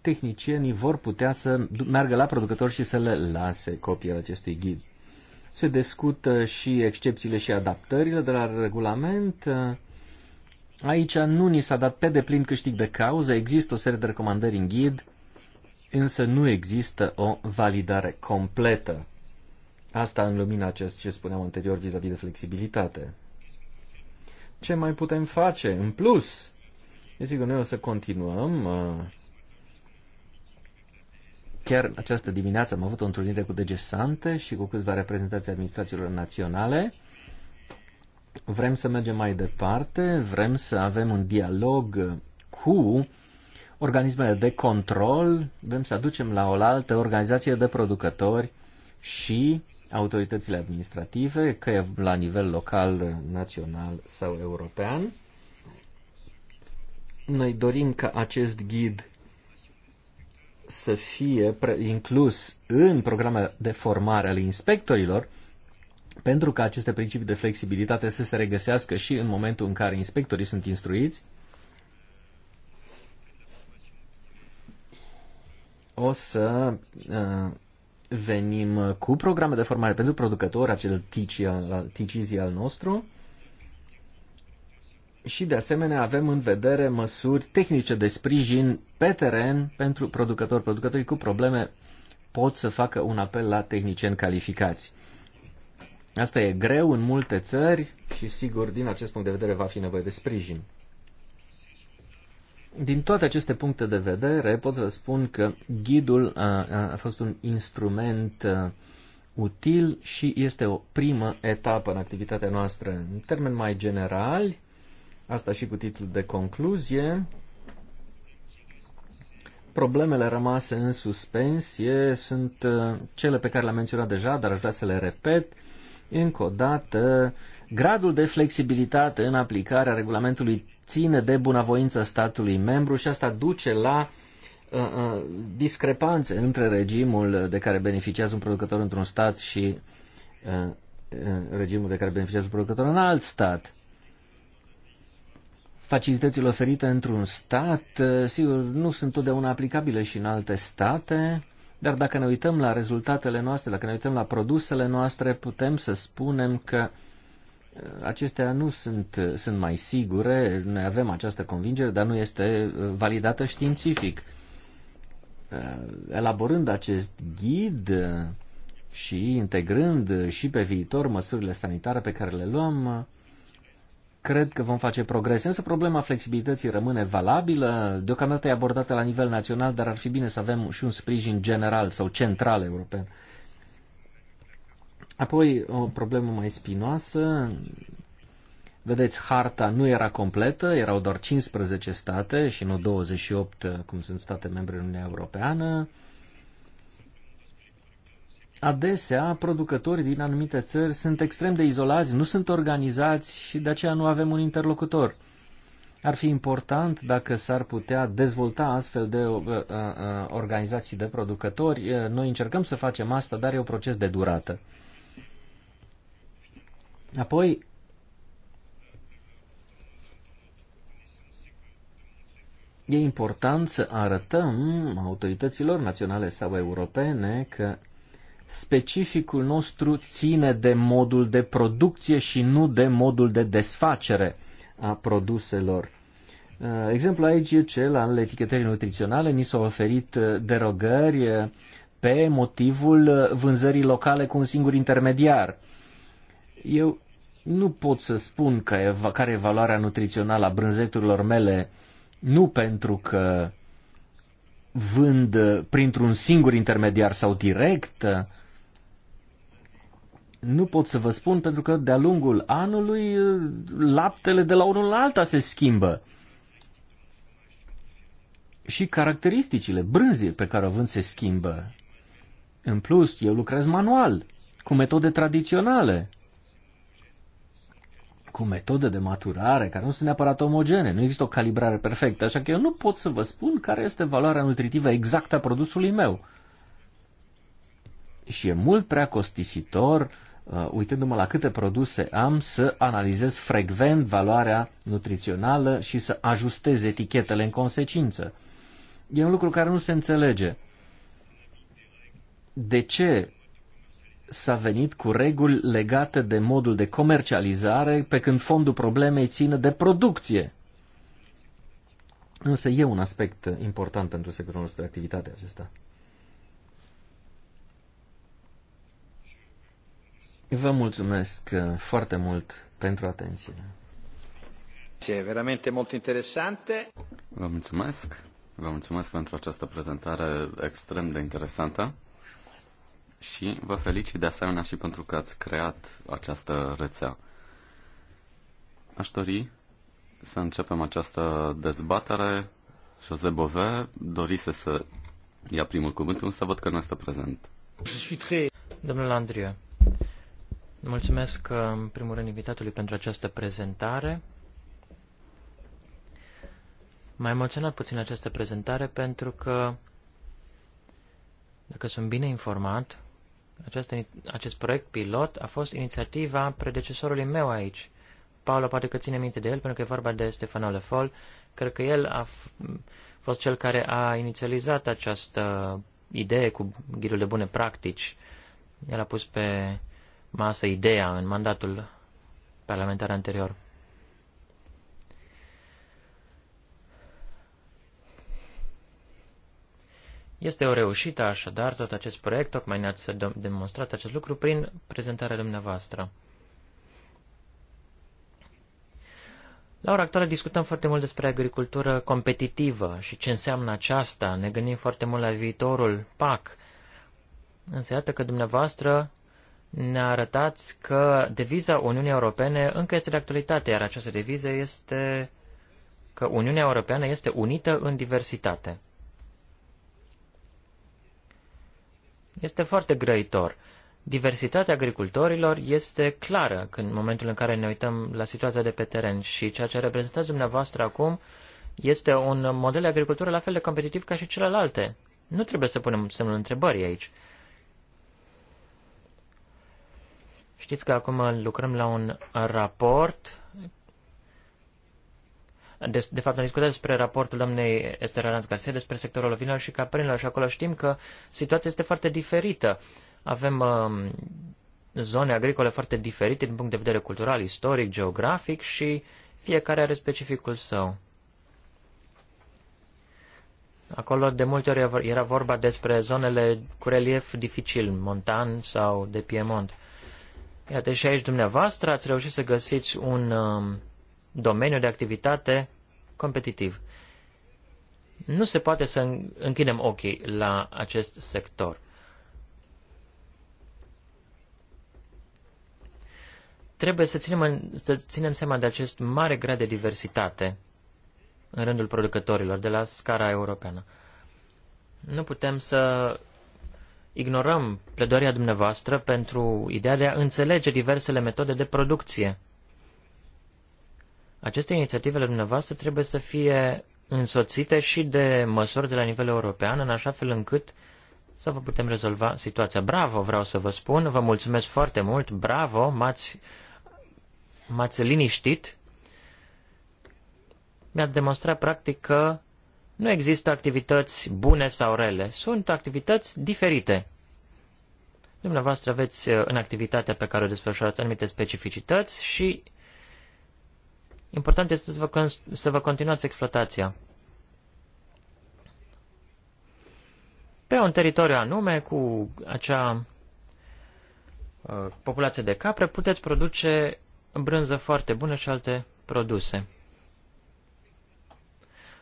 Tehnicienii vor putea să meargă la producători și să le lase copia acestui ghid. Se discută și excepțiile și adaptările de la regulament. Aici nu ni s-a dat pe deplin câștig de cauză, există o serie de recomandări în ghid, însă nu există o validare completă. Asta în lumina acest ce spuneam anterior vis-a-vis -vis de flexibilitate. Ce mai putem face în plus? Desigur, noi o să continuăm uh, Chiar în această dimineață am avut o întâlnire cu DG Sante și cu câțiva reprezentanți administrațiilor naționale. Vrem să mergem mai departe, vrem să avem un dialog cu organismele de control, vrem să aducem la oaltă organizație de producători și autoritățile administrative, că e la nivel local, național sau european. Noi dorim ca acest ghid să fie inclus în programa de formare ale inspectorilor, pentru ca aceste principii de flexibilitate să se regăsească și în momentul în care inspectorii sunt instruiți, o să uh, venim cu programe de formare pentru producători, acel ticizii al nostru, și de asemenea avem în vedere măsuri tehnice de sprijin pe teren pentru producători. Producătorii cu probleme pot să facă un apel la tehnicieni calificați. Asta e greu în multe țări și sigur din acest punct de vedere va fi nevoie de sprijin. Din toate aceste puncte de vedere pot să spun că ghidul a, uh, uh, a fost un instrument a, uh, util și este o primă etapă în activitatea noastră. În termeni mai generali, Asta și cu titlul de concluzie. Problemele rămase în suspensie sunt uh, cele pe care le-am menționat deja, dar aș vrea să le repet. Încă o dată, gradul de flexibilitate în aplicarea regulamentului ține de bunavoință statului membru și asta duce la uh, uh, discrepanțe între regimul de care beneficiază un producător într-un stat și uh, uh regimul de care beneficiază un producător în alt stat facilitățile oferite într-un stat, uh, sigur, nu sunt totdeauna aplicabile și în alte state, dar dacă ne uităm la rezultatele noastre, dacă ne uităm la produsele noastre, putem să spunem că uh, acestea nu sunt, uh, sunt mai sigure, noi avem această convingere, dar nu este validată științific. Elaborând acest ghid și integrând și pe viitor măsurile sanitare pe care le luăm, cred că vom face progrese, însă problema flexibilității rămâne valabilă. Deocamdată e abordată la nivel național, dar ar fi bine să avem și un sprijin general sau central european. Apoi, o problemă mai spinoasă. Vedeți, harta nu era completă, erau doar 15 state și nu 28, cum sunt state membre în Uniunea Europeană. Uh, adesea producătorii din anumite țări sunt extrem de izolați, nu sunt organizați și de aceea nu avem un interlocutor. Ar fi important dacă s-ar putea dezvolta astfel de uh, uh, uh organizații de producători. Uh, noi încercăm să facem asta, dar e un proces de durată. Apoi, e important să arătăm autorităților naționale sau europene că specificul nostru ține de modul de producție și nu de modul de desfacere a produselor. Uh, exemplu aici e cel al etichetării nutriționale. Ni s-au oferit uh, derogări uh, pe motivul vânzării locale cu un singur intermediar. Eu nu pot să spun că care e valoarea nutrițională a brânzeturilor mele, nu pentru că vând uh, printr-un singur intermediar sau direct? Nu pot să vă spun pentru că de-a lungul anului uh, laptele de la unul la alta se schimbă. Și caracteristicile, brânzii pe care o vând se schimbă. În plus, eu lucrez manual, cu metode tradiționale cu metode de maturare care nu sunt neapărat omogene, nu există o calibrare perfectă, așa că eu nu pot să vă spun care este valoarea nutritivă exactă a produsului meu. Și e mult prea costisitor, uh, uitându-mă la câte produse am, să analizez frecvent valoarea nutrițională și să ajustez etichetele în consecință. E un lucru care nu se înțelege. De ce s-a venit cu reguli legate de modul de comercializare, pe când fondul problemei ține de producție. Însă e un aspect important pentru sectorul nostru de activitate acesta. Vă mulțumesc uh, foarte mult pentru atenție. E veramente mult interesante. Vă mulțumesc. Vă mulțumesc pentru această prezentare extrem de interesantă și vă felicit de asemenea și pentru că ați creat această rețea. Aș dori să începem această dezbatere. Jose Bové dorise să ia primul cuvânt, însă văd că nu este prezent. Domnul Andrie. mulțumesc în primul rând invitatului pentru această prezentare. M-a emoționat puțin această prezentare pentru că, dacă sunt bine informat, această, acest proiect pilot a fost inițiativa predecesorului meu aici. Paolo poate că ține minte de el, pentru că e vorba de Stefano Lefol. Cred că el a fost cel care a inițializat această idee cu ghidul de bune practici. El a pus pe masă ideea în mandatul parlamentar anterior. Este o reușită, așadar, tot acest proiect, tocmai ne-ați demonstrat acest lucru prin prezentarea dumneavoastră. La ora actuală discutăm foarte mult despre agricultură competitivă și ce înseamnă aceasta. Ne gândim foarte mult la viitorul PAC. Însă iată că dumneavoastră ne arătați că deviza Uniunii Europene încă este de actualitate, iar această deviză este că Uniunea Europeană este unită în diversitate. este foarte grăitor. Diversitatea agricultorilor este clară în momentul în care ne uităm la situația de pe teren și ceea ce reprezentați dumneavoastră acum este un model de agricultură la fel de competitiv ca și celelalte. Nu trebuie să punem semnul întrebării aici. Știți că acum lucrăm la un raport de, de fapt am discutat despre raportul doamnei Esther Aranz Garcia despre sectorul ovinelor și caprinilor și acolo știm că situația este foarte diferită. Avem um, zone agricole foarte diferite din punct de vedere cultural, istoric, geografic și fiecare are specificul său. Acolo de multe ori era vorba despre zonele cu relief dificil, montan sau de piemont. Iată și aici dumneavoastră ați reușit să găsiți un um, domeniu de activitate competitiv. Nu se poate să închidem ochii la acest sector. Trebuie să ținem, în, să ținem seama de acest mare grad de diversitate în rândul producătorilor de la scara europeană. Nu putem să ignorăm pledoaria dumneavoastră pentru ideea de a înțelege diversele metode de producție aceste inițiativele dumneavoastră trebuie să fie însoțite și de măsuri de la nivel european, în așa fel încât să vă putem rezolva situația. Bravo, vreau să vă spun, vă mulțumesc foarte mult, bravo, m-ați, m-ați liniștit, mi-ați demonstrat practic că nu există activități bune sau rele, sunt activități diferite. Dumneavoastră aveți uh, în activitatea pe care o desfășurați anumite specificități și Important este să vă, să vă continuați exploatația. Pe un teritoriu anume, cu acea uh, populație de capre, puteți produce brânză foarte bună și alte produse.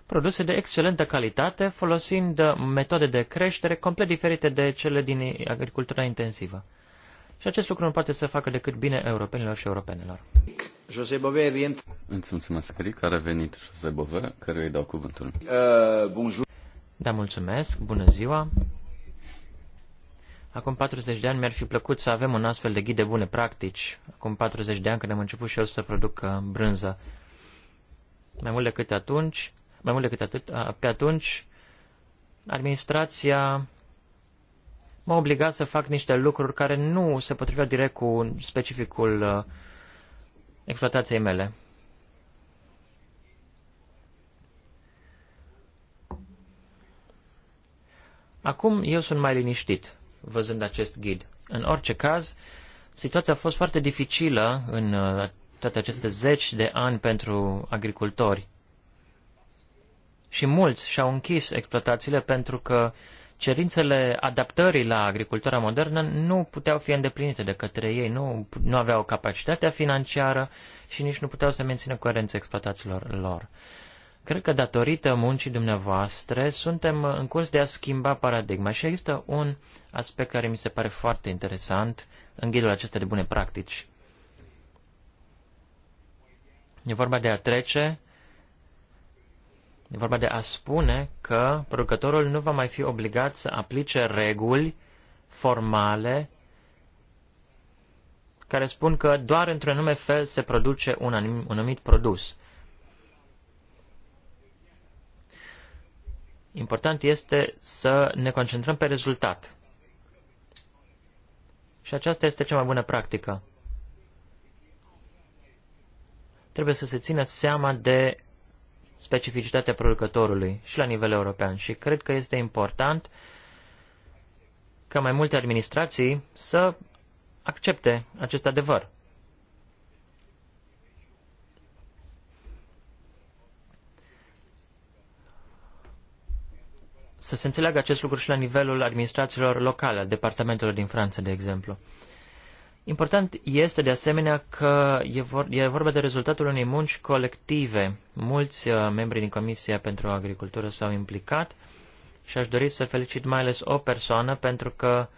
Produse de excelentă calitate, folosind uh, metode de creștere complet diferite de cele din agricultura intensivă. Și acest lucru nu poate să facă decât bine europenilor și europenelor. José Bové, rient... Îți mulțumesc, Ric, a revenit José Bové, căruia îi dau cuvântul. Uh, bonjour. Da, mulțumesc, bună ziua. Acum 40 de ani mi-ar fi plăcut să avem un astfel de ghid de bune practici. Acum 40 de ani când am început și eu să produc uh, brânză. Mai mult decât atunci, mai mult decât atât, uh, pe atunci, administrația m-a obligat să fac niște lucruri care nu se potriveau direct cu specificul uh, exploatației mele. Acum eu sunt mai liniștit văzând acest ghid. În orice caz, situația a fost foarte dificilă în uh, toate aceste zeci de ani pentru agricultori. Și mulți și-au închis exploatațiile pentru că uh, cerințele adaptării la agricultura modernă nu puteau fi îndeplinite de către ei, nu, nu aveau capacitatea financiară și nici nu puteau să mențină coerența exploatațiilor lor. Cred că datorită muncii dumneavoastră suntem în curs de a schimba paradigma și există un aspect care mi se pare foarte interesant în ghidul acesta de bune practici. E vorba de a trece E vorba de a spune că producătorul nu va mai fi obligat să aplice reguli formale care spun că doar într-un anume fel se produce un anumit, produs. Important este să ne concentrăm pe rezultat. Și aceasta este cea mai bună practică. Trebuie să se țină seama de specificitatea producătorului și la nivel european. Și cred că este important ca mai multe administrații să accepte acest adevăr. Să se înțeleagă acest lucru și la nivelul administrațiilor locale, al departamentelor din Franța, de exemplu. Important este de asemenea că e, vor, e vorba de rezultatul unei munci colective. Mulți uh, membri din Comisia pentru Agricultură s-au implicat și aș dori să felicit mai ales o persoană pentru că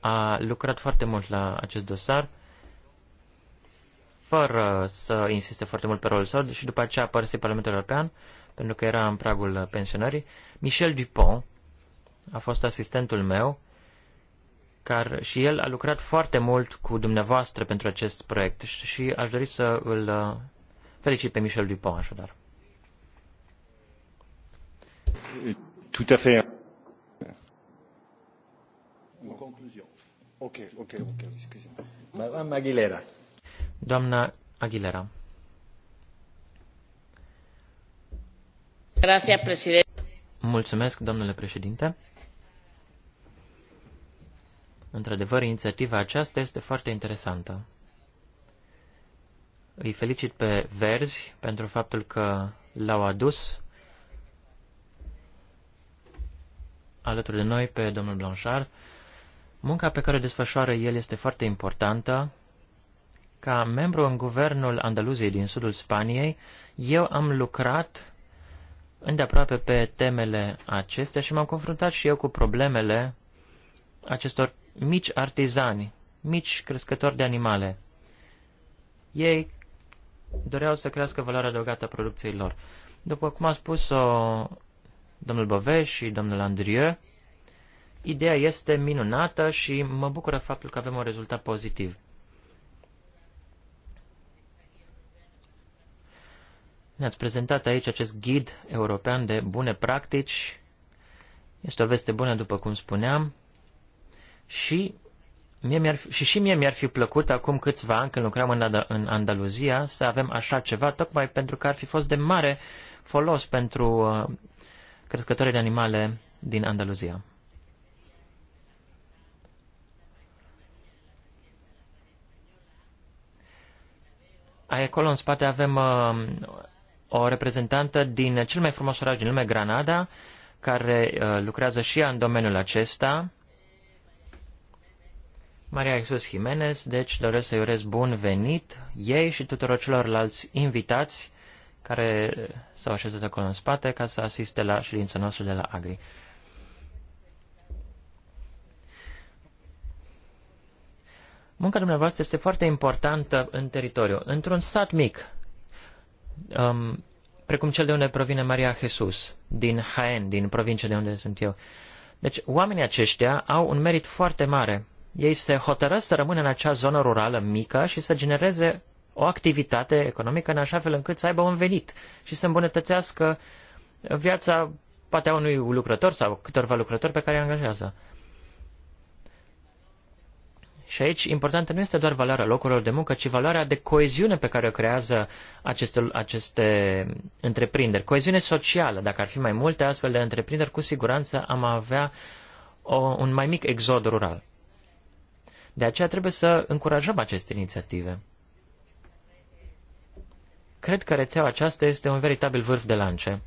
a lucrat foarte mult la acest dosar fără să insiste foarte mult pe rolul său și după aceea a părăsit Parlamentul European pentru că era în pragul pensionării. Michel Dupont a fost asistentul meu care și el a lucrat foarte mult cu dumneavoastră pentru acest proiect și aș dori să îl uh, felicit pe Michel Dupont, așadar. Tout à fait. Ok, ok, ok, excusez-moi. Madame Aguilera. Doamna Aguilera. Mulțumesc, domnule președinte. Într-adevăr, inițiativa aceasta este foarte interesantă. Îi felicit pe Verzi pentru faptul că l-au adus alături de noi pe domnul Blanchard. Munca pe care o desfășoară el este foarte importantă. Ca membru în guvernul Andaluziei din sudul Spaniei, eu am lucrat îndeaproape pe temele acestea și m-am confruntat și eu cu problemele acestor mici artizani, mici crescători de animale. Ei doreau să crească valoarea adăugată a producției lor. După cum a spus-o domnul Bove și domnul Andrieu, ideea este minunată și mă bucură faptul că avem un rezultat pozitiv. Ne-ați prezentat aici acest ghid european de bune practici. Este o veste bună, după cum spuneam. Și Mie mi-ar fi, și și mie mi-ar fi plăcut acum câțiva ani când lucram în, în Andaluzia să avem așa ceva, tocmai pentru că ar fi fost de mare folos pentru uh, crescătorii de animale din Andaluzia. Acolo în spate avem uh, o reprezentantă din cel mai frumos oraș din lume, Granada, care uh, lucrează și ea în domeniul acesta Maria Iisus Jimenez, deci doresc să-i urez bun venit ei și tuturor celorlalți invitați care s-au așezat acolo în spate ca să asiste la ședința noastră de la Agri. Munca dumneavoastră este foarte importantă în teritoriu. Într-un sat mic, um, precum cel de unde provine Maria Jesus, din Jaén, din provincia de unde sunt eu. Deci, oamenii aceștia au un merit foarte mare ei se hotărăsc să rămână în acea zonă rurală mică și să genereze o activitate economică în așa fel încât să aibă un venit și să îmbunătățească viața poate a unui lucrător sau câtorva lucrători pe care îi angajează. Și aici importantă nu este doar valoarea locurilor de muncă, ci valoarea de coeziune pe care o creează aceste, aceste întreprinderi. Coeziune socială. Dacă ar fi mai multe astfel de întreprinderi, cu siguranță am avea o, un mai mic exod rural. De aceea trebuie să încurajăm aceste inițiative. Cred că rețeaua aceasta este un veritabil vârf de lance.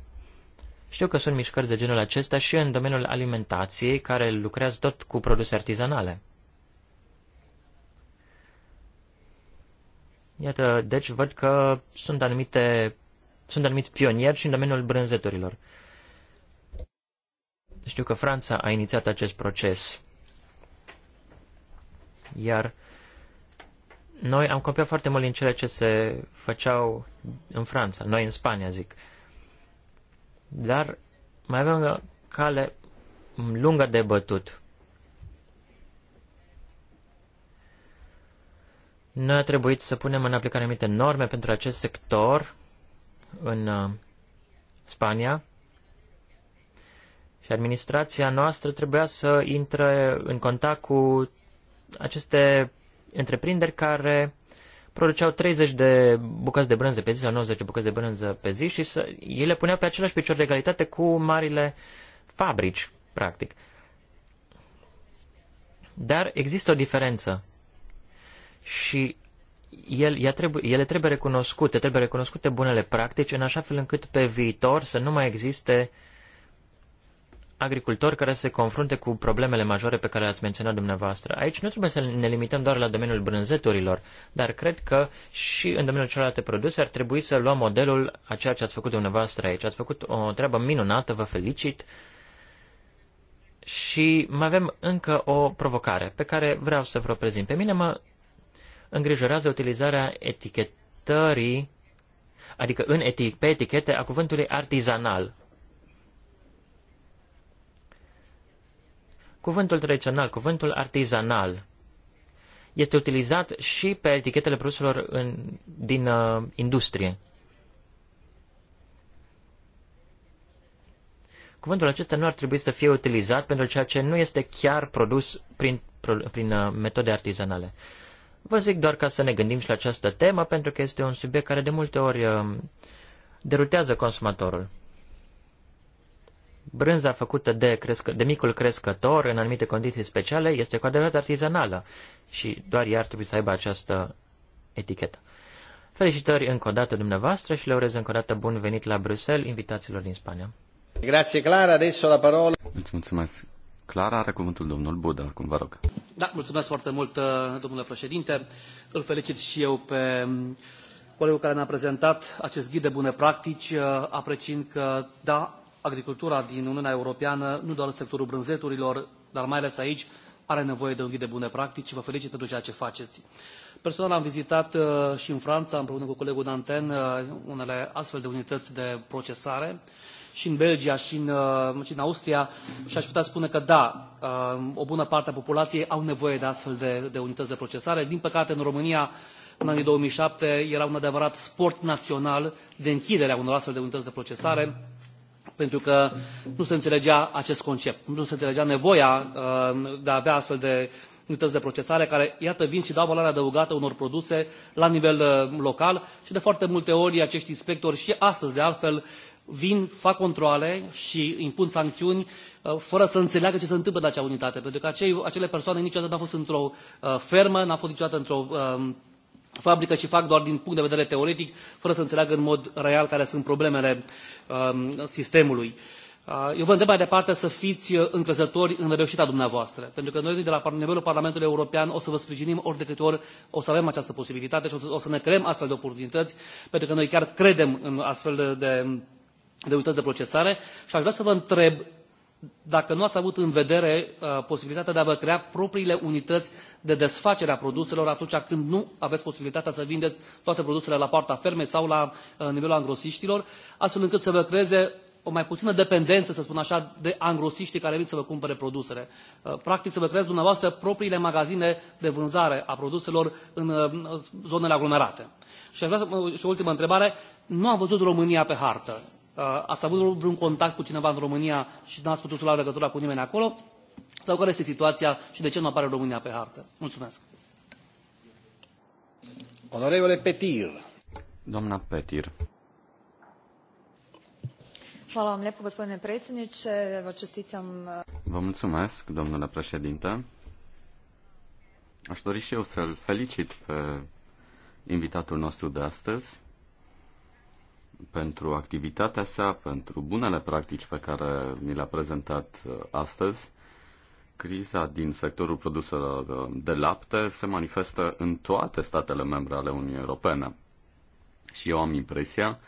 Știu că sunt mișcări de genul acesta și în domeniul alimentației, care lucrează tot cu produse artizanale. Iată, deci văd că sunt anumite sunt anumiți pionieri și în domeniul brânzeturilor. Știu că Franța a inițiat acest proces iar noi am copiat foarte mult din cele ce se făceau în Franța, noi în Spania, zic. Dar mai avem o cale lungă de bătut. Noi a trebuit să punem în aplicare anumite norme pentru acest sector în uh, Spania și administrația noastră trebuia să intre în contact cu aceste întreprinderi care produceau 30 de bucăți de brânză pe zi sau 90 de bucăți de brânză pe zi și să, ele puneau pe același picior de egalitate cu marile fabrici, practic. Dar există o diferență și el, ea trebuie, ele trebuie recunoscute, trebuie recunoscute bunele practici în așa fel încât pe viitor să nu mai existe uh, agricultori care se confrunte cu problemele majore pe care le-ați menționat dumneavoastră. Aici nu trebuie să ne limităm doar la domeniul brânzeturilor, dar cred că și în domeniul celelalte produse ar trebui să luăm modelul a ceea ce ați făcut dumneavoastră aici. Ați făcut o treabă minunată, vă felicit. Și mai avem încă o provocare pe care vreau să vă prezint. Pe mine mă îngrijorează utilizarea etichetării, adică în eti- pe etichete a cuvântului artizanal Cuvântul tradițional, cuvântul artizanal, este utilizat și pe etichetele produselor în, din uh, industrie. Cuvântul acesta nu ar trebui să fie utilizat pentru ceea ce nu este chiar produs prin, prin uh, metode artizanale. Vă zic doar ca să ne gândim și la această temă, pentru că este un subiect care de multe ori uh, derutează consumatorul brânza făcută de, cresc- de micul crescător în anumite condiții speciale este cu adevărat artizanală și doar ea ar trebui să aibă această etichetă. Felicitări încă o dată dumneavoastră și le urez încă o dată bun venit la Bruxelles invitațiilor din Spania. Grazie Clara, adesso la parola. Îți mulțumesc. Clara are cuvântul domnul Buda, cum vă rog. Da, mulțumesc foarte mult, uh, domnule președinte. Îl felicit și eu pe um, colegul care ne-a prezentat acest ghid de bune practici, uh, apreciind că, da, agricultura din Uniunea Europeană, nu doar în sectorul brânzeturilor, dar mai ales aici, are nevoie de un ghid de bune practici și vă felicit pentru ceea ce faceți. Personal am vizitat uh, și în Franța, împreună cu colegul Danten, uh, unele astfel de unități de procesare și în Belgia și în, uh, și în Austria și aș putea spune că da, o bună parte a populației au nevoie de astfel de, de unități de procesare. Din păcate, în România, în anii 2007, era un adevărat sport național de închidere a unor astfel de unități de procesare pentru că nu se înțelegea acest concept, nu se înțelegea nevoia uh, de a avea astfel de unități de procesare care, iată, vin și dau valoare adăugată unor produse la nivel uh, local și de foarte multe ori acești inspectori și astăzi, de altfel, vin, fac controle și impun sancțiuni uh, fără să înțeleagă ce se întâmplă în acea unitate, pentru că acei, acele persoane niciodată n-au fost într-o fermă, n-au fost niciodată într-o um, fabrică și fac doar din punct de vedere teoretic, fără să înțeleagă în mod real care sunt problemele um, sistemului. Uh, eu vă întreb mai departe să fiți uh, încrezători în reușita dumneavoastră, pentru că noi de la nivelul Parlamentului European o să vă sprijinim ori de câte ori o să avem această posibilitate și o să, ne creăm astfel de oportunități, pentru că noi chiar credem în astfel de, de unități de procesare și aș vrea să vă întreb dacă nu ați avut în vedere uh, posibilitatea de a vă crea propriile unități de desfacere a produselor atunci când nu aveți posibilitatea să vindeți toate produsele la poarta fermei sau la uh, nivelul angrosiștilor, astfel încât să vă creeze o mai puțină dependență, să spun așa, de angrosiștii care vin să vă cumpere produsele. Uh, practic să vă creați dumneavoastră propriile magazine de vânzare a produselor în uh, zonele aglomerate. Și aș vrea să, uh, și o ultimă întrebare. Nu am văzut România pe hartă. Uh, ați avut vreun contact cu cineva în România și nu ați putut lua legătura cu nimeni acolo? Sau care este situația și de ce nu apare România pe hartă? Mulțumesc. Onorevole Petir. Doamna Petir. Hvala vam lijepo, gospodine predsjedniče. Evo, čestitam... Uh, Vă mulțumesc, domnule președinte. Aș dori și eu să-l felicit pe invitatul nostru de astăzi pentru activitatea sa, pentru bunele practici pe care ni le-a prezentat uh, astăzi. Criza din sectorul produselor uh, de lapte se manifestă în toate statele membre ale Uniunii Europene. Și eu am impresia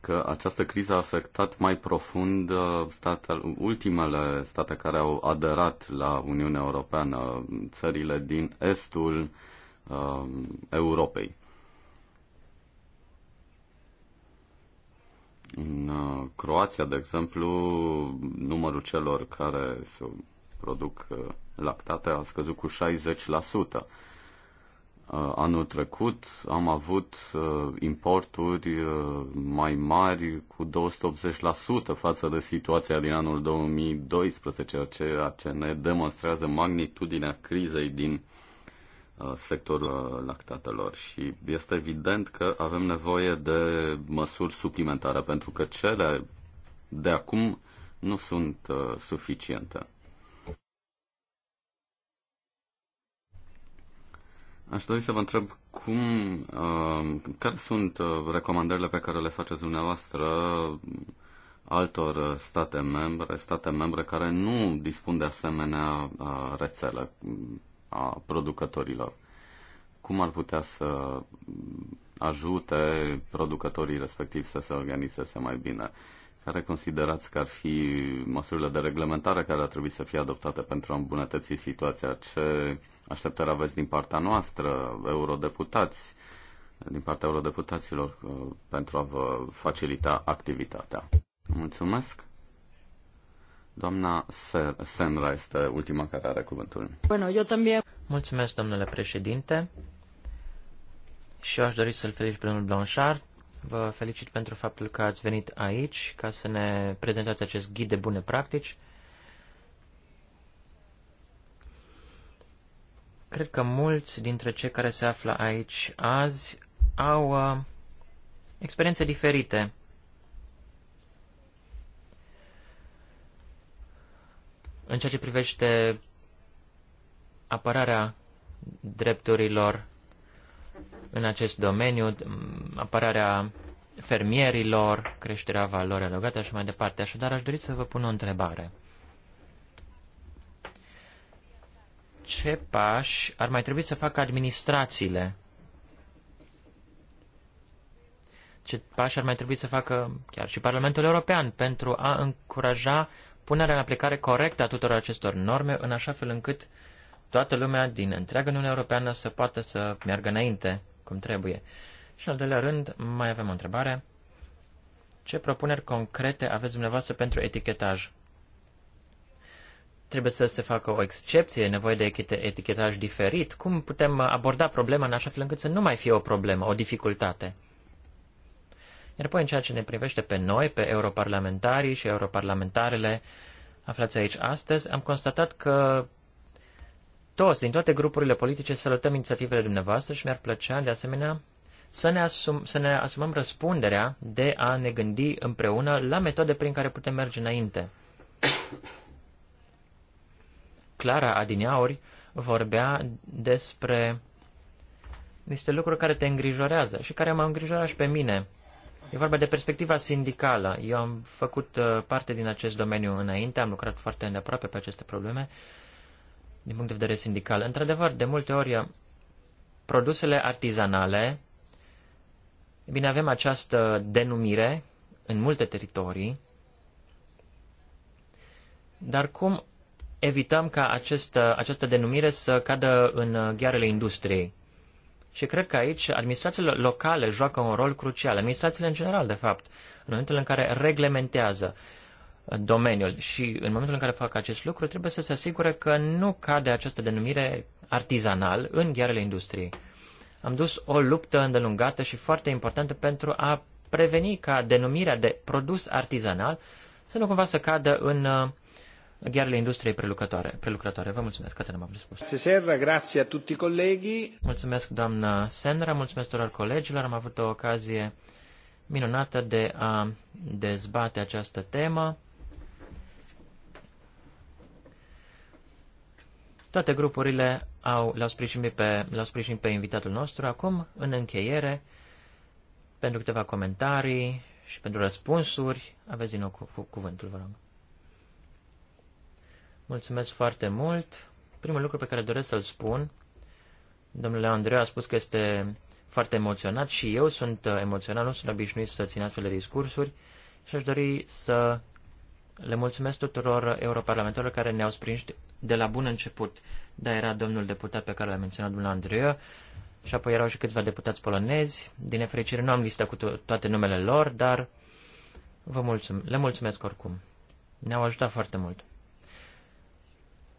că această criză a afectat mai profund uh, statele, ultimele state care au aderat la Uniunea Europeană, țările din estul uh, Europei. În uh, Croația, de exemplu, numărul celor care se produc uh, lactate a scăzut cu 60%. Uh, anul trecut am avut importuri mai mari cu 280% față de situația din anul 2012, ceea ce ne demonstrează magnitudinea crizei din Uh, sectorul uh, lactatelor și este evident că avem nevoie de măsuri suplimentare pentru că cele de acum nu sunt uh, suficiente. Aș dori să vă întreb cum, uh, care sunt recomandările pe care le faceți dumneavoastră altor state membre, state membre care nu dispun de asemenea uh, rețele a producătorilor. Cum ar putea să ajute producătorii respectivi să se organizeze mai bine? Care considerați că ar fi măsurile de reglementare care ar trebui să fie adoptate pentru a îmbunătăți situația? Ce așteptări aveți din partea noastră, eurodeputați, din partea eurodeputaților, uh, pentru a vă facilita activitatea? Mulțumesc! Doamna Senra este ultima care are cuvântul. Bueno, eu también. Mulțumesc, domnule președinte. Și eu aș dori să-l felicit pe domnul Blanchard. Vă felicit pentru faptul că ați venit aici ca să ne prezentați acest ghid de bune practici. Cred că mulți dintre cei care se află aici azi au uh, experiențe diferite În ceea ce privește apărarea drepturilor în acest domeniu, apărarea fermierilor, creșterea valorii adăugate și mai departe. Așadar, aș dori să vă pun o întrebare. Ce pași ar mai trebui să facă administrațiile? Ce pași ar mai trebui să facă chiar și Parlamentul European pentru a încuraja punerea în aplicare corectă a tuturor acestor norme, în așa fel încât toată lumea din întreaga Uniune Europeană să poată să meargă înainte cum trebuie. Și, în al doilea rând, mai avem o întrebare. Ce propuneri concrete aveți dumneavoastră pentru etichetaj? Trebuie să se facă o excepție, nevoie de etichetaj diferit. Cum putem aborda problema în așa fel încât să nu mai fie o problemă, o dificultate? Iar apoi, în ceea ce ne privește pe noi, pe europarlamentarii și europarlamentarele aflați aici astăzi, am constatat că toți, din toate grupurile politice, salutăm inițiativele dumneavoastră și mi-ar plăcea, de asemenea, să ne, asum, să ne asumăm răspunderea de a ne gândi împreună la metode prin care putem merge înainte. Clara Adineauri vorbea despre niște lucruri care te îngrijorează și care m-au îngrijorat și pe mine E vorba de perspectiva sindicală. Eu am făcut uh, parte din acest domeniu înainte, am lucrat foarte îndeaproape pe aceste probleme din punct de vedere sindical. Într-adevăr, de multe ori, uh, produsele artizanale, bine, avem această denumire în multe teritorii, dar cum evităm ca acest, uh, această denumire să cadă în ghearele industriei? Și cred că aici administrațiile locale joacă un rol crucial, administrațiile în general, de fapt, în momentul în care reglementează domeniul și în momentul în care fac acest lucru, trebuie să se asigure că nu cade această denumire artizanal în ghearele industriei. Am dus o luptă îndelungată și foarte importantă pentru a preveni ca denumirea de produs artizanal să nu cumva să cadă în uh, ghearele industriei prelucrătoare. prelucrătoare. Vă mulțumesc, atât am răspuns. Serra, grazie a tutti colegii. Mulțumesc, doamna Senra, mulțumesc tuturor colegilor. Am avut o ocazie minunată de a dezbate această temă. Toate grupurile au, l-au sprijinit pe, l-au sprijinit pe invitatul nostru. Acum, în încheiere, pentru câteva comentarii și pentru răspunsuri, aveți din nou cu, cu, cuvântul, vă rog. Mulțumesc foarte mult. Primul lucru pe care doresc să-l spun, domnule Andreu a spus că este foarte emoționat și eu sunt emoționat, nu sunt obișnuit să țin astfel de discursuri și aș dori să le mulțumesc tuturor europarlamentarilor care ne-au sprijinit de la bun început. Da, era domnul deputat pe care l-a menționat domnul Andreu, și apoi erau și câțiva deputați polonezi. Din nefericire nu am listat cu to- toate numele lor, dar vă mulțumesc. le mulțumesc oricum. Ne-au ajutat foarte mult.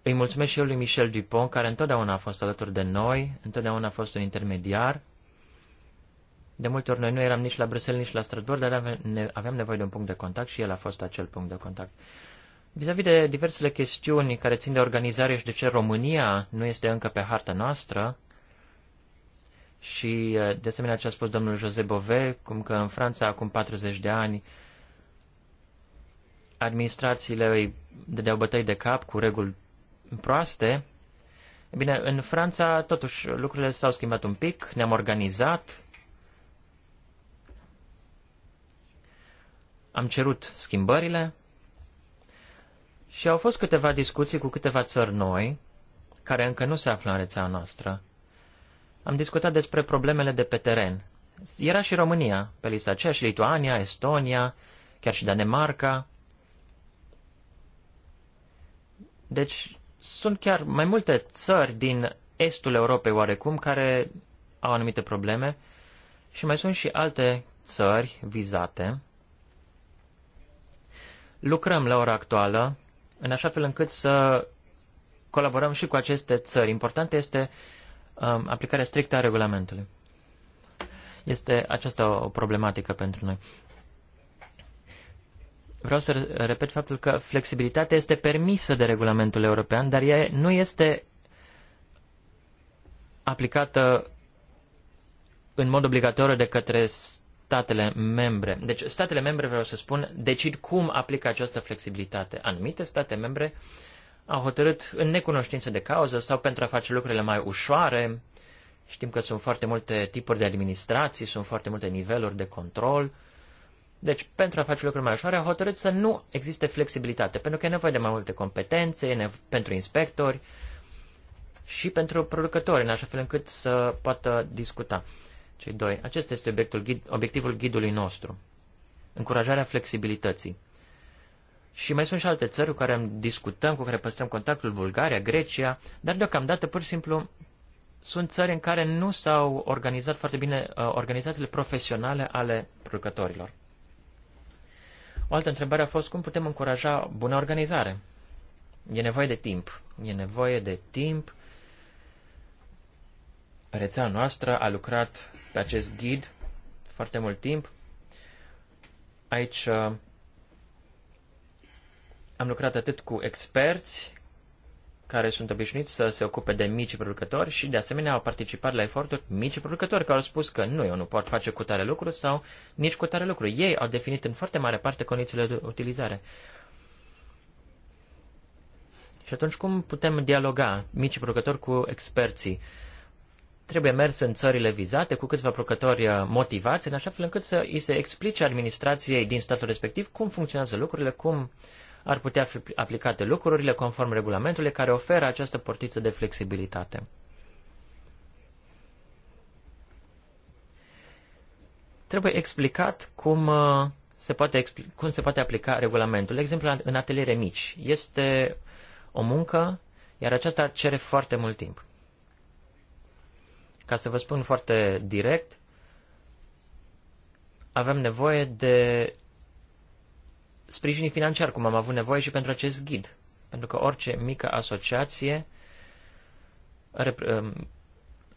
Îi mulțumesc și eu lui Michel Dupont, care întotdeauna a fost alături de noi, întotdeauna a fost un intermediar. De multe ori noi nu eram nici la Bruxelles, nici la Strasbourg, dar aveam nevoie de un punct de contact și el a fost acel punct de contact. Vis-a-vis de diversele chestiuni care țin de organizare și de ce România nu este încă pe harta noastră, și eh, de asemenea ce a spus domnul Jose Bove, cum că în Franța acum 40 de ani administrațiile îi dădeau bătăi de cap cu reguli proaste, bine, în Franța totuși lucrurile s-au schimbat un pic, ne-am organizat, am cerut schimbările și au fost câteva discuții cu câteva țări noi, care încă nu se află în rețea noastră. Am discutat despre problemele de pe teren. Era și România pe lista aceea, și Lituania, Estonia, chiar și Danemarca. Deci, sunt chiar mai multe țări din estul Europei oarecum care au anumite probleme și mai sunt și alte țări vizate. Lucrăm la ora actuală în așa fel încât să colaborăm și cu aceste țări. Important este um, aplicarea strictă a regulamentului. Este aceasta o problematică pentru noi vreau să repet faptul că flexibilitatea este permisă de regulamentul european, dar ea nu este aplicată în mod obligatoriu de către statele membre. Deci statele membre, vreau să spun, decid cum aplică această flexibilitate. Anumite state membre au hotărât în necunoștință de cauză sau pentru a face lucrurile mai ușoare. Știm că sunt foarte multe tipuri de administrații, sunt foarte multe niveluri de control. Uh, deci, pentru a face lucruri mai ușoare, hotărât să nu existe flexibilitate, pentru că e nevoie de mai multe competențe e pentru inspectori și pentru producători, în așa fel încât să poată discuta cei doi. Acesta este obiectul, obiectivul ghidului nostru. Încurajarea flexibilității. Și mai sunt și alte țări cu care discutăm, cu care păstrăm contactul, Bulgaria, Grecia, dar deocamdată pur și simplu sunt țări în care nu s-au organizat foarte bine uh, organizațiile profesionale ale producătorilor. O altă întrebare a fost cum putem încuraja bună organizare. E nevoie de timp. E nevoie de timp. Rețea noastră a lucrat pe acest ghid foarte mult timp. Aici uh, am lucrat atât cu experți, care sunt obișnuiți să se ocupe de mici producători și, de asemenea, au participat la eforturi mici producători care au spus că nu, eu nu pot face cu tare lucru sau nici cu tare lucru. Ei au definit în foarte mare parte condițiile de utilizare. Și atunci cum putem dialoga micii producători cu experții? Trebuie mers în țările vizate cu câțiva producători uh, motivați, în așa fel încât să îi se explice administrației din statul respectiv cum funcționează lucrurile, cum uh, ar putea fi aplicate lucrurile conform regulamentului care oferă această portiță de flexibilitate. Trebuie explicat cum uh, se poate, cum se poate aplica regulamentul. exemplu, în ateliere mici. Este o muncă, iar aceasta cere foarte mult timp. Ca să vă spun foarte direct, avem nevoie de sprijinii financiar, cum am avut nevoie și pentru acest ghid. Pentru că orice mică asociație are, um,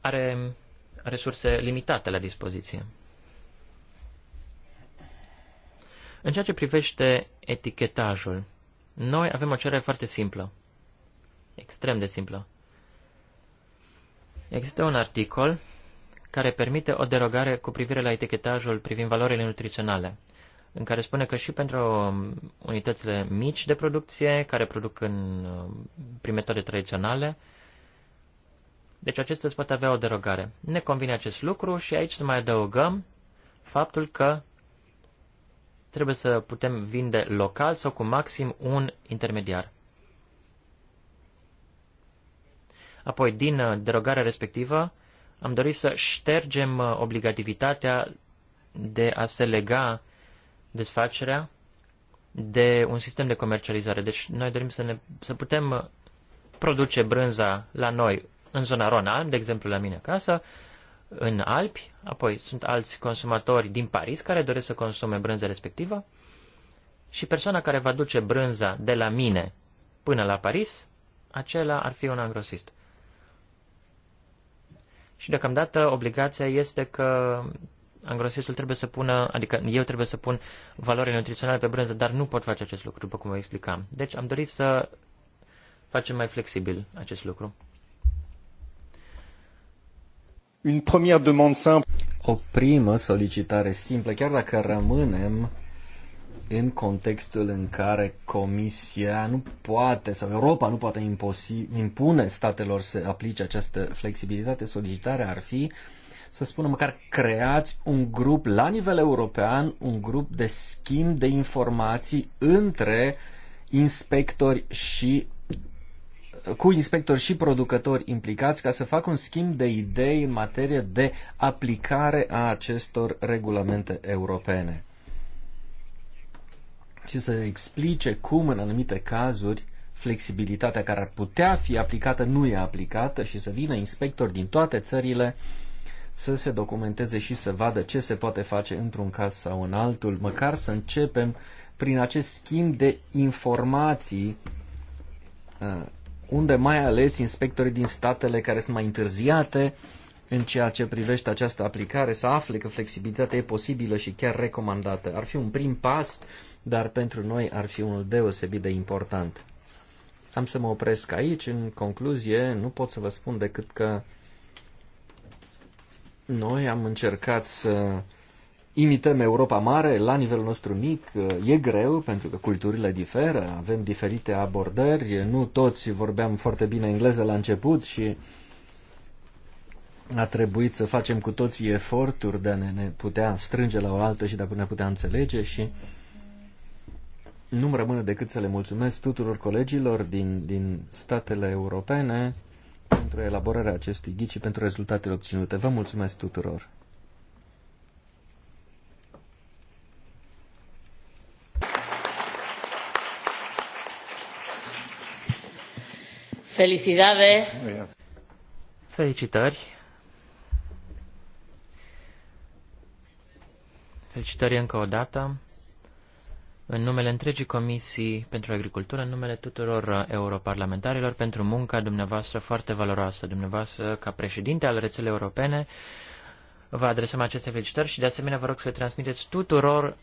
are resurse limitate la dispoziție. În ceea ce privește etichetajul, noi avem o cerere foarte simplă, extrem de simplă. Există un articol care permite o derogare cu privire la etichetajul privind valorile nutriționale în care spune că și pentru um, unitățile mici de producție, care produc în, um, prin metode tradiționale, deci acestea îți pot avea o derogare. Ne convine acest lucru și aici să mai adăugăm faptul că trebuie să putem vinde local sau cu maxim un intermediar. Apoi, din uh, derogarea respectivă, am dorit să ștergem uh, obligativitatea de a se lega desfacerea de un sistem de comercializare. Deci noi dorim să, ne, să putem uh, produce brânza la noi în zona Rona, de exemplu la mine acasă, în Alpi, apoi sunt alți consumatori din Paris care doresc să consume brânza respectivă și persoana care va duce brânza de la mine până la Paris, acela ar fi un angrosist. Și deocamdată obligația este că angrosistul trebuie să pună, adică eu trebuie să pun valoare nutriționale pe brânză, dar nu pot face acest lucru, după cum vă explicam. Deci am dorit să facem mai flexibil acest lucru. Une première demande simple. O primă solicitare simplă, chiar dacă rămânem în contextul în care Comisia nu poate sau Europa nu poate impune statelor să aplice această flexibilitate, solicitarea ar fi uh, să spunem măcar creați un grup la nivel european, un grup de schimb de informații între inspectori și cu inspectori și producători implicați ca să facă un schimb de idei în materie de aplicare a acestor regulamente europene. Și să explice cum în anumite cazuri flexibilitatea care ar putea fi aplicată nu e aplicată și să vină inspectori din toate țările uh, să se documenteze și să vadă ce se poate face într-un caz sau în altul, măcar să începem prin acest schimb de informații uh, unde mai ales inspectorii din statele care sunt mai întârziate în ceea ce privește această aplicare să afle că flexibilitatea e posibilă și chiar recomandată. Ar fi un prim pas, dar pentru noi ar fi unul deosebit de important. Am să mă opresc aici. În concluzie, nu pot să vă spun decât că noi am încercat să imităm Europa Mare la nivelul nostru mic. E greu pentru că culturile diferă, avem diferite abordări, nu toți vorbeam foarte bine engleză la început și a trebuit să facem cu toții eforturi de a ne, ne putea strânge la altă și de a ne putea înțelege și nu-mi rămâne decât să le mulțumesc tuturor colegilor din, din statele europene pentru elaborarea acestui ghid și pentru rezultatele obținute. Vă mulțumesc tuturor! Felicitări. Felicitări! Felicitări încă o dată! în numele întregii Comisii pentru Agricultură, în numele tuturor uh, europarlamentarilor, pentru munca dumneavoastră foarte valoroasă. Dumneavoastră, ca președinte al rețelei europene, vă adresăm aceste felicitări și, de asemenea, vă rog să le transmiteți tuturor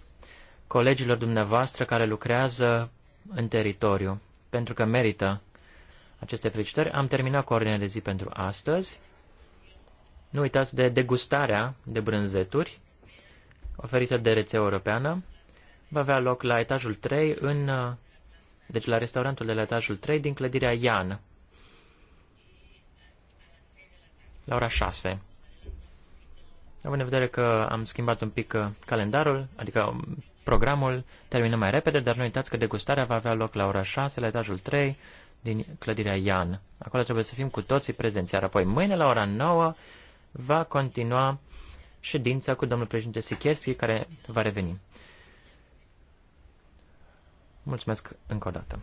colegilor dumneavoastră care lucrează în teritoriu, pentru că merită aceste felicitări. Am terminat cu ordinea de zi pentru astăzi. Nu uitați de degustarea de brânzeturi oferită de rețea europeană va avea loc la etajul 3, în, uh, deci la restaurantul de la etajul 3 din clădirea Ian, la ora 6. Având în vedere că am schimbat un pic uh, calendarul, adică um, programul, terminăm mai repede, dar nu uitați că degustarea va avea loc la ora 6, la etajul 3, din clădirea Ian. Acolo trebuie să fim cu toții prezenți, iar apoi mâine la ora 9 va continua ședința cu domnul președinte Sikierski, care va reveni. Mulțumesc încă o dată.